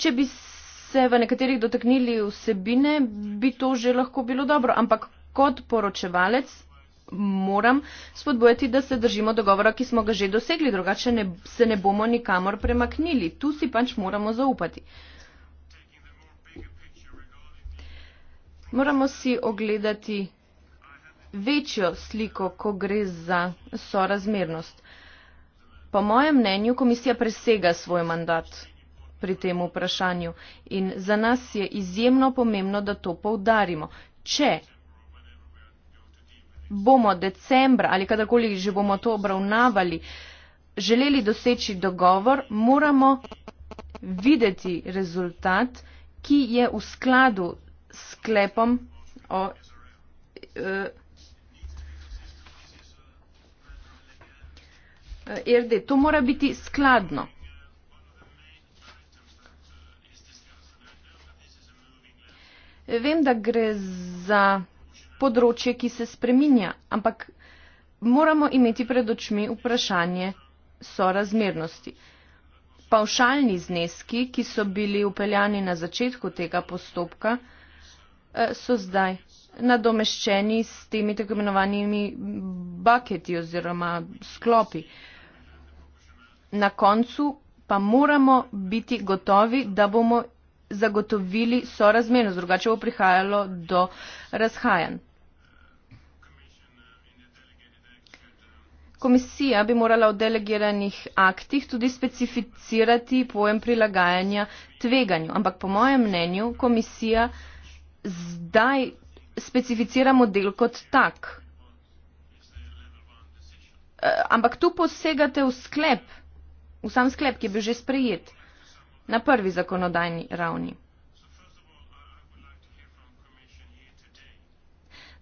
Speaker 4: Če bi se v nekaterih dotaknili vsebine, bi to že lahko bilo dobro, ampak kot poročevalec moram spodbojati, da se držimo dogovora, ki smo ga že dosegli, drugače ne, se ne bomo nikamor premaknili. Tu si pač moramo zaupati. Moramo si ogledati večjo sliko, ko gre za sorazmernost. Po mojem mnenju komisija presega svoj mandat pri tem vprašanju in za nas je izjemno pomembno, da to poudarimo. Če bomo decembra ali kadarkoli že bomo to obravnavali, želeli doseči dogovor, moramo videti rezultat, ki je v skladu s sklepom o. Uh, Eh, RD, to mora biti skladno. Vem, da gre za področje, ki se spreminja, ampak moramo imeti pred očmi vprašanje sorazmernosti. Pavšalni zneski, ki so bili upeljani na začetku tega postopka, eh, so zdaj nadomeščeni s temi tako imenovanimi baketi oziroma sklopi na koncu pa moramo biti gotovi, da bomo zagotovili sorazmerno, drugače bo prihajalo do razhajanj. Komisija bi morala v delegiranih aktih tudi specificirati pojem prilagajanja tveganju, ampak po mojem mnenju komisija zdaj specificira model kot tak. Eh, ampak tu posegate v sklep v sam sklep, ki je bil že sprejet na prvi zakonodajni ravni.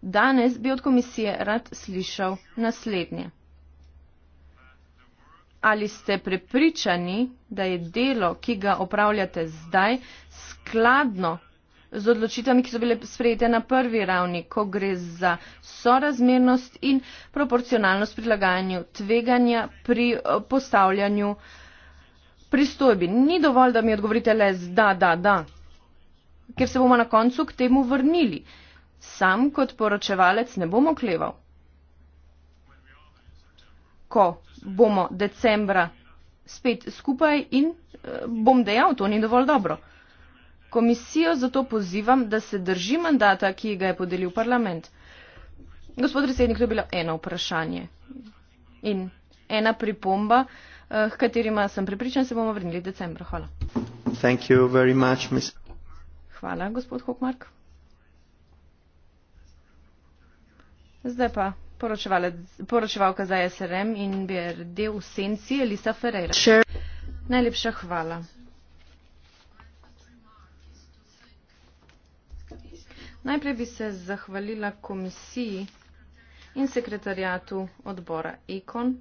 Speaker 4: Danes bi od komisije rad slišal naslednje. Ali ste prepričani, da je delo, ki ga opravljate zdaj, skladno z odločitvami, ki so bile sprejete na prvi ravni, ko gre za sorazmernost in proporcionalnost prilagajanju tveganja pri eh, postavljanju pristojbi. Ni dovolj, da mi odgovorite le z da, da, da, ker se bomo na koncu k temu vrnili. Sam kot poročevalec ne bom okleval. Ko bomo decembra spet skupaj in eh, bom dejal, to ni dovolj dobro. Komisijo zato pozivam, da se drži mandata, ki ga je podelil parlament. Gospod predsednik, to je bilo eno vprašanje in ena pripomba, k eh, katerima sem pripričan, se bomo vrnili decembra. Hvala. Much, Hvala, gospod Hokmark. Zdaj pa poročevalka za SRM in BRD v senci Elisa Ferreira. Sure. Najlepša hvala. Najprej bi se zahvalila komisiji in sekretarijatu odbora ECON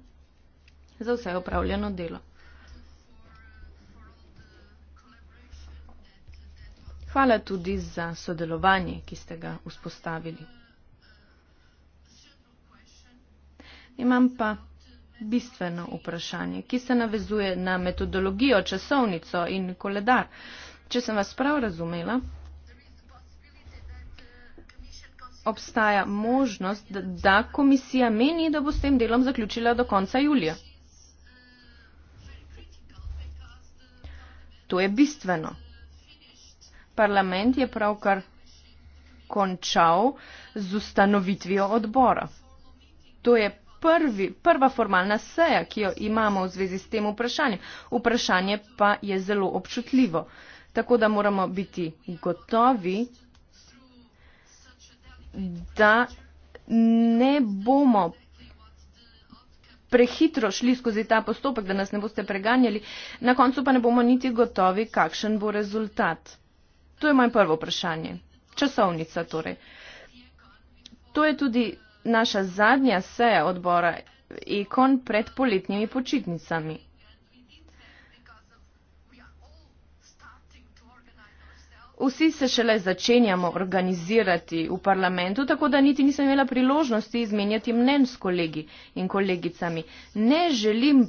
Speaker 4: za vse upravljeno delo. Hvala tudi za sodelovanje, ki ste ga vzpostavili. Imam pa bistveno vprašanje, ki se navezuje na metodologijo, časovnico in koledar. Če sem vas prav razumela, obstaja možnost, da komisija meni, da bo s tem delom zaključila do konca julija. To je bistveno. Parlament je pravkar končal z ustanovitvijo odbora. To je prvi, prva formalna seja, ki jo imamo v zvezi s tem vprašanjem. Vprašanje pa je zelo občutljivo. Tako da moramo biti gotovi, da ne bomo prehitro šli skozi ta postopek, da nas ne boste preganjali, na koncu pa ne bomo niti gotovi, kakšen bo rezultat. To je moje prvo vprašanje. Časovnica torej. To je tudi naša zadnja seja odbora Ekon pred poletnimi počitnicami. Vsi se šele začenjamo organizirati v parlamentu, tako da niti nisem imela priložnosti izmenjati mnen s kolegi in kolegicami. Ne želim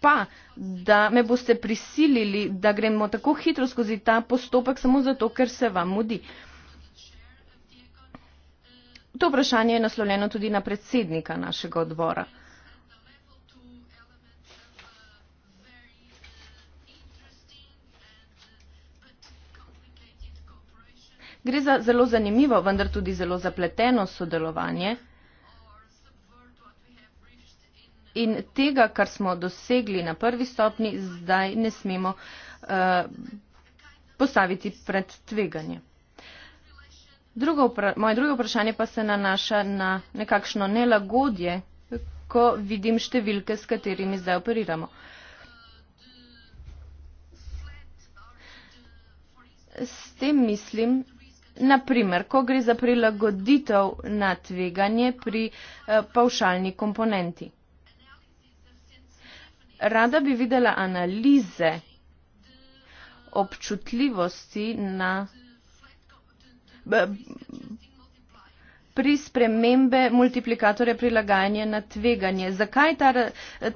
Speaker 4: pa, da me boste prisilili, da gremo tako hitro skozi ta postopek samo zato, ker se vam mudi. To vprašanje je naslovljeno tudi na predsednika našega odbora. Gre za zelo zanimivo, vendar tudi zelo zapleteno sodelovanje. In tega, kar smo dosegli na prvi stopni, zdaj ne smemo uh, postaviti pred tveganje. Drugo moje drugo vprašanje pa se nanaša na nekakšno nelagodje, ko vidim številke, s katerimi zdaj operiramo. S tem mislim, naprimer, ko gre za prilagoditev na tveganje pri eh, pavšalni komponenti. Rada bi videla analize občutljivosti na pri spremembe multiplikatorja prilagajanja na tveganje. Zakaj ta,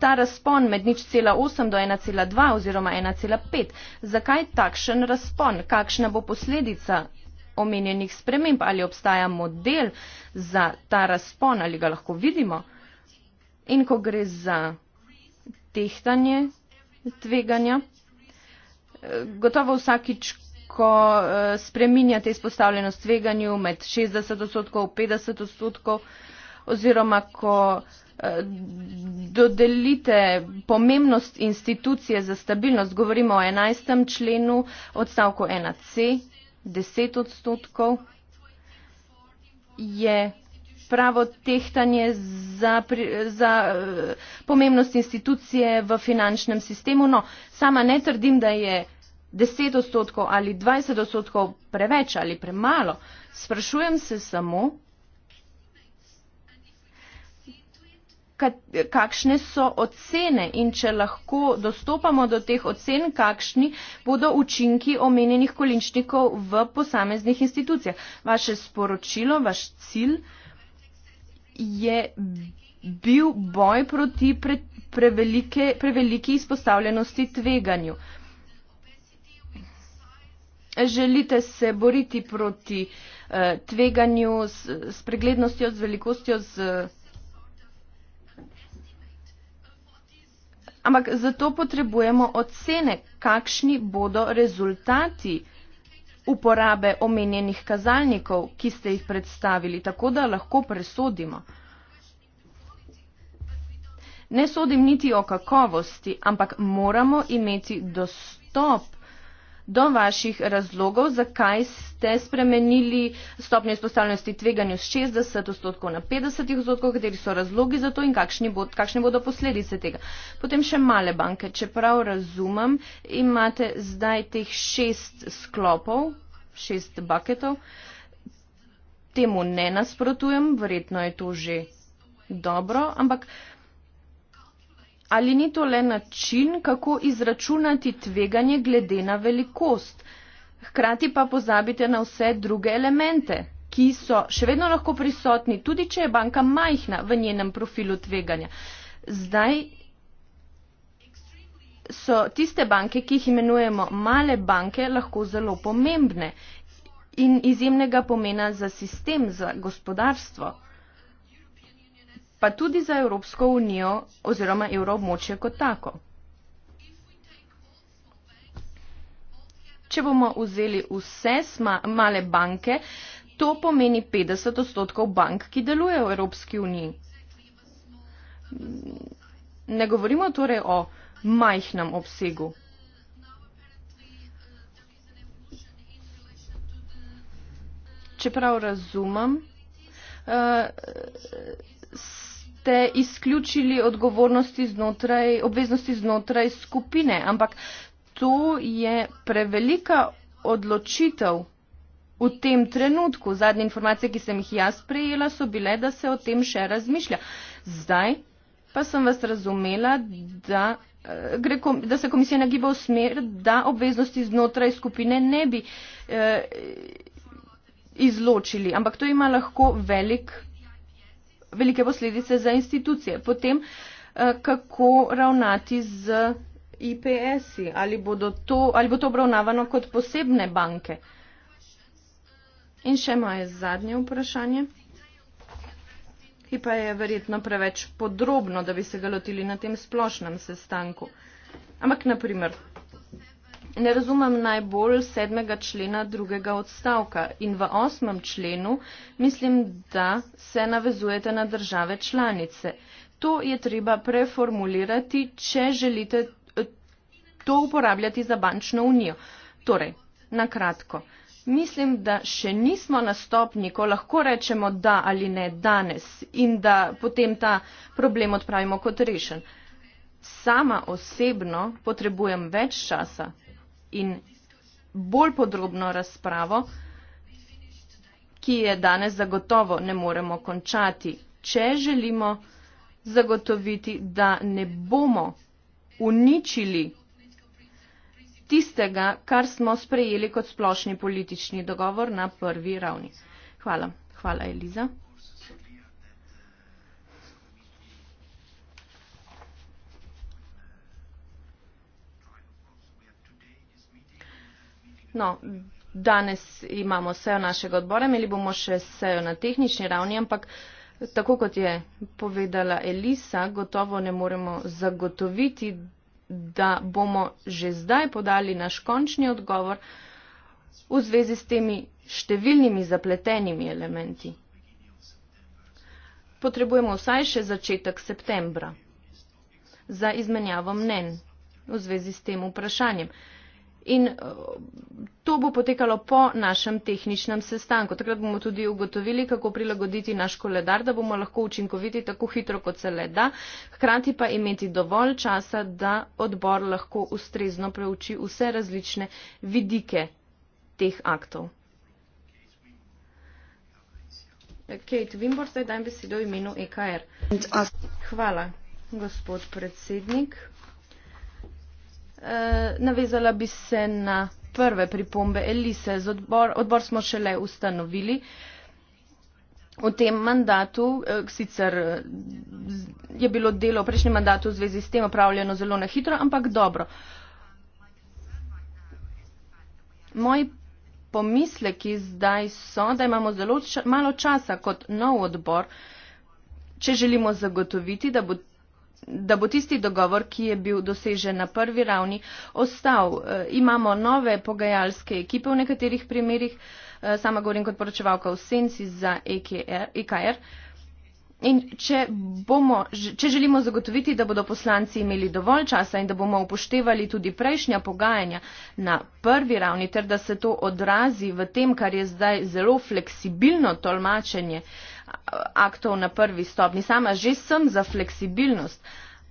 Speaker 4: ta razpon med nič cela 8 do 1,2 oziroma 1,5? Zakaj takšen razpon? Kakšna bo posledica omenjenih sprememb, ali obstaja model za ta razpon, ali ga lahko vidimo. In ko gre za tehtanje tveganja, eh, gotovo vsakič, ko eh, spreminjate izpostavljenost tveganju med 60 odstotkov, 50 odstotkov, oziroma ko eh, dodelite pomembnost institucije za stabilnost, govorimo o 11. členu odstavku 1c, 10 odstotkov je pravo tehtanje za, pri, za eh, pomembnost institucije v finančnem sistemu. No, sama ne trdim, da je 10 odstotkov ali 20 odstotkov preveč ali premalo. Sprašujem se samo, kakšne so ocene in če lahko dostopamo do teh ocen, kakšni bodo učinki omenjenih količnikov v posameznih institucijah. Vaše sporočilo, vaš cilj je bil boj proti pre, prevelike, preveliki izpostavljenosti tveganju. Želite se boriti proti eh, tveganju s, s preglednostjo, z velikostjo, z. Eh, ampak zato potrebujemo ocene, kakšni bodo rezultati uporabe omenjenih kazalnikov, ki ste jih predstavili, tako da lahko presodimo. Ne sodim niti o kakovosti, ampak moramo imeti dostop do vaših razlogov, zakaj ste spremenili stopnjo izpostavljenosti tveganju z 60 odstotkov na 50 odstotkov, kateri so razlogi za to in kakšne, bod, kakšne bodo posledice tega. Potem še male banke. Če prav razumem, imate zdaj teh šest sklopov, šest baketov. Temu ne nasprotujem, verjetno je to že dobro, ampak ali ni to le način, kako izračunati tveganje glede na velikost. Hkrati pa pozabite na vse druge elemente, ki so še vedno lahko prisotni, tudi če je banka majhna v njenem profilu tveganja. Zdaj so tiste banke, ki jih imenujemo male banke, lahko zelo pomembne in izjemnega pomena za sistem, za gospodarstvo pa tudi za Evropsko unijo oziroma evroobmočje kot tako. Če bomo vzeli vse male banke, to pomeni 50 odstotkov bank, ki delujejo v Evropski uniji. Ne govorimo torej o majhnem obsegu. Čeprav razumem, eh, ste izključili odgovornosti znotraj, obveznosti znotraj skupine, ampak to je prevelika odločitev v tem trenutku. Zadnje informacije, ki sem jih jaz prejela, so bile, da se o tem še razmišlja. Zdaj pa sem vas razumela, da, eh, gre, da se komisija nagiba v smer, da obveznosti znotraj skupine ne bi. Eh, izločili, ampak to ima lahko velik velike posledice za institucije. Potem, eh, kako ravnati z IPS-i, ali, ali bo to obravnavano kot posebne banke. In še moje zadnje vprašanje, ki pa je verjetno preveč podrobno, da bi se ga lotili na tem splošnem sestanku. Ampak, naprimer, ne razumem najbolj sedmega člena drugega odstavka in v osmem členu mislim, da se navezujete na države članice. To je treba preformulirati, če želite eh, to uporabljati za bančno unijo. Torej, na kratko. Mislim, da še nismo na stopni, ko lahko rečemo da ali ne danes in da potem ta problem odpravimo kot rešen. Sama osebno potrebujem več časa, in bolj podrobno razpravo, ki je danes zagotovo ne moremo končati, če želimo zagotoviti, da ne bomo uničili tistega, kar smo sprejeli kot splošni politični dogovor na prvi ravni. Hvala. Hvala, Eliza. No, danes imamo sejo našega odbora, imeli bomo še sejo na tehnični ravni, ampak tako kot je povedala Elisa, gotovo ne moremo zagotoviti, da bomo že zdaj podali naš končni odgovor v zvezi s temi številnimi zapletenimi elementi. Potrebujemo vsaj še začetek septembra za izmenjavo mnen v zvezi s tem vprašanjem in eh, to bo potekalo po našem tehničnem sestanku. Takrat bomo tudi ugotovili, kako prilagoditi naš koledar, da bomo lahko učinkoviti tako hitro, kot se le da, hkrati pa imeti dovolj časa, da odbor lahko ustrezno preuči vse različne vidike teh aktov. Kate Wimbor, zdaj dajem besedo v imenu EKR. Hvala, gospod predsednik. Eh, navezala bi se na prve pripombe Elise. Odbor, odbor smo šele ustanovili v tem mandatu, eh, sicer eh, je bilo delo v prejšnjem mandatu v zvezi s tem opravljeno zelo na hitro, ampak dobro. Moji pomisleki zdaj so, da imamo zelo ča, malo časa kot nov odbor, če želimo zagotoviti, da bo da bo tisti dogovor, ki je bil dosežen na prvi ravni, ostal. E, imamo nove pogajalske ekipe v nekaterih primerjih, e, sama govorim kot poročevalka v senci za EKR. E in če, bomo, če želimo zagotoviti, da bodo poslanci imeli dovolj časa in da bomo upoštevali tudi prejšnja pogajanja na prvi ravni, ter da se to odrazi v tem, kar je zdaj zelo fleksibilno tolmačenje eh, aktov na prvi stopni. Sama že sem za fleksibilnost,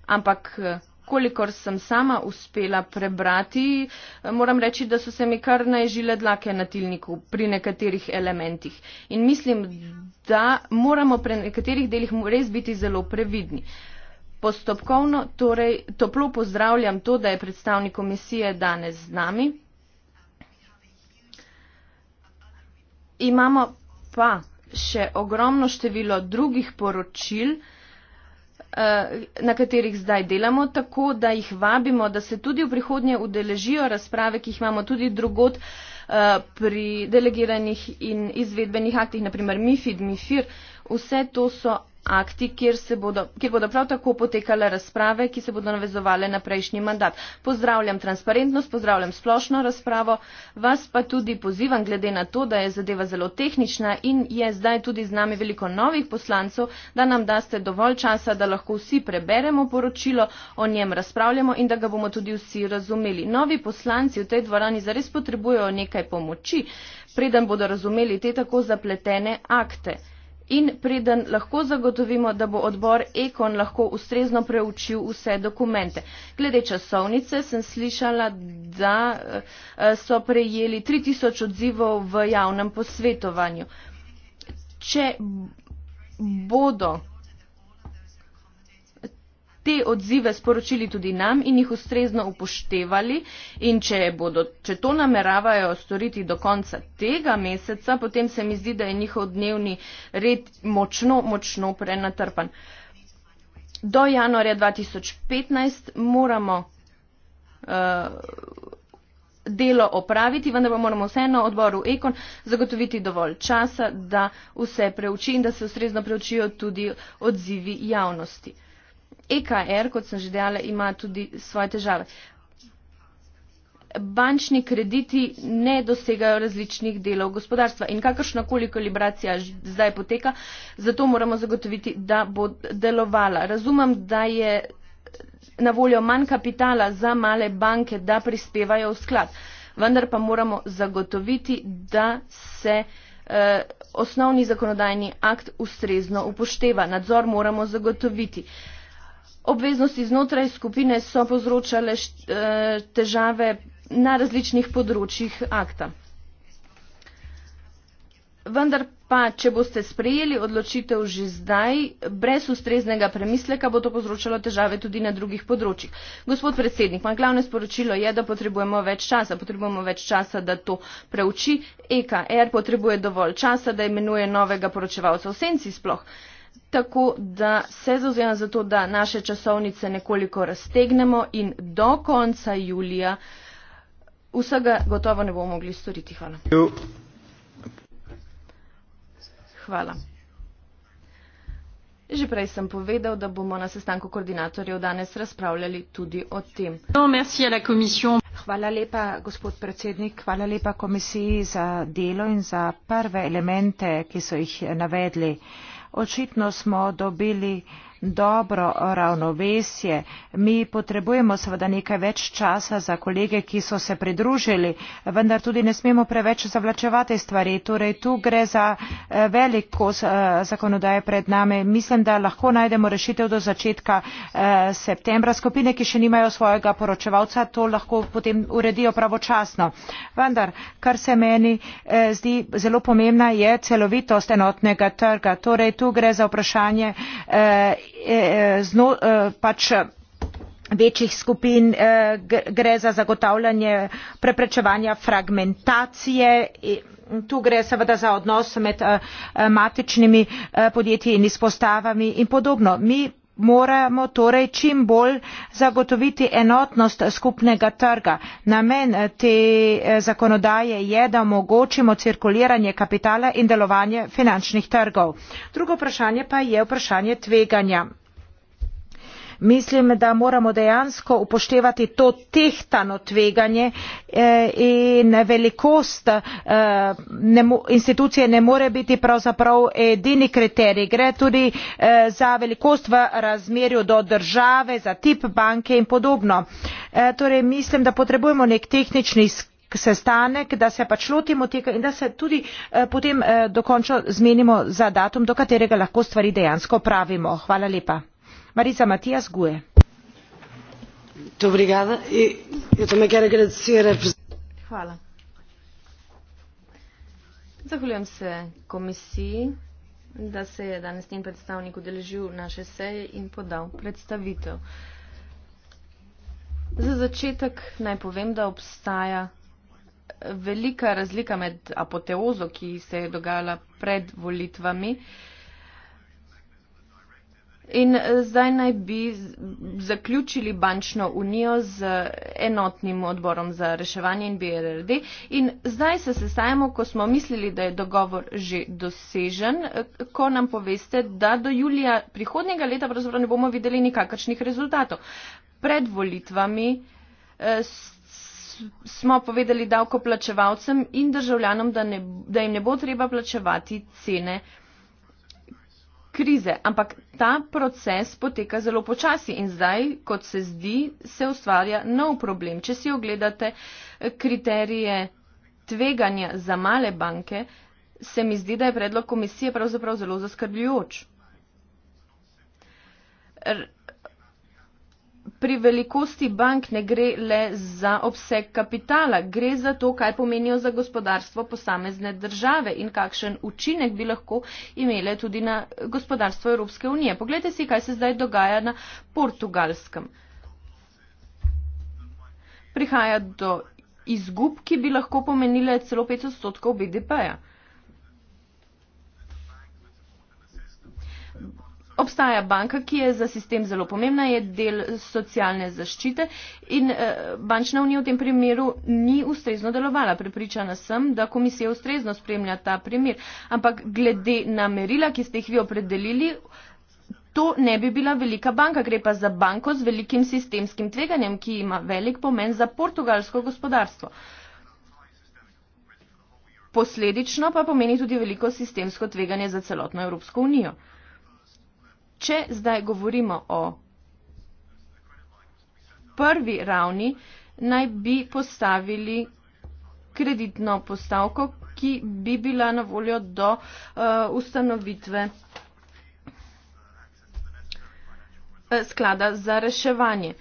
Speaker 4: ampak eh, kolikor sem sama uspela prebrati, eh, moram reči, da so se mi kar najžile dlake na tilniku pri nekaterih elementih. In mislim, da moramo pri nekaterih delih res biti zelo previdni. Postopkovno, torej toplo pozdravljam to, da je predstavnik komisije danes z nami. Imamo pa še ogromno število drugih poročil, eh, na katerih zdaj delamo, tako da jih vabimo, da se tudi v prihodnje udeležijo razprave, ki jih imamo tudi drugot eh, pri delegiranih in izvedbenih aktih, naprimer MIFID, MIFIR. Vse to so akti, kjer, bodo, kjer bodo prav tako potekale razprave, ki se bodo navezovale na prejšnji mandat. Pozdravljam transparentnost, pozdravljam splošno razpravo, vas pa tudi pozivam, glede na to, da je zadeva zelo tehnična in je zdaj tudi z nami veliko novih poslancev, da nam daste dovolj časa, da lahko vsi preberemo poročilo, o njem razpravljamo in da ga bomo tudi vsi razumeli. Novi poslanci v tej dvorani zares potrebujejo nekaj pomoči, preden bodo razumeli te tako zapletene akte. In preden lahko zagotovimo, da bo odbor Ekon lahko ustrezno preučil vse dokumente. Glede časovnice sem slišala, da eh, so prejeli 3000 odzivov v javnem posvetovanju. Če bodo te odzive sporočili tudi nam in jih ustrezno upoštevali. In če, bodo, če to nameravajo storiti do konca tega meseca, potem se mi zdi, da je njihov dnevni red močno, močno prenatrpan. Do januarja 2015 moramo. Uh, delo opraviti, vendar pa moramo vseeno odboru Ekon zagotoviti dovolj časa, da vse preuči in da se ustrezno preučijo tudi odzivi javnosti. EKR, kot sem že dejala, ima tudi svoje težave. Bančni krediti ne dosegajo različnih delov gospodarstva in kakršnakoli kalibracija zdaj poteka, zato moramo zagotoviti, da bo delovala. Razumem, da je na voljo manj kapitala za male banke, da prispevajo v sklad, vendar pa moramo zagotoviti, da se eh, osnovni zakonodajni akt ustrezno upošteva. Nadzor moramo zagotoviti. Eh, Obveznosti znotraj skupine so povzročale eh, težave na različnih področjih akta. Vendar pa, če boste sprejeli odločitev že zdaj, brez ustreznega premisleka, bo to povzročalo težave tudi na drugih področjih. Gospod predsednik, moje glavno sporočilo je, da potrebujemo več časa. Potrebujemo več časa, da to preuči. EKR potrebuje dovolj časa, da imenuje novega poročevalca v senci sploh. Uh, tako, da se zauzemam za to, da naše časovnice nekoliko raztegnemo in do konca julija vsega gotovo ne bomo mogli storiti. Hvala. Hvala. Že prej sem povedal, da bomo na sestanku koordinatorjev danes razpravljali tudi o tem. No,
Speaker 1: hvala lepa, gospod predsednik, hvala lepa komisiji za delo in za prve elemente, ki so jih navedli. Uh, očitno smo dobili dobro ravnovesje. Mi potrebujemo seveda nekaj več časa za kolege, ki so se pridružili, vendar tudi ne smemo preveč zavlačevati stvari. Torej, tu gre za eh, velik kos eh, zakonodaje pred nami. Mislim, da lahko najdemo rešitev do začetka eh, septembra. Skupine, ki še nimajo svojega poročevalca, to lahko potem uredijo pravočasno. Vendar, kar se meni zdi zelo pomembna, je celovitost enotnega trga. Torej, tu gre za vprašanje Eh, eh, pač večjih skupin eh, gre za zagotavljanje preprečevanja fragmentacije tu gre seveda za odnos med matičnimi podjetji in izpostavami in podobno moramo torej čim bolj zagotoviti enotnost skupnega trga. Namen eh, te eh, zakonodaje je, da omogočimo cirkuliranje kapitala in delovanje finančnih trgov. Drugo vprašanje pa je vprašanje tveganja mislim da moramo dejansko upoštevati to tehtano tveganje eh, in velikost eh, institucije ne more biti pravzaprav edini kriterij gre tudi eh, za velikost v razmerju do države za tip banke in podobno torej mislim da potrebujemo nek tehnični sestanek da se pač lotimo tega in da se tudi potem dokončno zmenimo za datum do katerega lahko stvari dejansko opravimo hvala lepa Marisa Matias Gue.
Speaker 3: Muito obrigada. E eu também
Speaker 1: quero agradecer
Speaker 4: a presença. Fala. Zahvaljujem se komisiji, da se je danes njen predstavnik udeležil naše seje in podal predstavitev. Za začetek naj povem, da obstaja velika razlika med apoteozo, ki se je dogajala pred volitvami. In eh, zdaj naj bi zaključili bančno unijo z enotnim odborom za reševanje in BRRD. In zdaj se sestajamo, ko smo mislili, da je dogovor že dosežen, eh, ko nam poveste, da do julija prihodnjega leta pravzaprav ne bomo videli nikakršnih rezultatov. Pred volitvami eh, smo povedali davkoplačevalcem in državljanom, da, ne, da jim ne bo treba plačevati cene krize, ampak ta proces poteka zelo počasi in zdaj, kot se zdi, se ustvarja nov problem. Če si ogledate eh, kriterije tveganja za male banke, se mi zdi, da je predlog komisije pravzaprav zelo zaskrbljujoč pri velikosti bank ne gre le za obseg kapitala, gre za to, kaj pomenijo za gospodarstvo posamezne države in kakšen učinek bi lahko imele tudi na gospodarstvo Evropske unije. Poglejte si, kaj se zdaj dogaja na portugalskem. Prihaja do izgub, ki bi lahko pomenile celo 5 odstotkov BDP-ja. obstaja banka, ki je za sistem zelo pomembna, je del socialne zaščite in eh, bančna unija v tem primeru ni ustrezno delovala. Pripričana sem, da komisija ustrezno spremlja ta primer. Ampak glede na merila, ki ste jih vi opredelili, to ne bi bila velika banka. Gre pa za banko z velikim sistemskim tveganjem, ki ima velik pomen za portugalsko gospodarstvo. Posledično pa pomeni tudi veliko sistemsko tveganje za celotno Evropsko unijo če zdaj govorimo o prvi ravni, naj bi postavili kreditno postavko, ki bi bila na voljo do uh, ustanovitve eh, sklada za reševanje.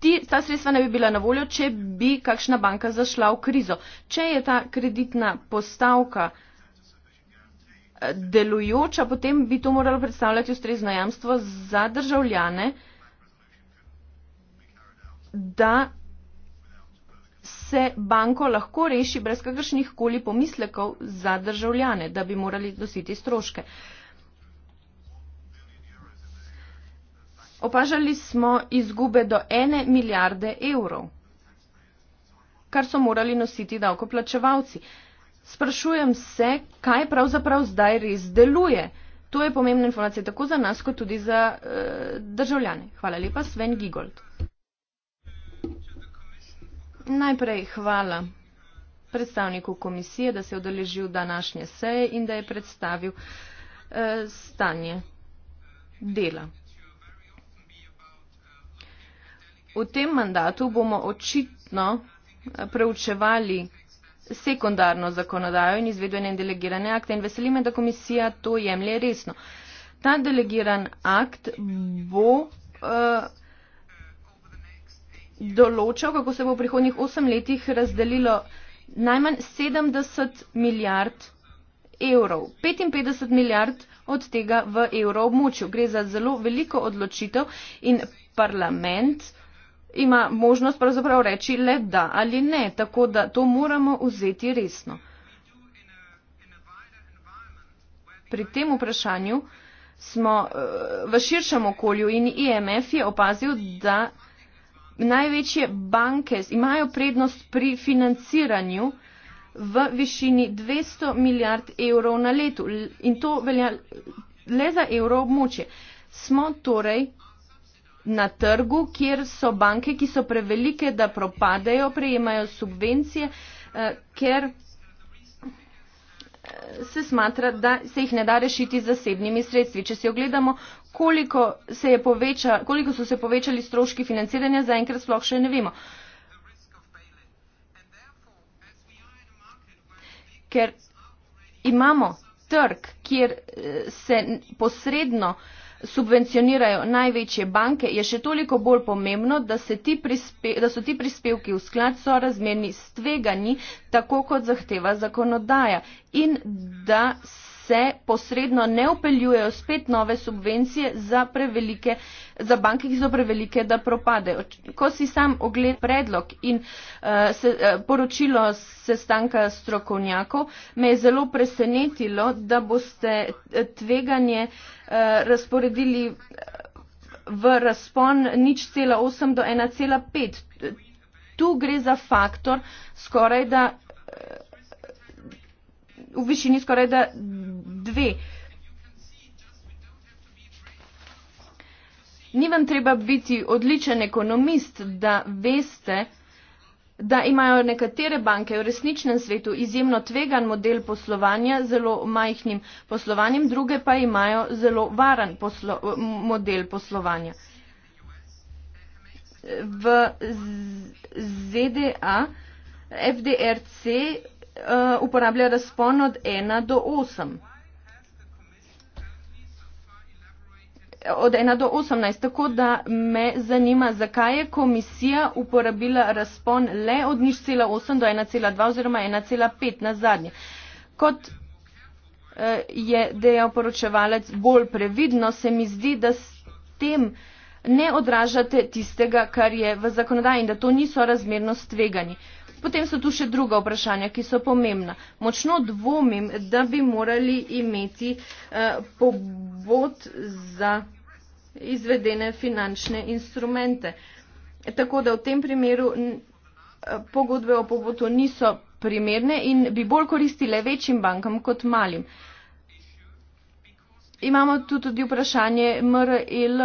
Speaker 4: Ti, ta sredstva ne bi bila na voljo, če bi kakšna banka zašla v krizo. Če je ta kreditna postavka uh, delujoča, potem bi to moralo predstavljati ustrezno jamstvo za državljane, da se banko lahko reši brez kakršnih koli pomislekov za državljane, da bi morali dositi stroške. Opažali smo izgube do ene milijarde evrov, kar so morali nositi davkoplačevalci. Sprašujem se, kaj pravzaprav zdaj res deluje. To je pomembna informacija tako za nas, kot tudi za uh, državljane. Hvala lepa, Sven Gigold. Najprej hvala predstavniku komisije, da se je odeležil današnje seje in da je predstavil uh, stanje dela. V tem mandatu bomo očitno eh, preučevali sekundarno zakonodajo in izvedbene in delegirane akte in veseli me, da komisija to jemlje resno. Ta delegiran akt bo uh, določal, kako se bo v prihodnjih 8 letih razdelilo najmanj 70 milijard evrov. 55 milijard od tega v evroobmočju. Gre za zelo veliko odločitev in parlament uh, ima možnost pravzaprav reči le da ali ne, tako da to moramo vzeti resno. Pri tem vprašanju smo eh, v širšem okolju in IMF je opazil, da največje banke imajo prednost pri financiranju v višini 200 milijard evrov na letu in to velja le za evroobmočje. Smo torej na trgu, kjer so banke, ki so prevelike, da propadejo, prejemajo subvencije, eh, ker eh, se smatra, da se jih ne da rešiti z zasebnimi sredstvi. Če si ogledamo, koliko, se je poveča, koliko so se povečali stroški financiranja, zaenkrat sploh še ne vemo. Ker imamo trg, kjer eh, se posredno uh, subvencionirajo največje banke, je še toliko bolj pomembno, da, ti prispe, da so ti prispevki v sklad sorazmerni s tveganji, tako kot zahteva zakonodaja in da se posredno ne upeljujejo spet nove subvencije za, prevelike, za banke, ki so prevelike, da propadejo. Ko si sam ogled predlog in uh, se, uh, poročilo sestanka strokovnjakov, me je zelo presenetilo, da boste eh, tveganje uh, razporedili v razpon nič cela 8 do 1,5. Tu gre za faktor skoraj da. Uh, v višini skoraj da dve. Ni vam treba biti odličen ekonomist, da veste, da imajo nekatere banke v resničnem svetu izjemno tvegan model poslovanja z zelo majhnim poslovanjem, druge pa imajo zelo varen poslo model poslovanja. V ZDA FDRC uh, uporablja razpon od 1 do 8. Od 1 do 18. Tako da me zanima, zakaj je komisija uporabila razpon le od 0,8 do 1,2 oziroma 1,5 na zadnje. Kot eh, je dejal poročevalec bolj previdno, se mi zdi, da s tem ne odražate tistega, kar je v zakonodaji in da to niso razmerno stvegani. Uh, Potem so tu še druga vprašanja, ki so pomembna. Močno dvomim, da bi morali imeti eh, pobot za izvedene finančne instrumente. Tako da v tem primeru eh, pogodbe o pobotu niso primerne in bi bolj koristile večjim bankam kot malim. Imamo tu tudi vprašanje MRL,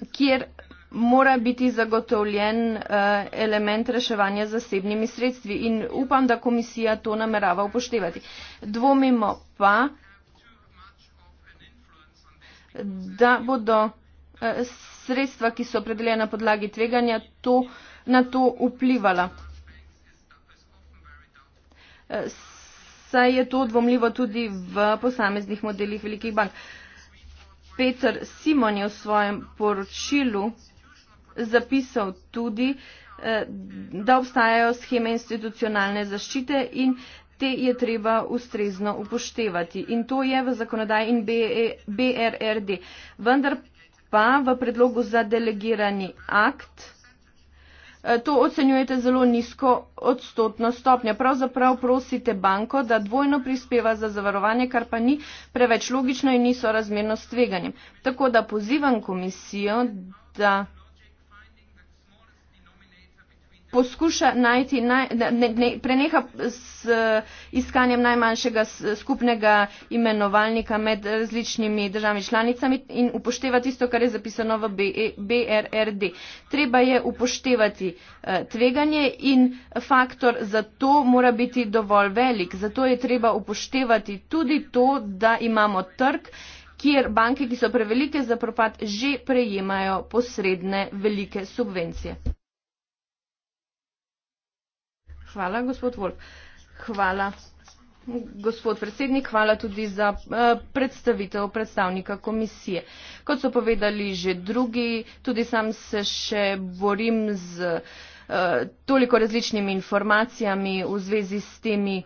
Speaker 4: e kjer mora biti zagotovljen eh, element reševanja zasebnimi sredstvi in upam, da komisija to namerava upoštevati. Dvomimo pa, da bodo eh, sredstva, ki so opredeljena na podlagi tveganja, to, na to vplivala. Eh, saj je to dvomljivo tudi v posameznih modelih velikih bank. Peter Simon je v svojem poročilu zapisal tudi, eh, da obstajajo scheme institucionalne zaščite in te je treba ustrezno upoštevati. In to je v zakonodaji in BRRD. E, Vendar pa v predlogu za delegirani akt. Eh, to ocenjujete zelo nizko odstotno stopnjo. Pravzaprav prosite banko, da dvojno prispeva za zavarovanje, kar pa ni preveč logično in niso razmerno s tveganjem. Tako da pozivam komisijo, da poskuša najti, naj, ne, ne, preneha s eh, iskanjem najmanjšega skupnega imenovalnika med različnimi državami članicami in upošteva tisto, kar je zapisano v BRRD. E, treba je upoštevati eh, tveganje in faktor za to mora biti dovolj velik. Zato je treba upoštevati tudi to, da imamo trg kjer banke, ki so prevelike za propad, že prejemajo posredne velike subvencije. Hvala, gospod Wolf. Hvala, gospod predsednik. Hvala tudi za eh, predstavitev predstavnika komisije. Kot so povedali že drugi, tudi sam se še borim z eh, toliko različnimi informacijami v zvezi s temi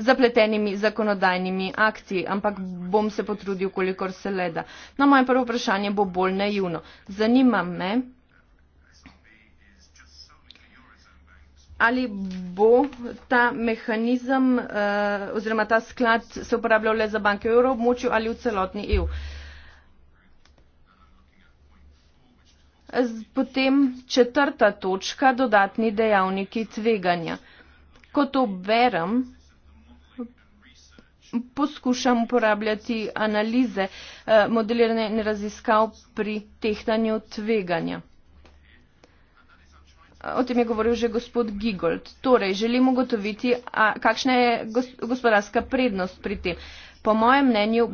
Speaker 4: zapletenimi zakonodajnimi akti, ampak bom se potrudil, kolikor se leda. No, moje prvo vprašanje bo bolj naivno. Zanima me, ali bo ta mehanizem eh, oziroma ta sklad se uporabljal le za banke v Evroobmočju ali v celotni EU. Potem četrta točka, dodatni dejavniki tveganja. Ko to berem, poskušam uporabljati analize eh, modeliranja in raziskav pri tehtanju tveganja. O tem je govoril že gospod Gigold. Torej, želim ugotoviti, a, kakšna je gospodarska prednost pri tem. Po mojem mnenju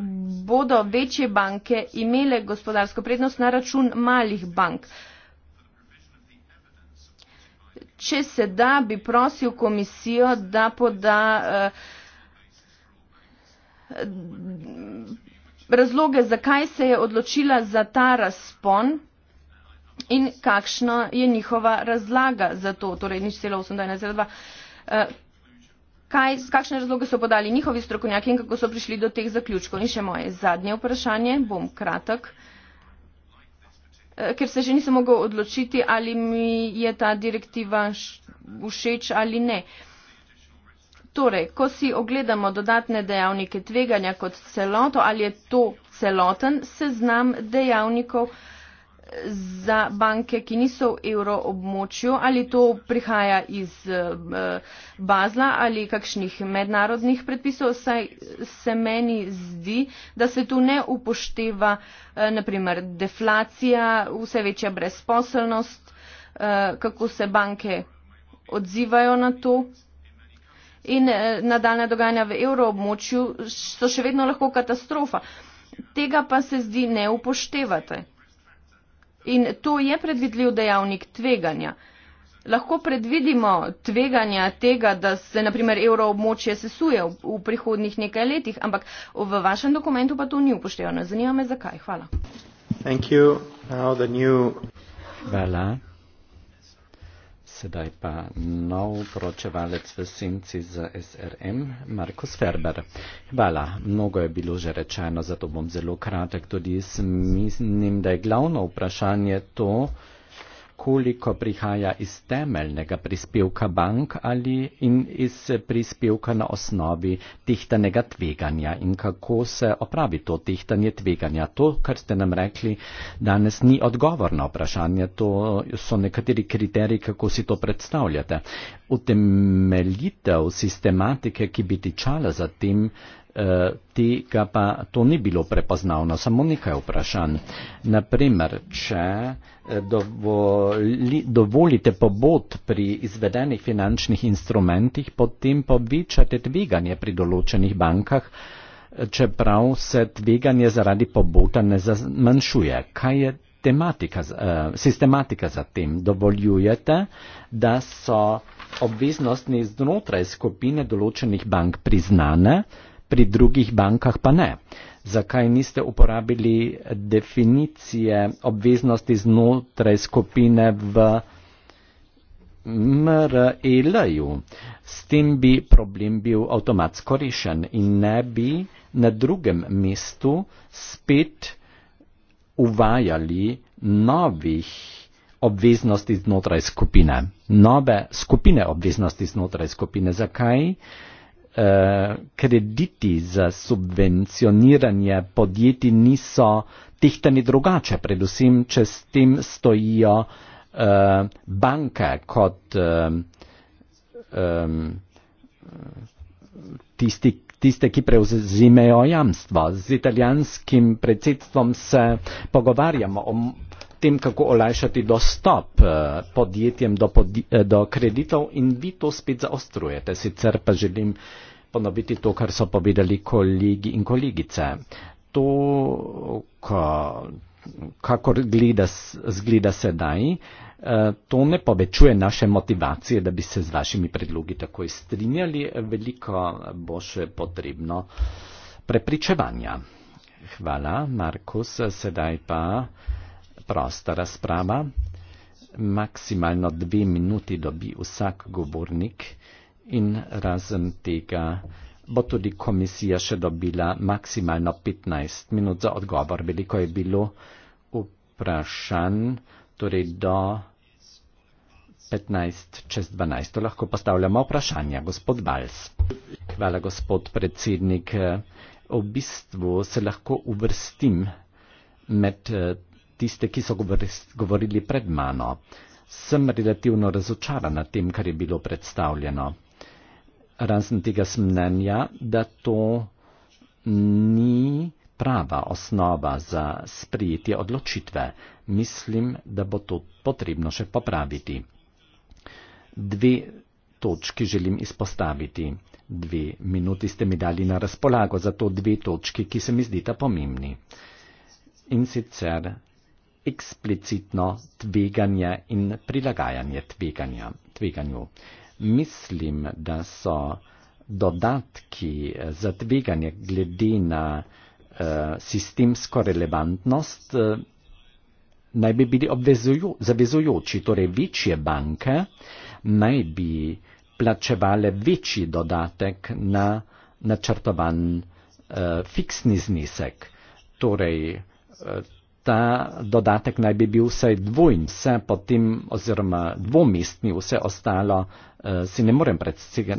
Speaker 4: bodo večje banke imele gospodarsko prednost na račun malih bank. Če se da, bi prosil komisijo, da poda eh, razloge, zakaj se je odločila za ta razpon in kakšna je njihova razlaga za to, torej nič celo 8.11.2. Eh, kakšne razloge so podali njihovi strokovnjaki in kako so prišli do teh zaključkov? In še moje zadnje vprašanje, bom kratek, eh, ker se že nisem mogel odločiti, ali mi je ta direktiva všeč ali ne. Torej, ko si ogledamo dodatne dejavnike tveganja kot celoto, ali je to celoten seznam dejavnikov, za banke, ki niso v evroobmočju, ali to prihaja iz eh, Bazla ali kakšnih mednarodnih predpisov, saj se meni zdi, da se tu ne upošteva eh, naprimer deflacija, vse večja brezposelnost, eh, kako se banke odzivajo na to. In nadaljna dogajanja v evroobmočju so še vedno lahko katastrofa. Tega pa se zdi ne upoštevate. In to je predvidljiv dejavnik tveganja. Lahko predvidimo tveganja tega, da se naprimer evroobmočje sesuje v, v prihodnih nekaj letih, ampak v vašem dokumentu pa to ni upoštevano. Zanima me, zakaj. Hvala.
Speaker 2: Hvala. Sedaj pa nov poročevalec v Senci za SRM, Markus Ferber. Hvala, mnogo je bilo že rečeno, zato bom zelo kratek. Tudi mislim, da je glavno vprašanje to, koliko prihaja iz temeljnega prispevka bank ali in iz prispevka na osnovi tehtanega tveganja in kako se opravi to tehtanje tveganja. To, kar ste nam rekli, danes ni odgovor na vprašanje, to so nekateri kriteriji, kako si to predstavljate. Utemeljitev sistematike, ki bi tičala za tem, Eh, tega pa to ni bilo prepoznavno, samo nekaj vprašanj. Naprimer, če eh, dovoli, dovolite pobot pri izvedenih finančnih instrumentih, potem povečate tveganje pri določenih bankah, čeprav se tveganje zaradi pobota ne zmanjšuje. Kaj je tematika, eh, sistematika za tem? Dovoljujete, da so obveznostni znotraj skupine določenih bank priznane, pri drugih bankah pa ne. Zakaj niste uporabili definicije obveznosti znotraj skupine v MRL-ju? E S tem bi problem bil avtomatsko rešen in ne bi na drugem mestu spet uvajali novih obveznosti znotraj skupine, nove skupine obveznosti znotraj skupine. Zakaj? Eh, krediti za subvencioniranje podjetij niso tehtani drugače, predvsem, če s tem stojijo uh, banke kot um, tisti, tiste, ki prevzimejo jamstva. Z italijanskim predsedstvom se pogovarjamo o tem, kako olajšati dostop eh, podjetjem do, podj eh, do kreditov in vi to spet zaostrujete. Sicer pa želim ponoviti to, kar so povedali kolegi in kolegice. To, ko, kako zgleda sedaj, eh, to ne povečuje naše motivacije, da bi se z vašimi predlogi takoj strinjali. Veliko bo še potrebno prepričevanja. Hvala, Markus. Sedaj pa prosta razprava. Maksimalno dve minuti dobi vsak govornik in razen tega bo tudi komisija še dobila maksimalno 15 minut za odgovor. Veliko je bilo vprašanj, torej do 15 čez 12. To lahko postavljamo vprašanja, gospod Bals. Hvala, gospod predsednik. V bistvu se lahko uvrstim med tiste, ki so govorili pred mano. Sem relativno razočaran nad tem, kar je bilo predstavljeno. Razen tega mnenja, da to ni prava osnova za sprijetje odločitve. Mislim, da bo to potrebno še popraviti. Dve točki želim izpostaviti. Dve minuti ste mi dali na razpolago za to dve točki, ki se mi zdita pomembni. In sicer eksplicitno tveganje in prilagajanje tveganja, tveganju. Mislim, da so dodatki za tveganje glede na eh, sistemsko relevantnost eh, naj bi bili obvezujo, zavezujoči, torej večje banke naj bi plačevale večji dodatek na načrtovan eh, fiksni znesek. Torej, eh, ta dodatek naj bi bil vsaj dvojn, vse potem oziroma dvomestni, vse ostalo eh, si ne morem,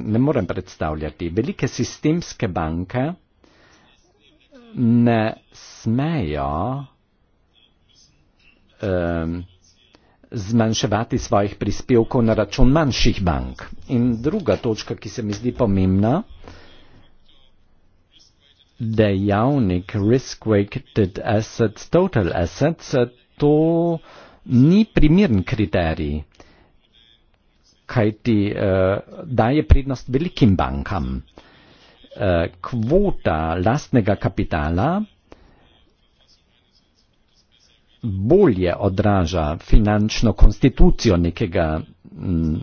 Speaker 2: ne morem predstavljati. Velike sistemske banke ne smejo um, zmanjševati svojih prispevkov na račun manjših bank. In druga točka, ki se mi zdi pomembna, dejavnik risk weighted assets, total assets, to ni primern kriterij, kajti uh, daje prednost velikim bankam. Uh, kvota lastnega kapitala bolje odraža finančno konstitucijo nekega, mm,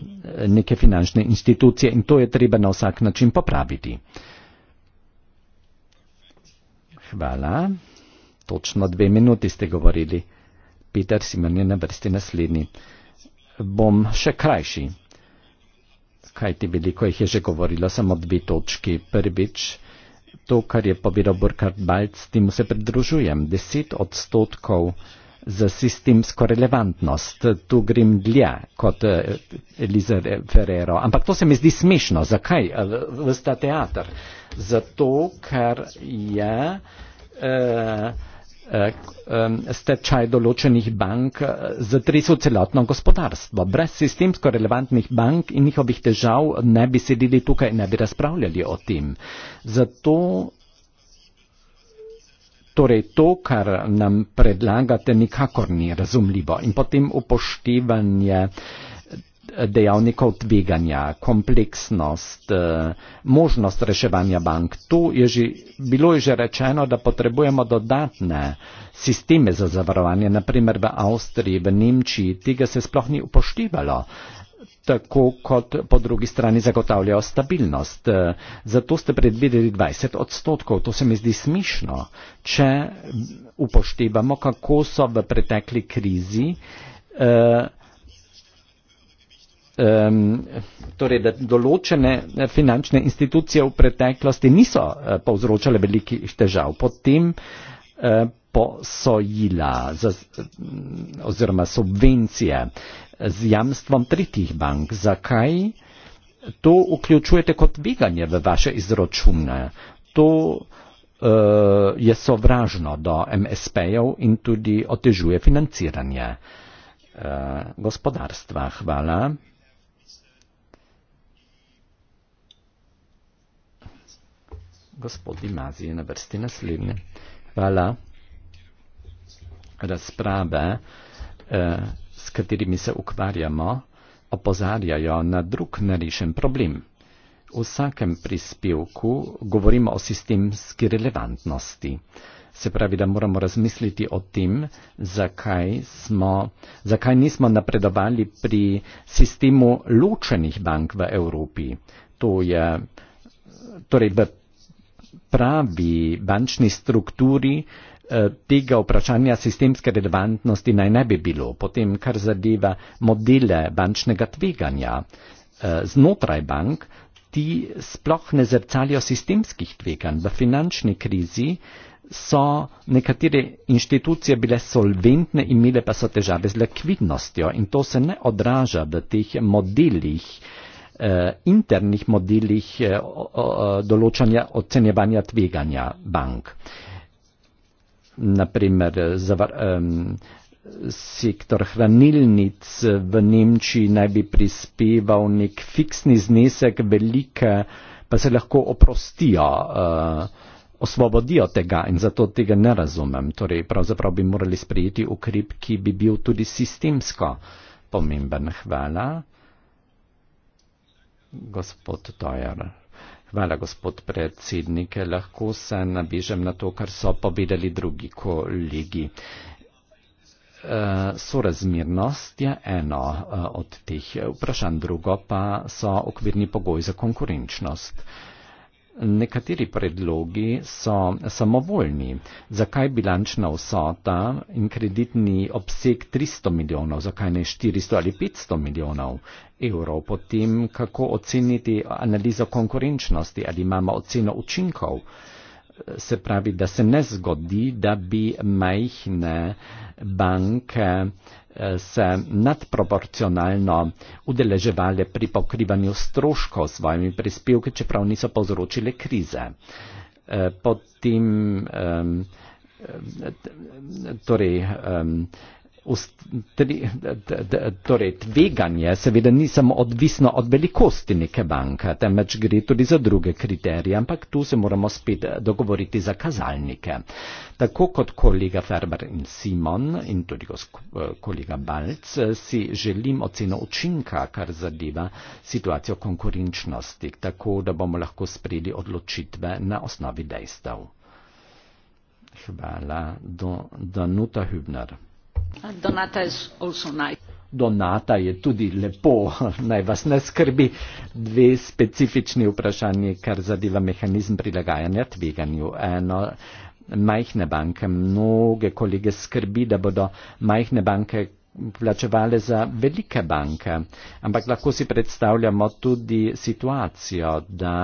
Speaker 2: neke finančne institucije in to je treba na vsak način popraviti. Uh, Hvala. Točno dve minuti ste govorili. Peter Simon je na vrsti naslednji. Bom še krajši. Kaj ti veliko jih je že govorilo, samo dve točki. Prvič, to, kar je povedal Burkhard Balc, temu se pridružujem. Deset odstotkov za sistemsko relevantnost. Tu grem dlje kot eh, Eliza Ferrero. Ampak to se mi zdi smešno. Zakaj eh, vsta teater? Zato, ker je eh, stečaj določenih bank zatresel celotno gospodarstvo. Brez sistemsko relevantnih bank in njihovih težav ne bi sedeli tukaj in ne bi razpravljali o tem. Zato Torej to, kar nam predlagate, nikakor ni razumljivo. In potem upoštevanje eh, dejavnikov tveganja, kompleksnost, eh, možnost reševanja bank. To je že, bilo je že rečeno, da potrebujemo dodatne sisteme za zavarovanje, naprimer v Avstriji, v Nemčiji, tega se sploh ni upoštevalo tako kot po drugi strani zagotavljajo stabilnost. E, zato ste predvideli 20 odstotkov. To se mi zdi smišno, če upoštevamo, kako so v pretekli krizi. Um, torej, da določene finančne institucije v preteklosti niso uh, povzročale velikih težav, potem uh, posojila za, oziroma subvencije. Uh, z jamstvom tretjih bank. Zakaj to vključujete kot tveganje v vaše izračune? To uh, je sovražno do MSP-jev in tudi otežuje financiranje uh, gospodarstva. Hvala. Gospod Dimazi je na vrsti naslednji. Hvala. Razprave. Uh, katerimi se ukvarjamo, opozarjajo na drug narišen problem. V vsakem prispevku govorimo o sistemski relevantnosti. Se pravi, da moramo razmisliti o tem, zakaj, smo, zakaj nismo napredovali pri sistemu ločenih bank v Evropi. To je, torej, v pravi bančni strukturi Eh, tega vprašanja sistemske relevantnosti naj ne bi bilo. Potem, kar zadeva modele bančnega tveganja eh, znotraj bank, ti sploh ne zrcalijo sistemskih tveganj. V finančni krizi so nekatere inštitucije bile solventne, imele pa so težave z likvidnostjo in to se ne odraža v teh modelih eh, internih modelih določanja, ocenjevanja tveganja bank naprimer zavar, um, sektor hranilnic v Nemčiji naj bi prispeval nek fiksni znesek, velike pa se lahko oprostijo, uh, osvobodijo tega in zato tega ne razumem. Torej, pravzaprav bi morali sprejeti ukrep, ki bi bil tudi sistemsko pomemben. Hvala. Gospod Tojar. Hvala, gospod predsednik. Lahko se nabižem na to, kar so povedali drugi kolegi. E, sorazmernost je eno e, od teh vprašanj, drugo pa so okvirni pogoji za konkurenčnost. Nekateri predlogi so samovoljni. Zakaj bilančna vsota in kreditni obseg 300 milijonov, zakaj ne 400 ali 500 milijonov evrov? Potem, kako oceniti analizo konkurenčnosti, ali imamo oceno učinkov? Se pravi, da se ne zgodi, da bi majhne banke Eh, se nadproporcionalno udeleževali pri pokrivanju stroškov s svojimi prispevki, čeprav niso povzročili krize. Eh, potem, eh, torej, torej tveganje seveda ni samo odvisno od velikosti neke banke, temveč gre tudi za druge kriterije, ampak tu se moramo spet eh, dogovoriti za kazalnike. Tako kot kolega Ferber in Simon in tudi eh, kolega Balc eh, si želim oceno učinka, kar zadeva situacijo konkurenčnosti, tako da bomo lahko sprejeli odločitve na osnovi dejstev. Hvala. Do, Danuta Hübner.
Speaker 1: Donata, nice.
Speaker 2: Donata je tudi lepo, naj vas ne skrbi. Dve specifični vprašanje, kar zadeva mehanizem prilagajanja tveganju. Eno, majhne banke, mnoge kolege skrbi, da bodo majhne banke plačevale za velike banke, ampak lahko si predstavljamo tudi situacijo, da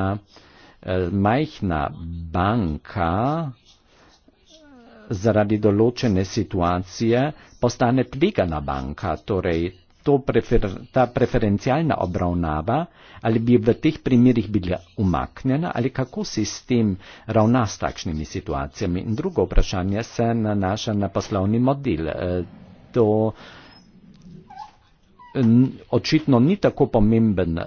Speaker 2: eh, majhna banka zaradi določene situacije postane tvegana banka, torej prefer, ta preferencialna obravnava, ali bi v teh primerjih bila umaknjena, ali kako sistem ravna s takšnimi situacijami. In drugo vprašanje se nanaša na poslovni model. E, očitno ni tako pomemben eh,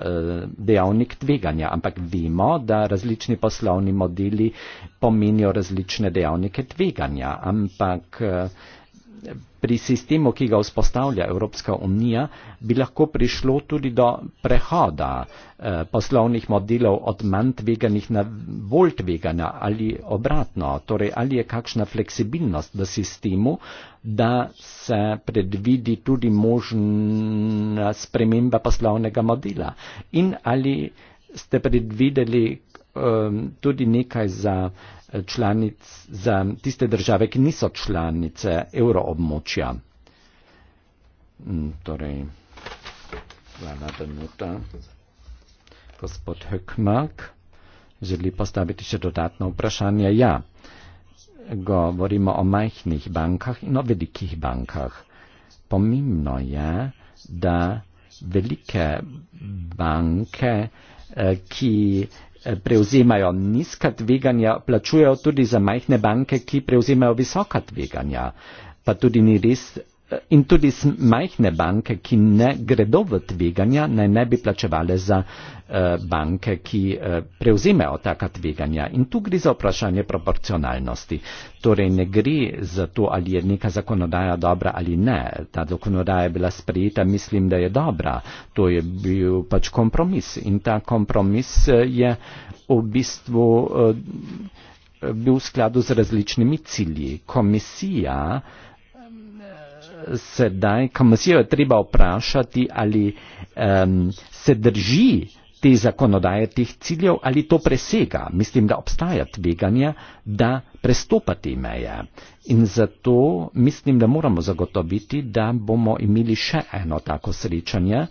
Speaker 2: dejavnik tveganja, ampak vemo, da različni poslovni modeli pomenijo različne dejavnike tveganja. Ampak eh, pri sistemu, ki ga vzpostavlja Evropska unija, bi lahko prišlo tudi do prehoda eh, poslovnih modelov od manj tveganih na bolj tvegana ali obratno. Torej, ali je kakšna fleksibilnost v sistemu, da se predvidi tudi možna sprememba poslovnega modela. In ali ste predvideli um, tudi nekaj za uh, članic, za tiste države, ki niso članice euroobmočja. Mm, torej, hvala, Danuta. Gospod Hökmark želi postaviti še dodatno vprašanje. Ja, govorimo o majhnih bankah in o velikih bankah. Pomembno je, da velike banke, eh, ki prevzemajo nizka tveganja, plačujejo tudi za majhne banke, ki prevzemajo visoka tveganja. Pa tudi ni res, in tudi majhne banke, ki ne gredo v tveganja, naj ne bi plačevale za eh, banke, ki eh, prevzemajo taka tveganja. In tu gre za vprašanje proporcionalnosti. Torej ne gre za to, ali je neka zakonodaja dobra ali ne. Ta zakonodaja je bila sprejeta, mislim, da je dobra. To je bil pač kompromis. In ta kompromis eh, je v bistvu bil v skladu z različnimi cilji. Komisija sedaj komisijo je treba vprašati, ali um, se drži te zakonodaje, teh ciljev, ali to presega. Mislim, da obstaja tveganja, da prestopati meje. In zato mislim, da moramo zagotoviti, da bomo imeli še eno tako srečanje e,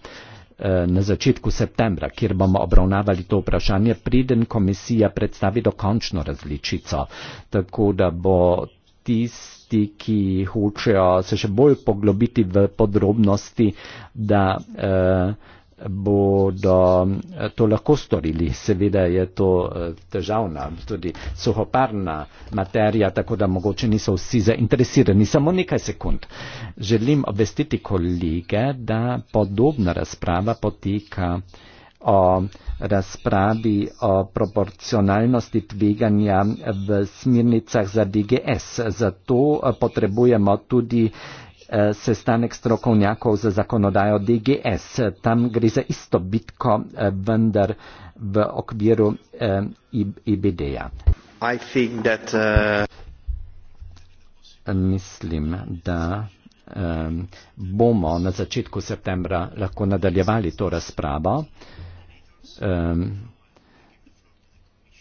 Speaker 2: na začetku septembra, kjer bomo obravnavali to vprašanje, preden komisija predstavi dokončno različico. Tako da bo tis, tisti, ki hočejo se še bolj poglobiti v podrobnosti, da eh, bodo eh, to lahko storili. Seveda je to eh, težavna, tudi suhoparna materija, tako da mogoče niso vsi zainteresirani. Samo nekaj sekund. Želim obvestiti kolege, da podobna razprava poteka o razpravi o proporcionalnosti tveganja v smirnicah za DGS. Zato eh, potrebujemo tudi eh, sestanek strokovnjakov za zakonodajo DGS. Tam gre za isto bitko, eh, vendar v okviru IBD-ja. Uh, Mislim, da um, bomo na začetku septembra lahko nadaljevali to razpravo. Um,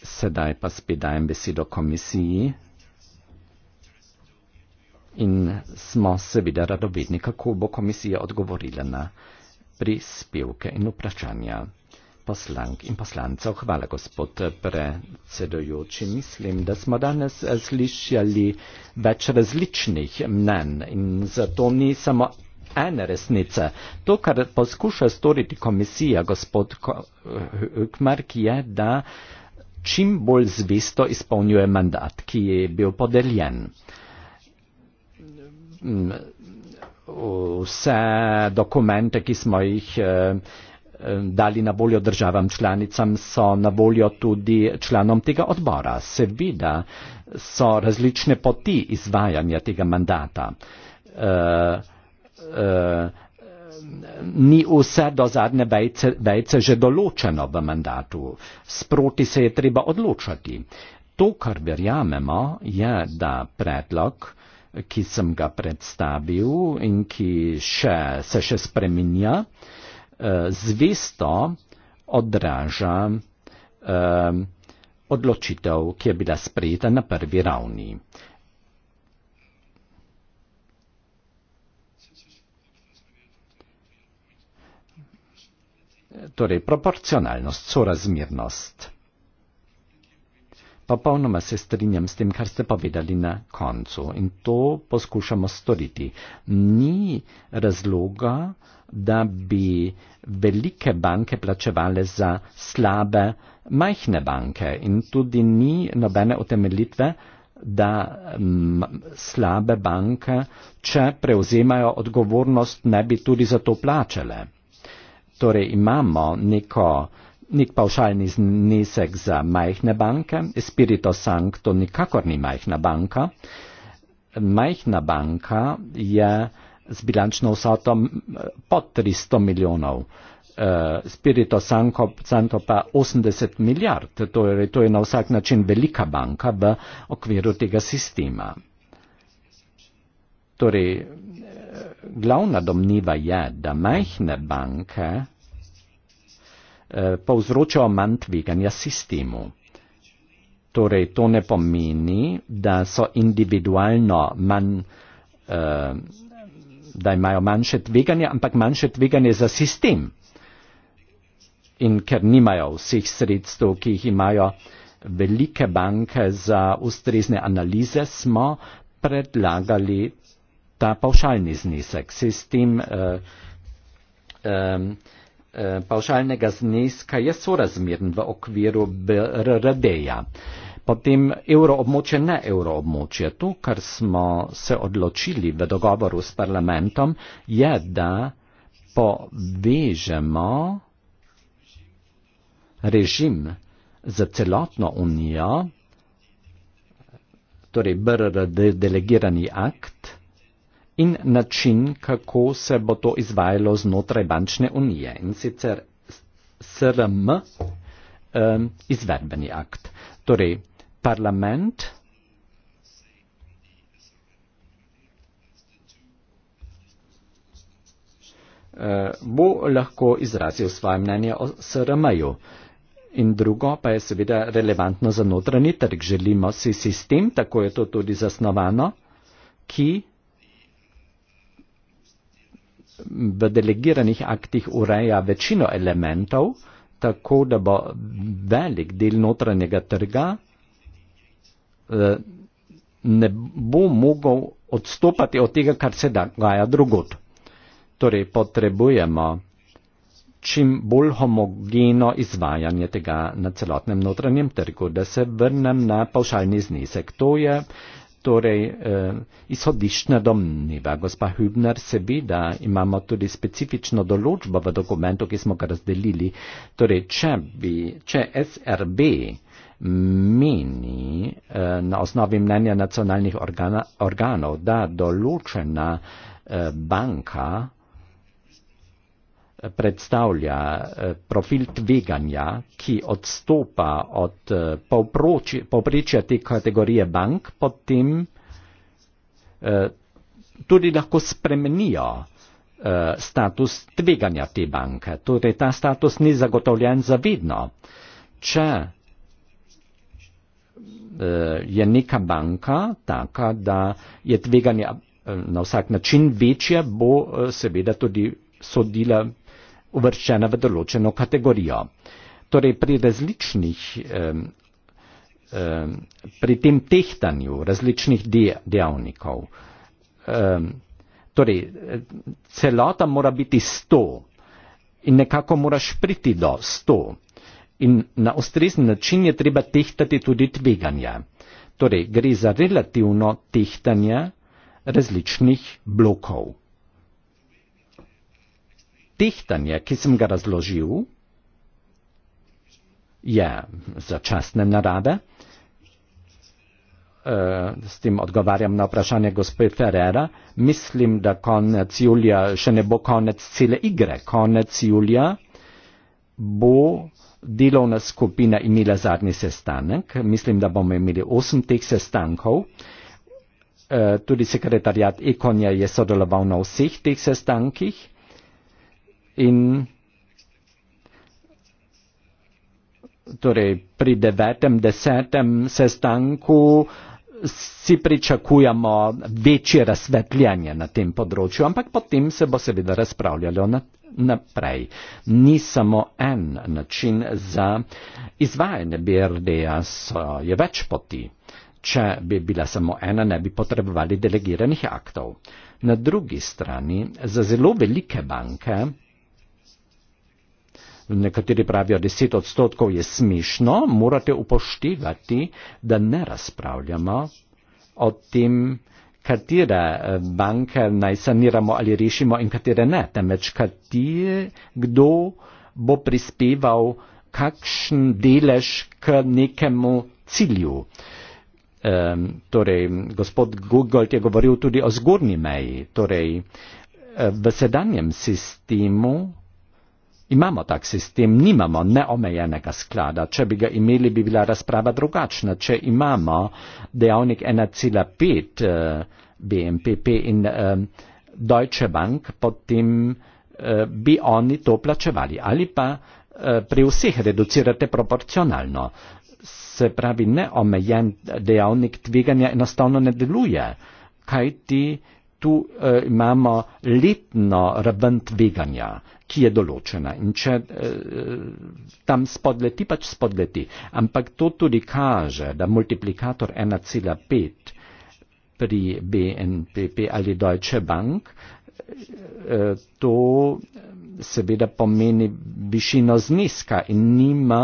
Speaker 2: sedaj pa spet dajem besedo komisiji in smo seveda radovedni, kako bo komisija odgovorila na prispevke in vprašanja poslank in poslancev. Hvala, gospod predsedojoči. Mislim, da smo danes slišali več različnih mnen in zato ni samo ene resnice. To, kar poskuša storiti komisija, gospod Hükmark, je, da čim bolj zvisto izpolnjuje mandat, ki je bil podeljen. Vse dokumente, ki smo jih eh, dali na voljo državam članicam, so na voljo tudi članom tega odbora. Seveda so različne poti izvajanja tega mandata. Uh, Eh, ni vse do zadnje bejce, bejce že določeno v mandatu. Sproti se je treba odločati. To, kar verjamemo, je, da predlog, ki sem ga predstavil in ki še, se še spreminja, eh, zvesto odraža eh, odločitev, ki je bila sprejeta na prvi ravni. torej proporcionalnost, sorazmernost. Popolnoma se strinjam s tem, kar ste povedali na koncu in to poskušamo storiti. Ni razloga, da bi velike banke plačevale za slabe majhne banke in tudi ni nobene utemeljitve, da m, slabe banke, če prevzemajo odgovornost, ne bi tudi za to plačale torej imamo neko, nek pavšalni znesek za majhne banke, Espirito Sancto nikakor ni majhna banka. Majhna banka je z bilančno vsotom pod 300 milijonov. E, Spirito Sanko, Santo pa 80 milijard, torej to je na vsak način velika banka v okviru tega sistema. Torej, e, glavna domniva je, da majhne banke Eh, povzročajo manj tveganja sistemu. Torej, to ne pomeni, da so individualno manj, eh, da imajo manjše tveganje, ampak manjše tveganje za sistem. In ker nimajo vseh sredstev, ki jih imajo velike banke za ustrezne analize, smo predlagali ta pavšalni znesek. Se s tem eh, eh, Eh, pavšalnega zneska je sorazmeren v okviru BRD-ja. Potem evroobmočje, ne evroobmočje. To, kar smo se odločili v dogovoru s parlamentom, je, da povežemo režim za celotno unijo, torej BRD delegirani akt, in način, kako se bo to izvajalo znotraj bančne unije in sicer SRM um, izvedbeni akt. Torej, parlament uh, bo lahko izrazil svoje mnenje o SRM-ju. In drugo pa je seveda relevantno za notranji trg. Želimo si sistem, tako je to tudi zasnovano, ki v delegiranih aktih ureja večino elementov, tako da bo velik del notranjega trga eh, ne bo mogel odstopati od tega, kar se dogaja drugot. Torej potrebujemo čim bolj homogeno izvajanje tega na celotnem notranjem trgu. Da se vrnem na pavšalni znesek. To je torej eh, izhodiščna domniva. Gospa Hübner, seveda imamo tudi specifično določbo v dokumentu, ki smo ga razdelili. Torej, če, bi, če SRB meni eh, na osnovi mnenja nacionalnih organa, organov, da določena eh, banka predstavlja eh, profil tveganja, ki odstopa od eh, povprečja te kategorije bank, potem eh, tudi lahko spremenijo status tveganja te banke. Torej ta status ni zagotovljen za vedno. Če je neka banka taka, da je tveganja na vsak način večja, bo seveda tudi sodila uvrščena v določeno kategorijo. Torej pri različnih, pri tem tehtanju različnih dejavnikov, torej celota mora biti 100 in nekako moraš priti do 100 in na ustrezni način je treba tehtati tudi tveganja. Torej gre za relativno tehtanje različnih blokov tehtanje, ki sem ga razložil, je začasne narave. Eh, s tem odgovarjam na vprašanje gospe Ferrera. Mislim, da konec julija še ne bo konec cele igre. Konec julija bo delovna skupina imela zadnji sestanek. Mislim, da bomo imeli osem teh sestankov. Eh, tudi sekretarjat Ekonja je sodeloval na vseh teh sestankih in torej pri devetem, desetem sestanku si pričakujemo večje razsvetljanje na tem področju, ampak potem se bo seveda razpravljalo naprej. Ni samo en način za izvajanje BRD-ja, je več poti. Če bi bila samo ena, ne bi potrebovali delegiranih aktov. Na drugi strani, za zelo velike banke, nekateri pravijo, deset odstotkov je smešno, morate upoštevati, da ne razpravljamo o tem, katere eh, banke naj saniramo ali rešimo in katere ne, temveč kdo bo prispeval kakšen delež k nekemu cilju. Um, torej, gospod Gugold je govoril tudi o zgornji meji. Torej, eh, v sedanjem sistemu Imamo tak sistem, nimamo neomejenega sklada. Če bi ga imeli, bi bila razprava drugačna. Če imamo dejavnik 1,5 eh, BMPP in eh, Deutsche Bank, potem eh, bi oni to plačevali. Ali pa pri vseh reducirate proporcionalno. Se pravi, neomejen dejavnik tveganja enostavno ne deluje, kaj ti. Uh, tu eh, imamo letno raven tveganja, ki je določena in če eh, tam spodleti, pač spodleti. Ampak to tudi kaže, da multiplikator 1,5 pri BNPP ali Deutsche Bank, eh, To seveda pomeni višino zniska in nima,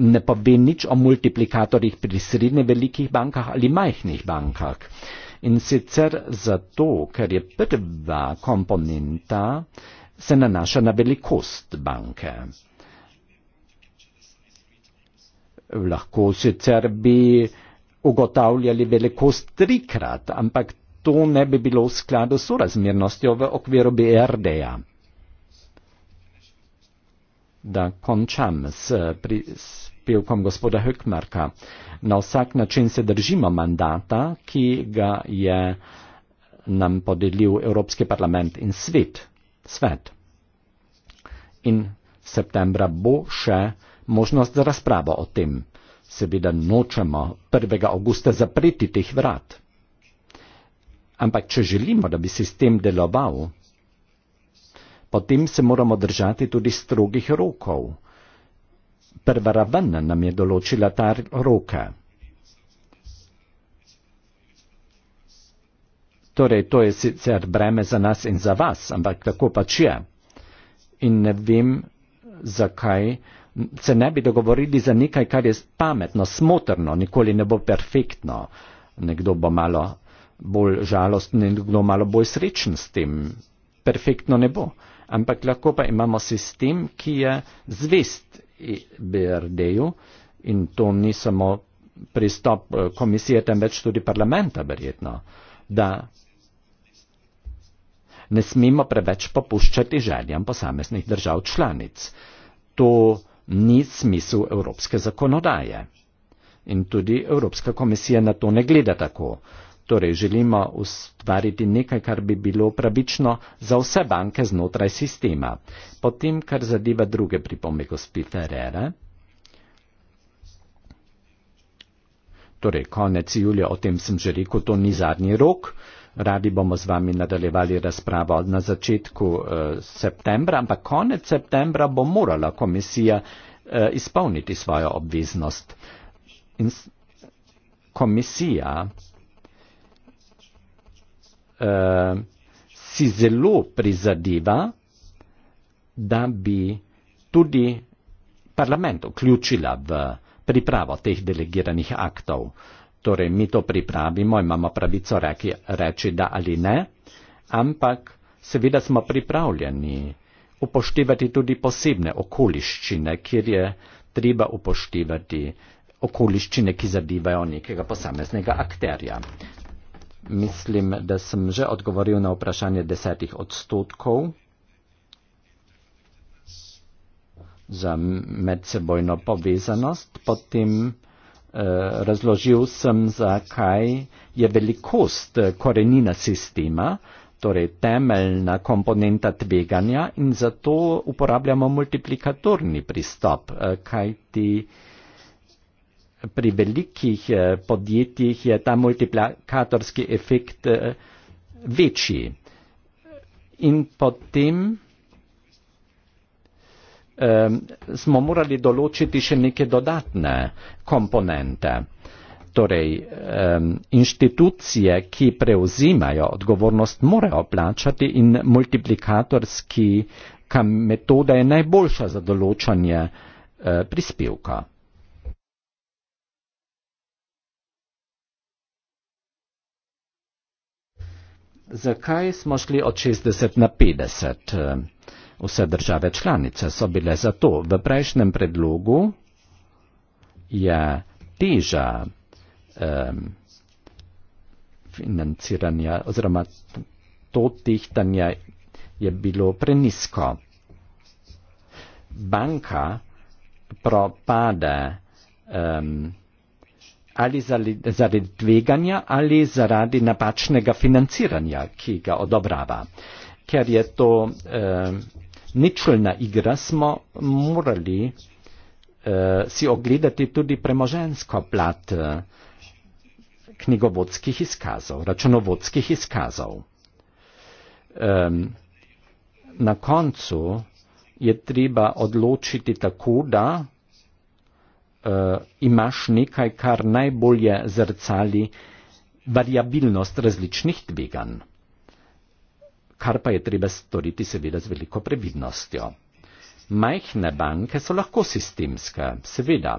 Speaker 2: ne pove nič o multiplikatorjih pri srednje velikih bankah ali majhnih bankah in sicer zato, ker je prva komponenta se nanaša na velikost banke. Lahko sicer bi ugotavljali velikost trikrat, ampak to ne bi bilo v skladu s razmernostjo v okviru BRD-ja. Da končam s prispevkom gospoda Hökmarka. Na vsak način se držimo mandata, ki ga je nam podelil Evropski parlament in svet. svet. In septembra bo še možnost za razpravo o tem. Seveda nočemo 1. augusta zapreti teh vrat. Ampak če želimo, da bi sistem deloval, potem se moramo držati tudi strogih rokov prva rabana nam je določila ta roka. Torej, to je sicer breme za nas in za vas, ampak tako pač je. In ne vem, zakaj se ne bi dogovorili za nekaj, kar je pametno, smotrno, nikoli ne bo perfektno. Nekdo bo malo bolj žalosten, nekdo malo bolj srečen s tem. Perfektno ne bo. Ampak lahko pa imamo sistem, ki je zvest E BRD-ju in to ni samo pristop eh, komisije, temveč tudi parlamenta, verjetno, da ne smemo preveč popuščati željam posameznih držav članic. To ni smisel evropske zakonodaje. In tudi Evropska komisija na to ne gleda tako torej želimo ustvariti nekaj, kar bi bilo pravično za vse banke znotraj sistema. Potem, kar zadeva druge pripombe gospita Rere, torej konec julija, o tem sem že rekel, to ni zadnji rok, radi bomo z vami nadaljevali razpravo na začetku eh, septembra, ampak konec septembra bo morala komisija eh, izpolniti svojo obveznost. In komisija uh, si zelo prizadeva, da bi tudi parlament vključila v pripravo teh delegiranih aktov. Torej, mi to pripravimo, imamo pravico reki, reči da ali ne, ampak seveda smo pripravljeni upoštevati tudi posebne okoliščine, kjer je treba upoštevati okoliščine, ki zadevajo nekega posameznega akterja. Mislim, da sem že odgovoril na vprašanje desetih odstotkov za medsebojno povezanost. Potem eh, razložil sem, zakaj je velikost eh, korenina sistema, torej temeljna komponenta tveganja in zato uporabljamo multiplikatorni pristop, eh, kajti eh, pri velikih eh, podjetjih je ta multiplikatorski efekt eh, večji. In potem eh, smo morali določiti še neke dodatne komponente. Torej, inštitucije, ki prevzimajo odgovornost, morajo plačati in multiplikatorski metoda je najboljša za določanje prispevka. Zakaj smo šli od 60 na 50? Vse države članice so bile za to. V prejšnjem predlogu je teža eh, financiranja oziroma to tihtanje je bilo prenisko. Banka propade. Eh, ali zaradi tveganja ali zaradi napačnega financiranja, ki ga odobrava. Ker je to eh, ničelna igra, smo morali eh, si ogledati tudi premožensko plat eh, knjigovodskih izkazov, računovodskih izkazov. Eh, na koncu je treba odločiti tako, da uh, imaš nekaj, kar najbolje zrcali variabilnost različnih tveganj, kar pa je treba storiti seveda z veliko previdnostjo. Majhne banke so lahko sistemske, seveda.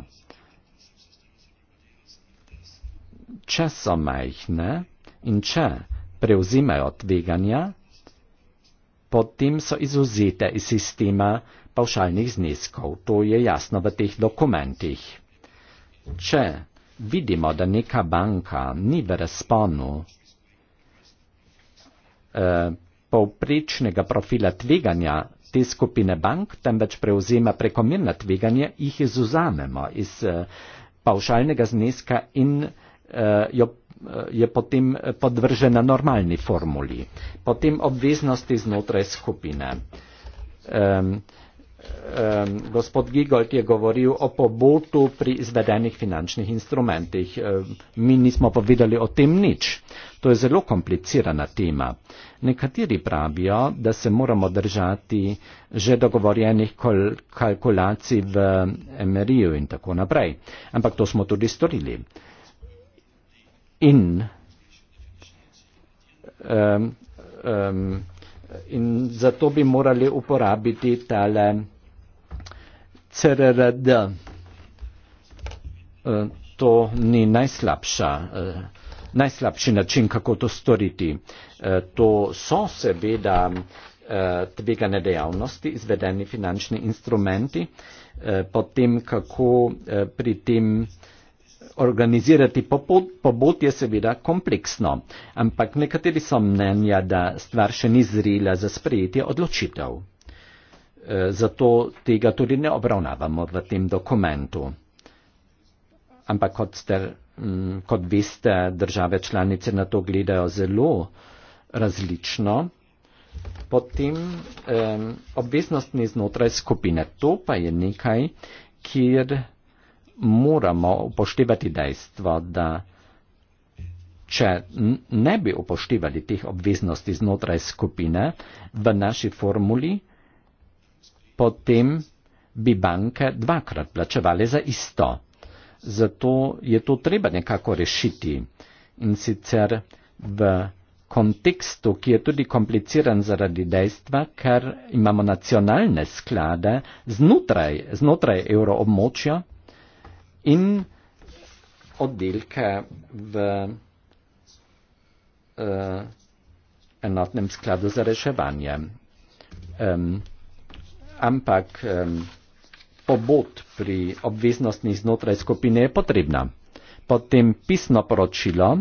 Speaker 2: Če so majhne in če prevzimajo tveganja, potem so izuzete iz sistema, pavšalnih zneskov. To je jasno v teh dokumentih. Če vidimo, da neka banka ni v razponu eh, povprečnega profila tveganja te skupine bank, temveč prevzema prekomerna tveganja, jih izuzamemo iz eh, pavšalnega zneska in eh, jo eh, je potem podvržena normalni formuli, potem obveznosti znotraj skupine. Um, um, gospod Gigold je govoril o pobotu pri izvedenih finančnih instrumentih. Um, mi nismo povedali o tem nič. To je zelo komplicirana tema. Nekateri pravijo, da se moramo držati že dogovorjenih kalkulacij v MRI-ju in tako naprej. Ampak to smo tudi storili. In, um, um, in zato bi morali uporabiti tale. CRRD. E, to ni najslabša, e, najslabši način, kako to storiti. E, to so seveda tvegane dejavnosti, izvedeni finančni instrumenti, potem kako pri tem organizirati pobot je seveda kompleksno, ampak nekateri so mnenja, da stvar še ni zrela za sprejetje odločitev. Eh, zato tega tudi ne obravnavamo v tem dokumentu. Ampak kot, ste, mm, kot veste, države članice na to gledajo zelo različno. Potem eh, obveznost ni znotraj skupine. To pa je nekaj, kjer moramo upoštevati dejstvo, da če ne bi upoštevali teh obveznosti znotraj skupine, v naši formuli potem bi banke dvakrat plačevali za isto. Zato je to treba nekako rešiti in sicer v kontekstu, ki je tudi kompliciran zaradi dejstva, ker imamo nacionalne sklade znotraj, znotraj euroobmočja in oddelke v uh, enotnem skladu za reševanje. Um, ampak pobud pri obveznosti znotraj skupine je potrebna. Potem pisno poročilo,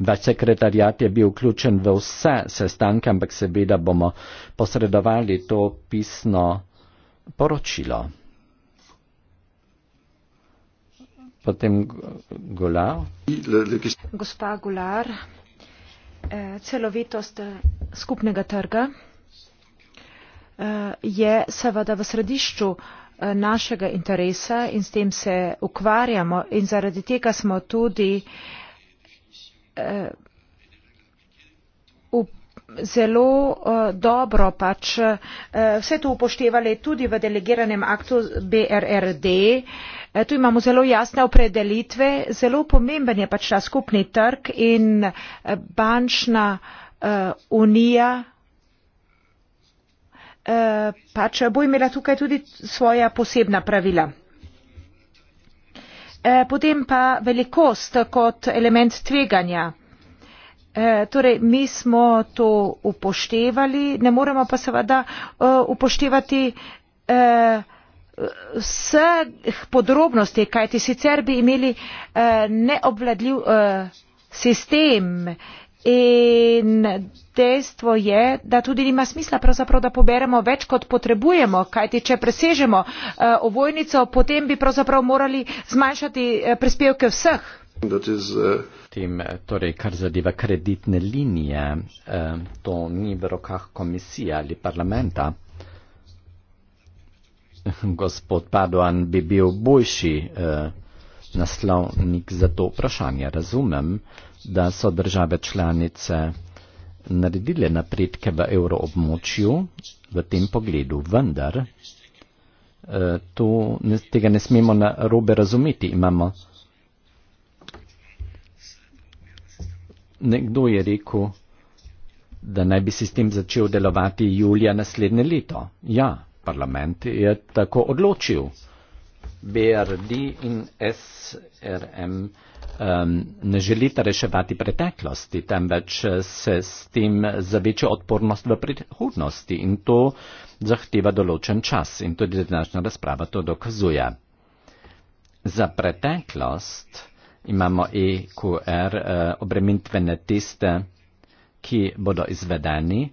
Speaker 2: vaš sekretarjat je bil vključen v vse sestanke, ampak seveda bomo posredovali to pisno poročilo. Potem Golar.
Speaker 1: Gospa Golar, eh, celovitost eh, skupnega trga. Eh, je seveda v središču eh, našega interesa in s tem se ukvarjamo in zaradi tega smo tudi eh, zelo dobro pač vse to upoštevali tudi v delegiranem aktu BRRD. Tu imamo zelo jasne opredelitve, zelo pomemben je pač ta skupni trg in bančna unija Eh, pač bo imela tukaj tudi svoja posebna pravila. Eh, potem pa velikost kot element tveganja. Eh, torej, mi smo to upoštevali, ne moremo pa seveda upoštevati vseh podrobnosti, kajti sicer bi imeli neobvladljiv sistem, in dejstvo je da tudi nima smisla pravzaprav da poberemo več kot potrebujemo kajti če presežemo eh, ovojnico potem bi pravzaprav morali zmanjšati eh, prispevke vseh
Speaker 2: eh, tem torej kar zadeva kreditne linije to ni v rokah komisije ali parlamenta gospod Paduan bi bil boljši eh, naslovnik za to vprašanje. Razumem, da so države članice naredile napredke v evroobmočju v tem pogledu, vendar eh, to, tega ne smemo na robe razumeti. Imamo Nekdo je rekel, da naj bi sistem začel delovati julija naslednje leto. Ja, parlament je tako odločil. BRD in SRM um, ne želita reševati preteklosti, temveč eh, se s tem za večjo odpornost v prihodnosti in to zahteva določen čas in tudi današnja razprava to dokazuje. Za preteklost imamo EQR uh, eh, obremitvene teste, ki bodo izvedeni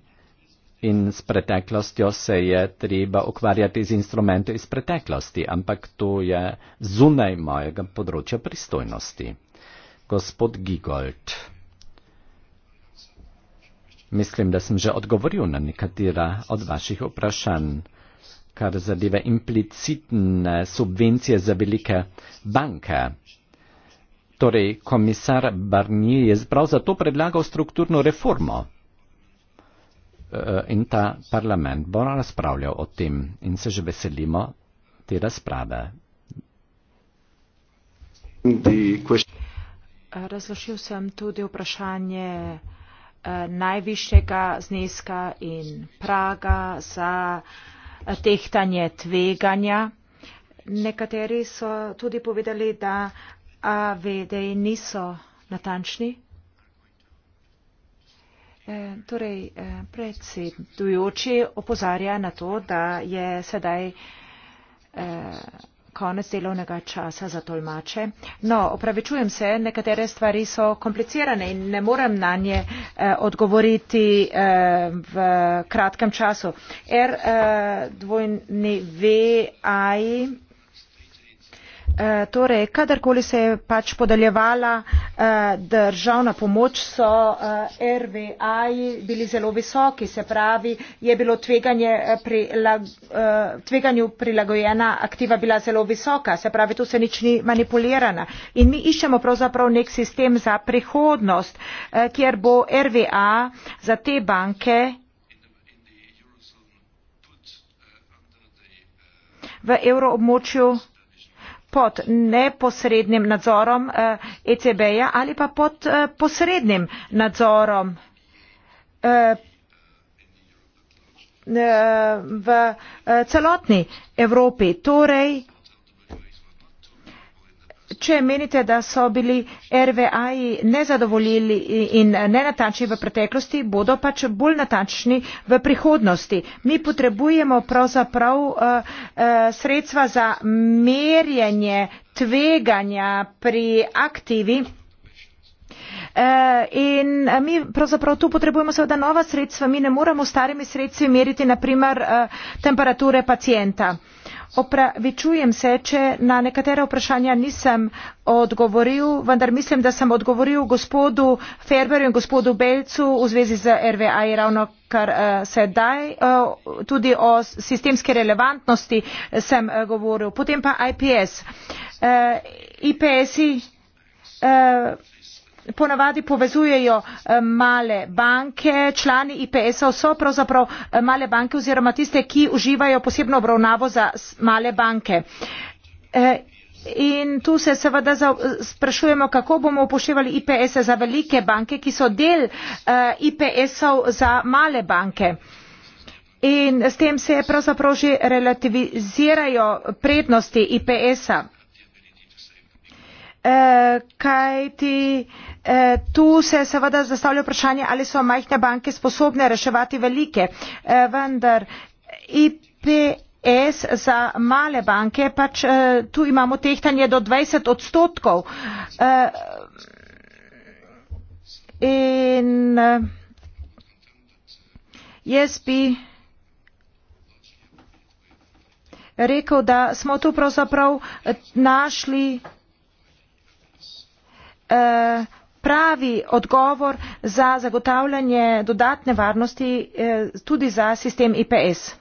Speaker 2: in s preteklostjo se je treba ukvarjati z instrumenti iz preteklosti, ampak to je zunaj mojega področja pristojnosti. Gospod Gigold, mislim, da sem že odgovoril na nekatera od vaših vprašanj, kar zadeva implicitne subvencije za velike banke. Torej, komisar Barnier je prav zato predlagal strukturno reformo. Eh, in ta parlament bo razpravljal o tem in se že veselimo te razprave.
Speaker 1: Razložil sem tudi vprašanje eh, najvišjega zneska in praga za eh, tehtanje tveganja. Nekateri so tudi povedali, da AVD niso natančni. Eh, torej, eh, predsedujoči opozarja na to, da je sedaj eh, konec delovnega časa za tolmače. No, opravičujem se, nekatere stvari so komplicirane in ne morem na nje odgovoriti v kratkem času. R-2-V-I-P. Eh, torej kadarkoli se je pač podeljevala eh, državna pomoč so eh, rva bili zelo visoki se pravi je bilo tveganje pri tveganju prilagojena aktiva bila zelo visoka se pravi tu se nič ni manipulirana in mi iščemo pravzaprav nek sistem za prihodnost kjer bo rva za te banke v evroobmočju pod neposrednim nadzorom ECB eh, e -ja ali pa pod eh, posrednim nadzorom eh, v celotni Evropi. Torej, če menite, da so bili RVA-ji nezadovoljili in nenatačni v preteklosti, bodo pač bolj natačni v prihodnosti. Mi potrebujemo pravzaprav uh, uh, sredstva za merjenje tveganja pri aktivi. Eh, in mi pravzaprav tu potrebujemo seveda nova sredstva, mi ne moremo starimi sredstvi meriti naprimer temperature pacijenta opravičujem se če na nekatera vprašanja nisem odgovoril vendar mislim da sem odgovoril gospodu ferberju in gospodu belcu v zvezi z rva ravnokar eh, sedaj eh, tudi o sistemski relevantnosti eh, sem govoril potem pa ips. ipsi ponavadi povezujejo eh, male banke, člani IPS-ov so pravzaprav eh, male banke oziroma tiste, ki uživajo posebno obravnavo za male banke. Eh, in tu se seveda sprašujemo, kako bomo upoštevali IPS-e za velike banke, ki so del IPS-ov za male banke. In s tem se pravzaprav že relativizirajo prednosti IPS-a. Kaj ti? Eh, tu se seveda zastavlja vprašanje ali so majhne banke sposobne reševati velike eh, vendar ips za male banke pač eh, tu imamo tehtanje do dvajset odstotkov in jaz bi rekel da smo tu pravzaprav našli Uh, pravi odgovor za zagotavljanje dodatne varnosti eh, tudi za sistem IPS.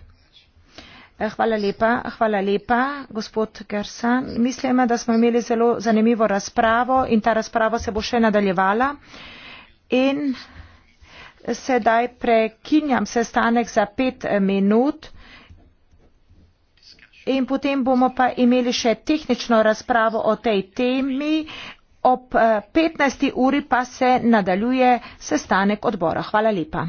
Speaker 1: Eh, hvala lepa, hvala lepa, gospod Gersan. Mislim, da smo imeli zelo zanimivo razpravo in ta razprava se bo še nadaljevala. In sedaj prekinjam sestanek za pet eh, minut in potem bomo pa imeli še tehnično razpravo o tej temi ob eh, petnajst uri pa se nadaljuje sestanek odbora. hvala lepa.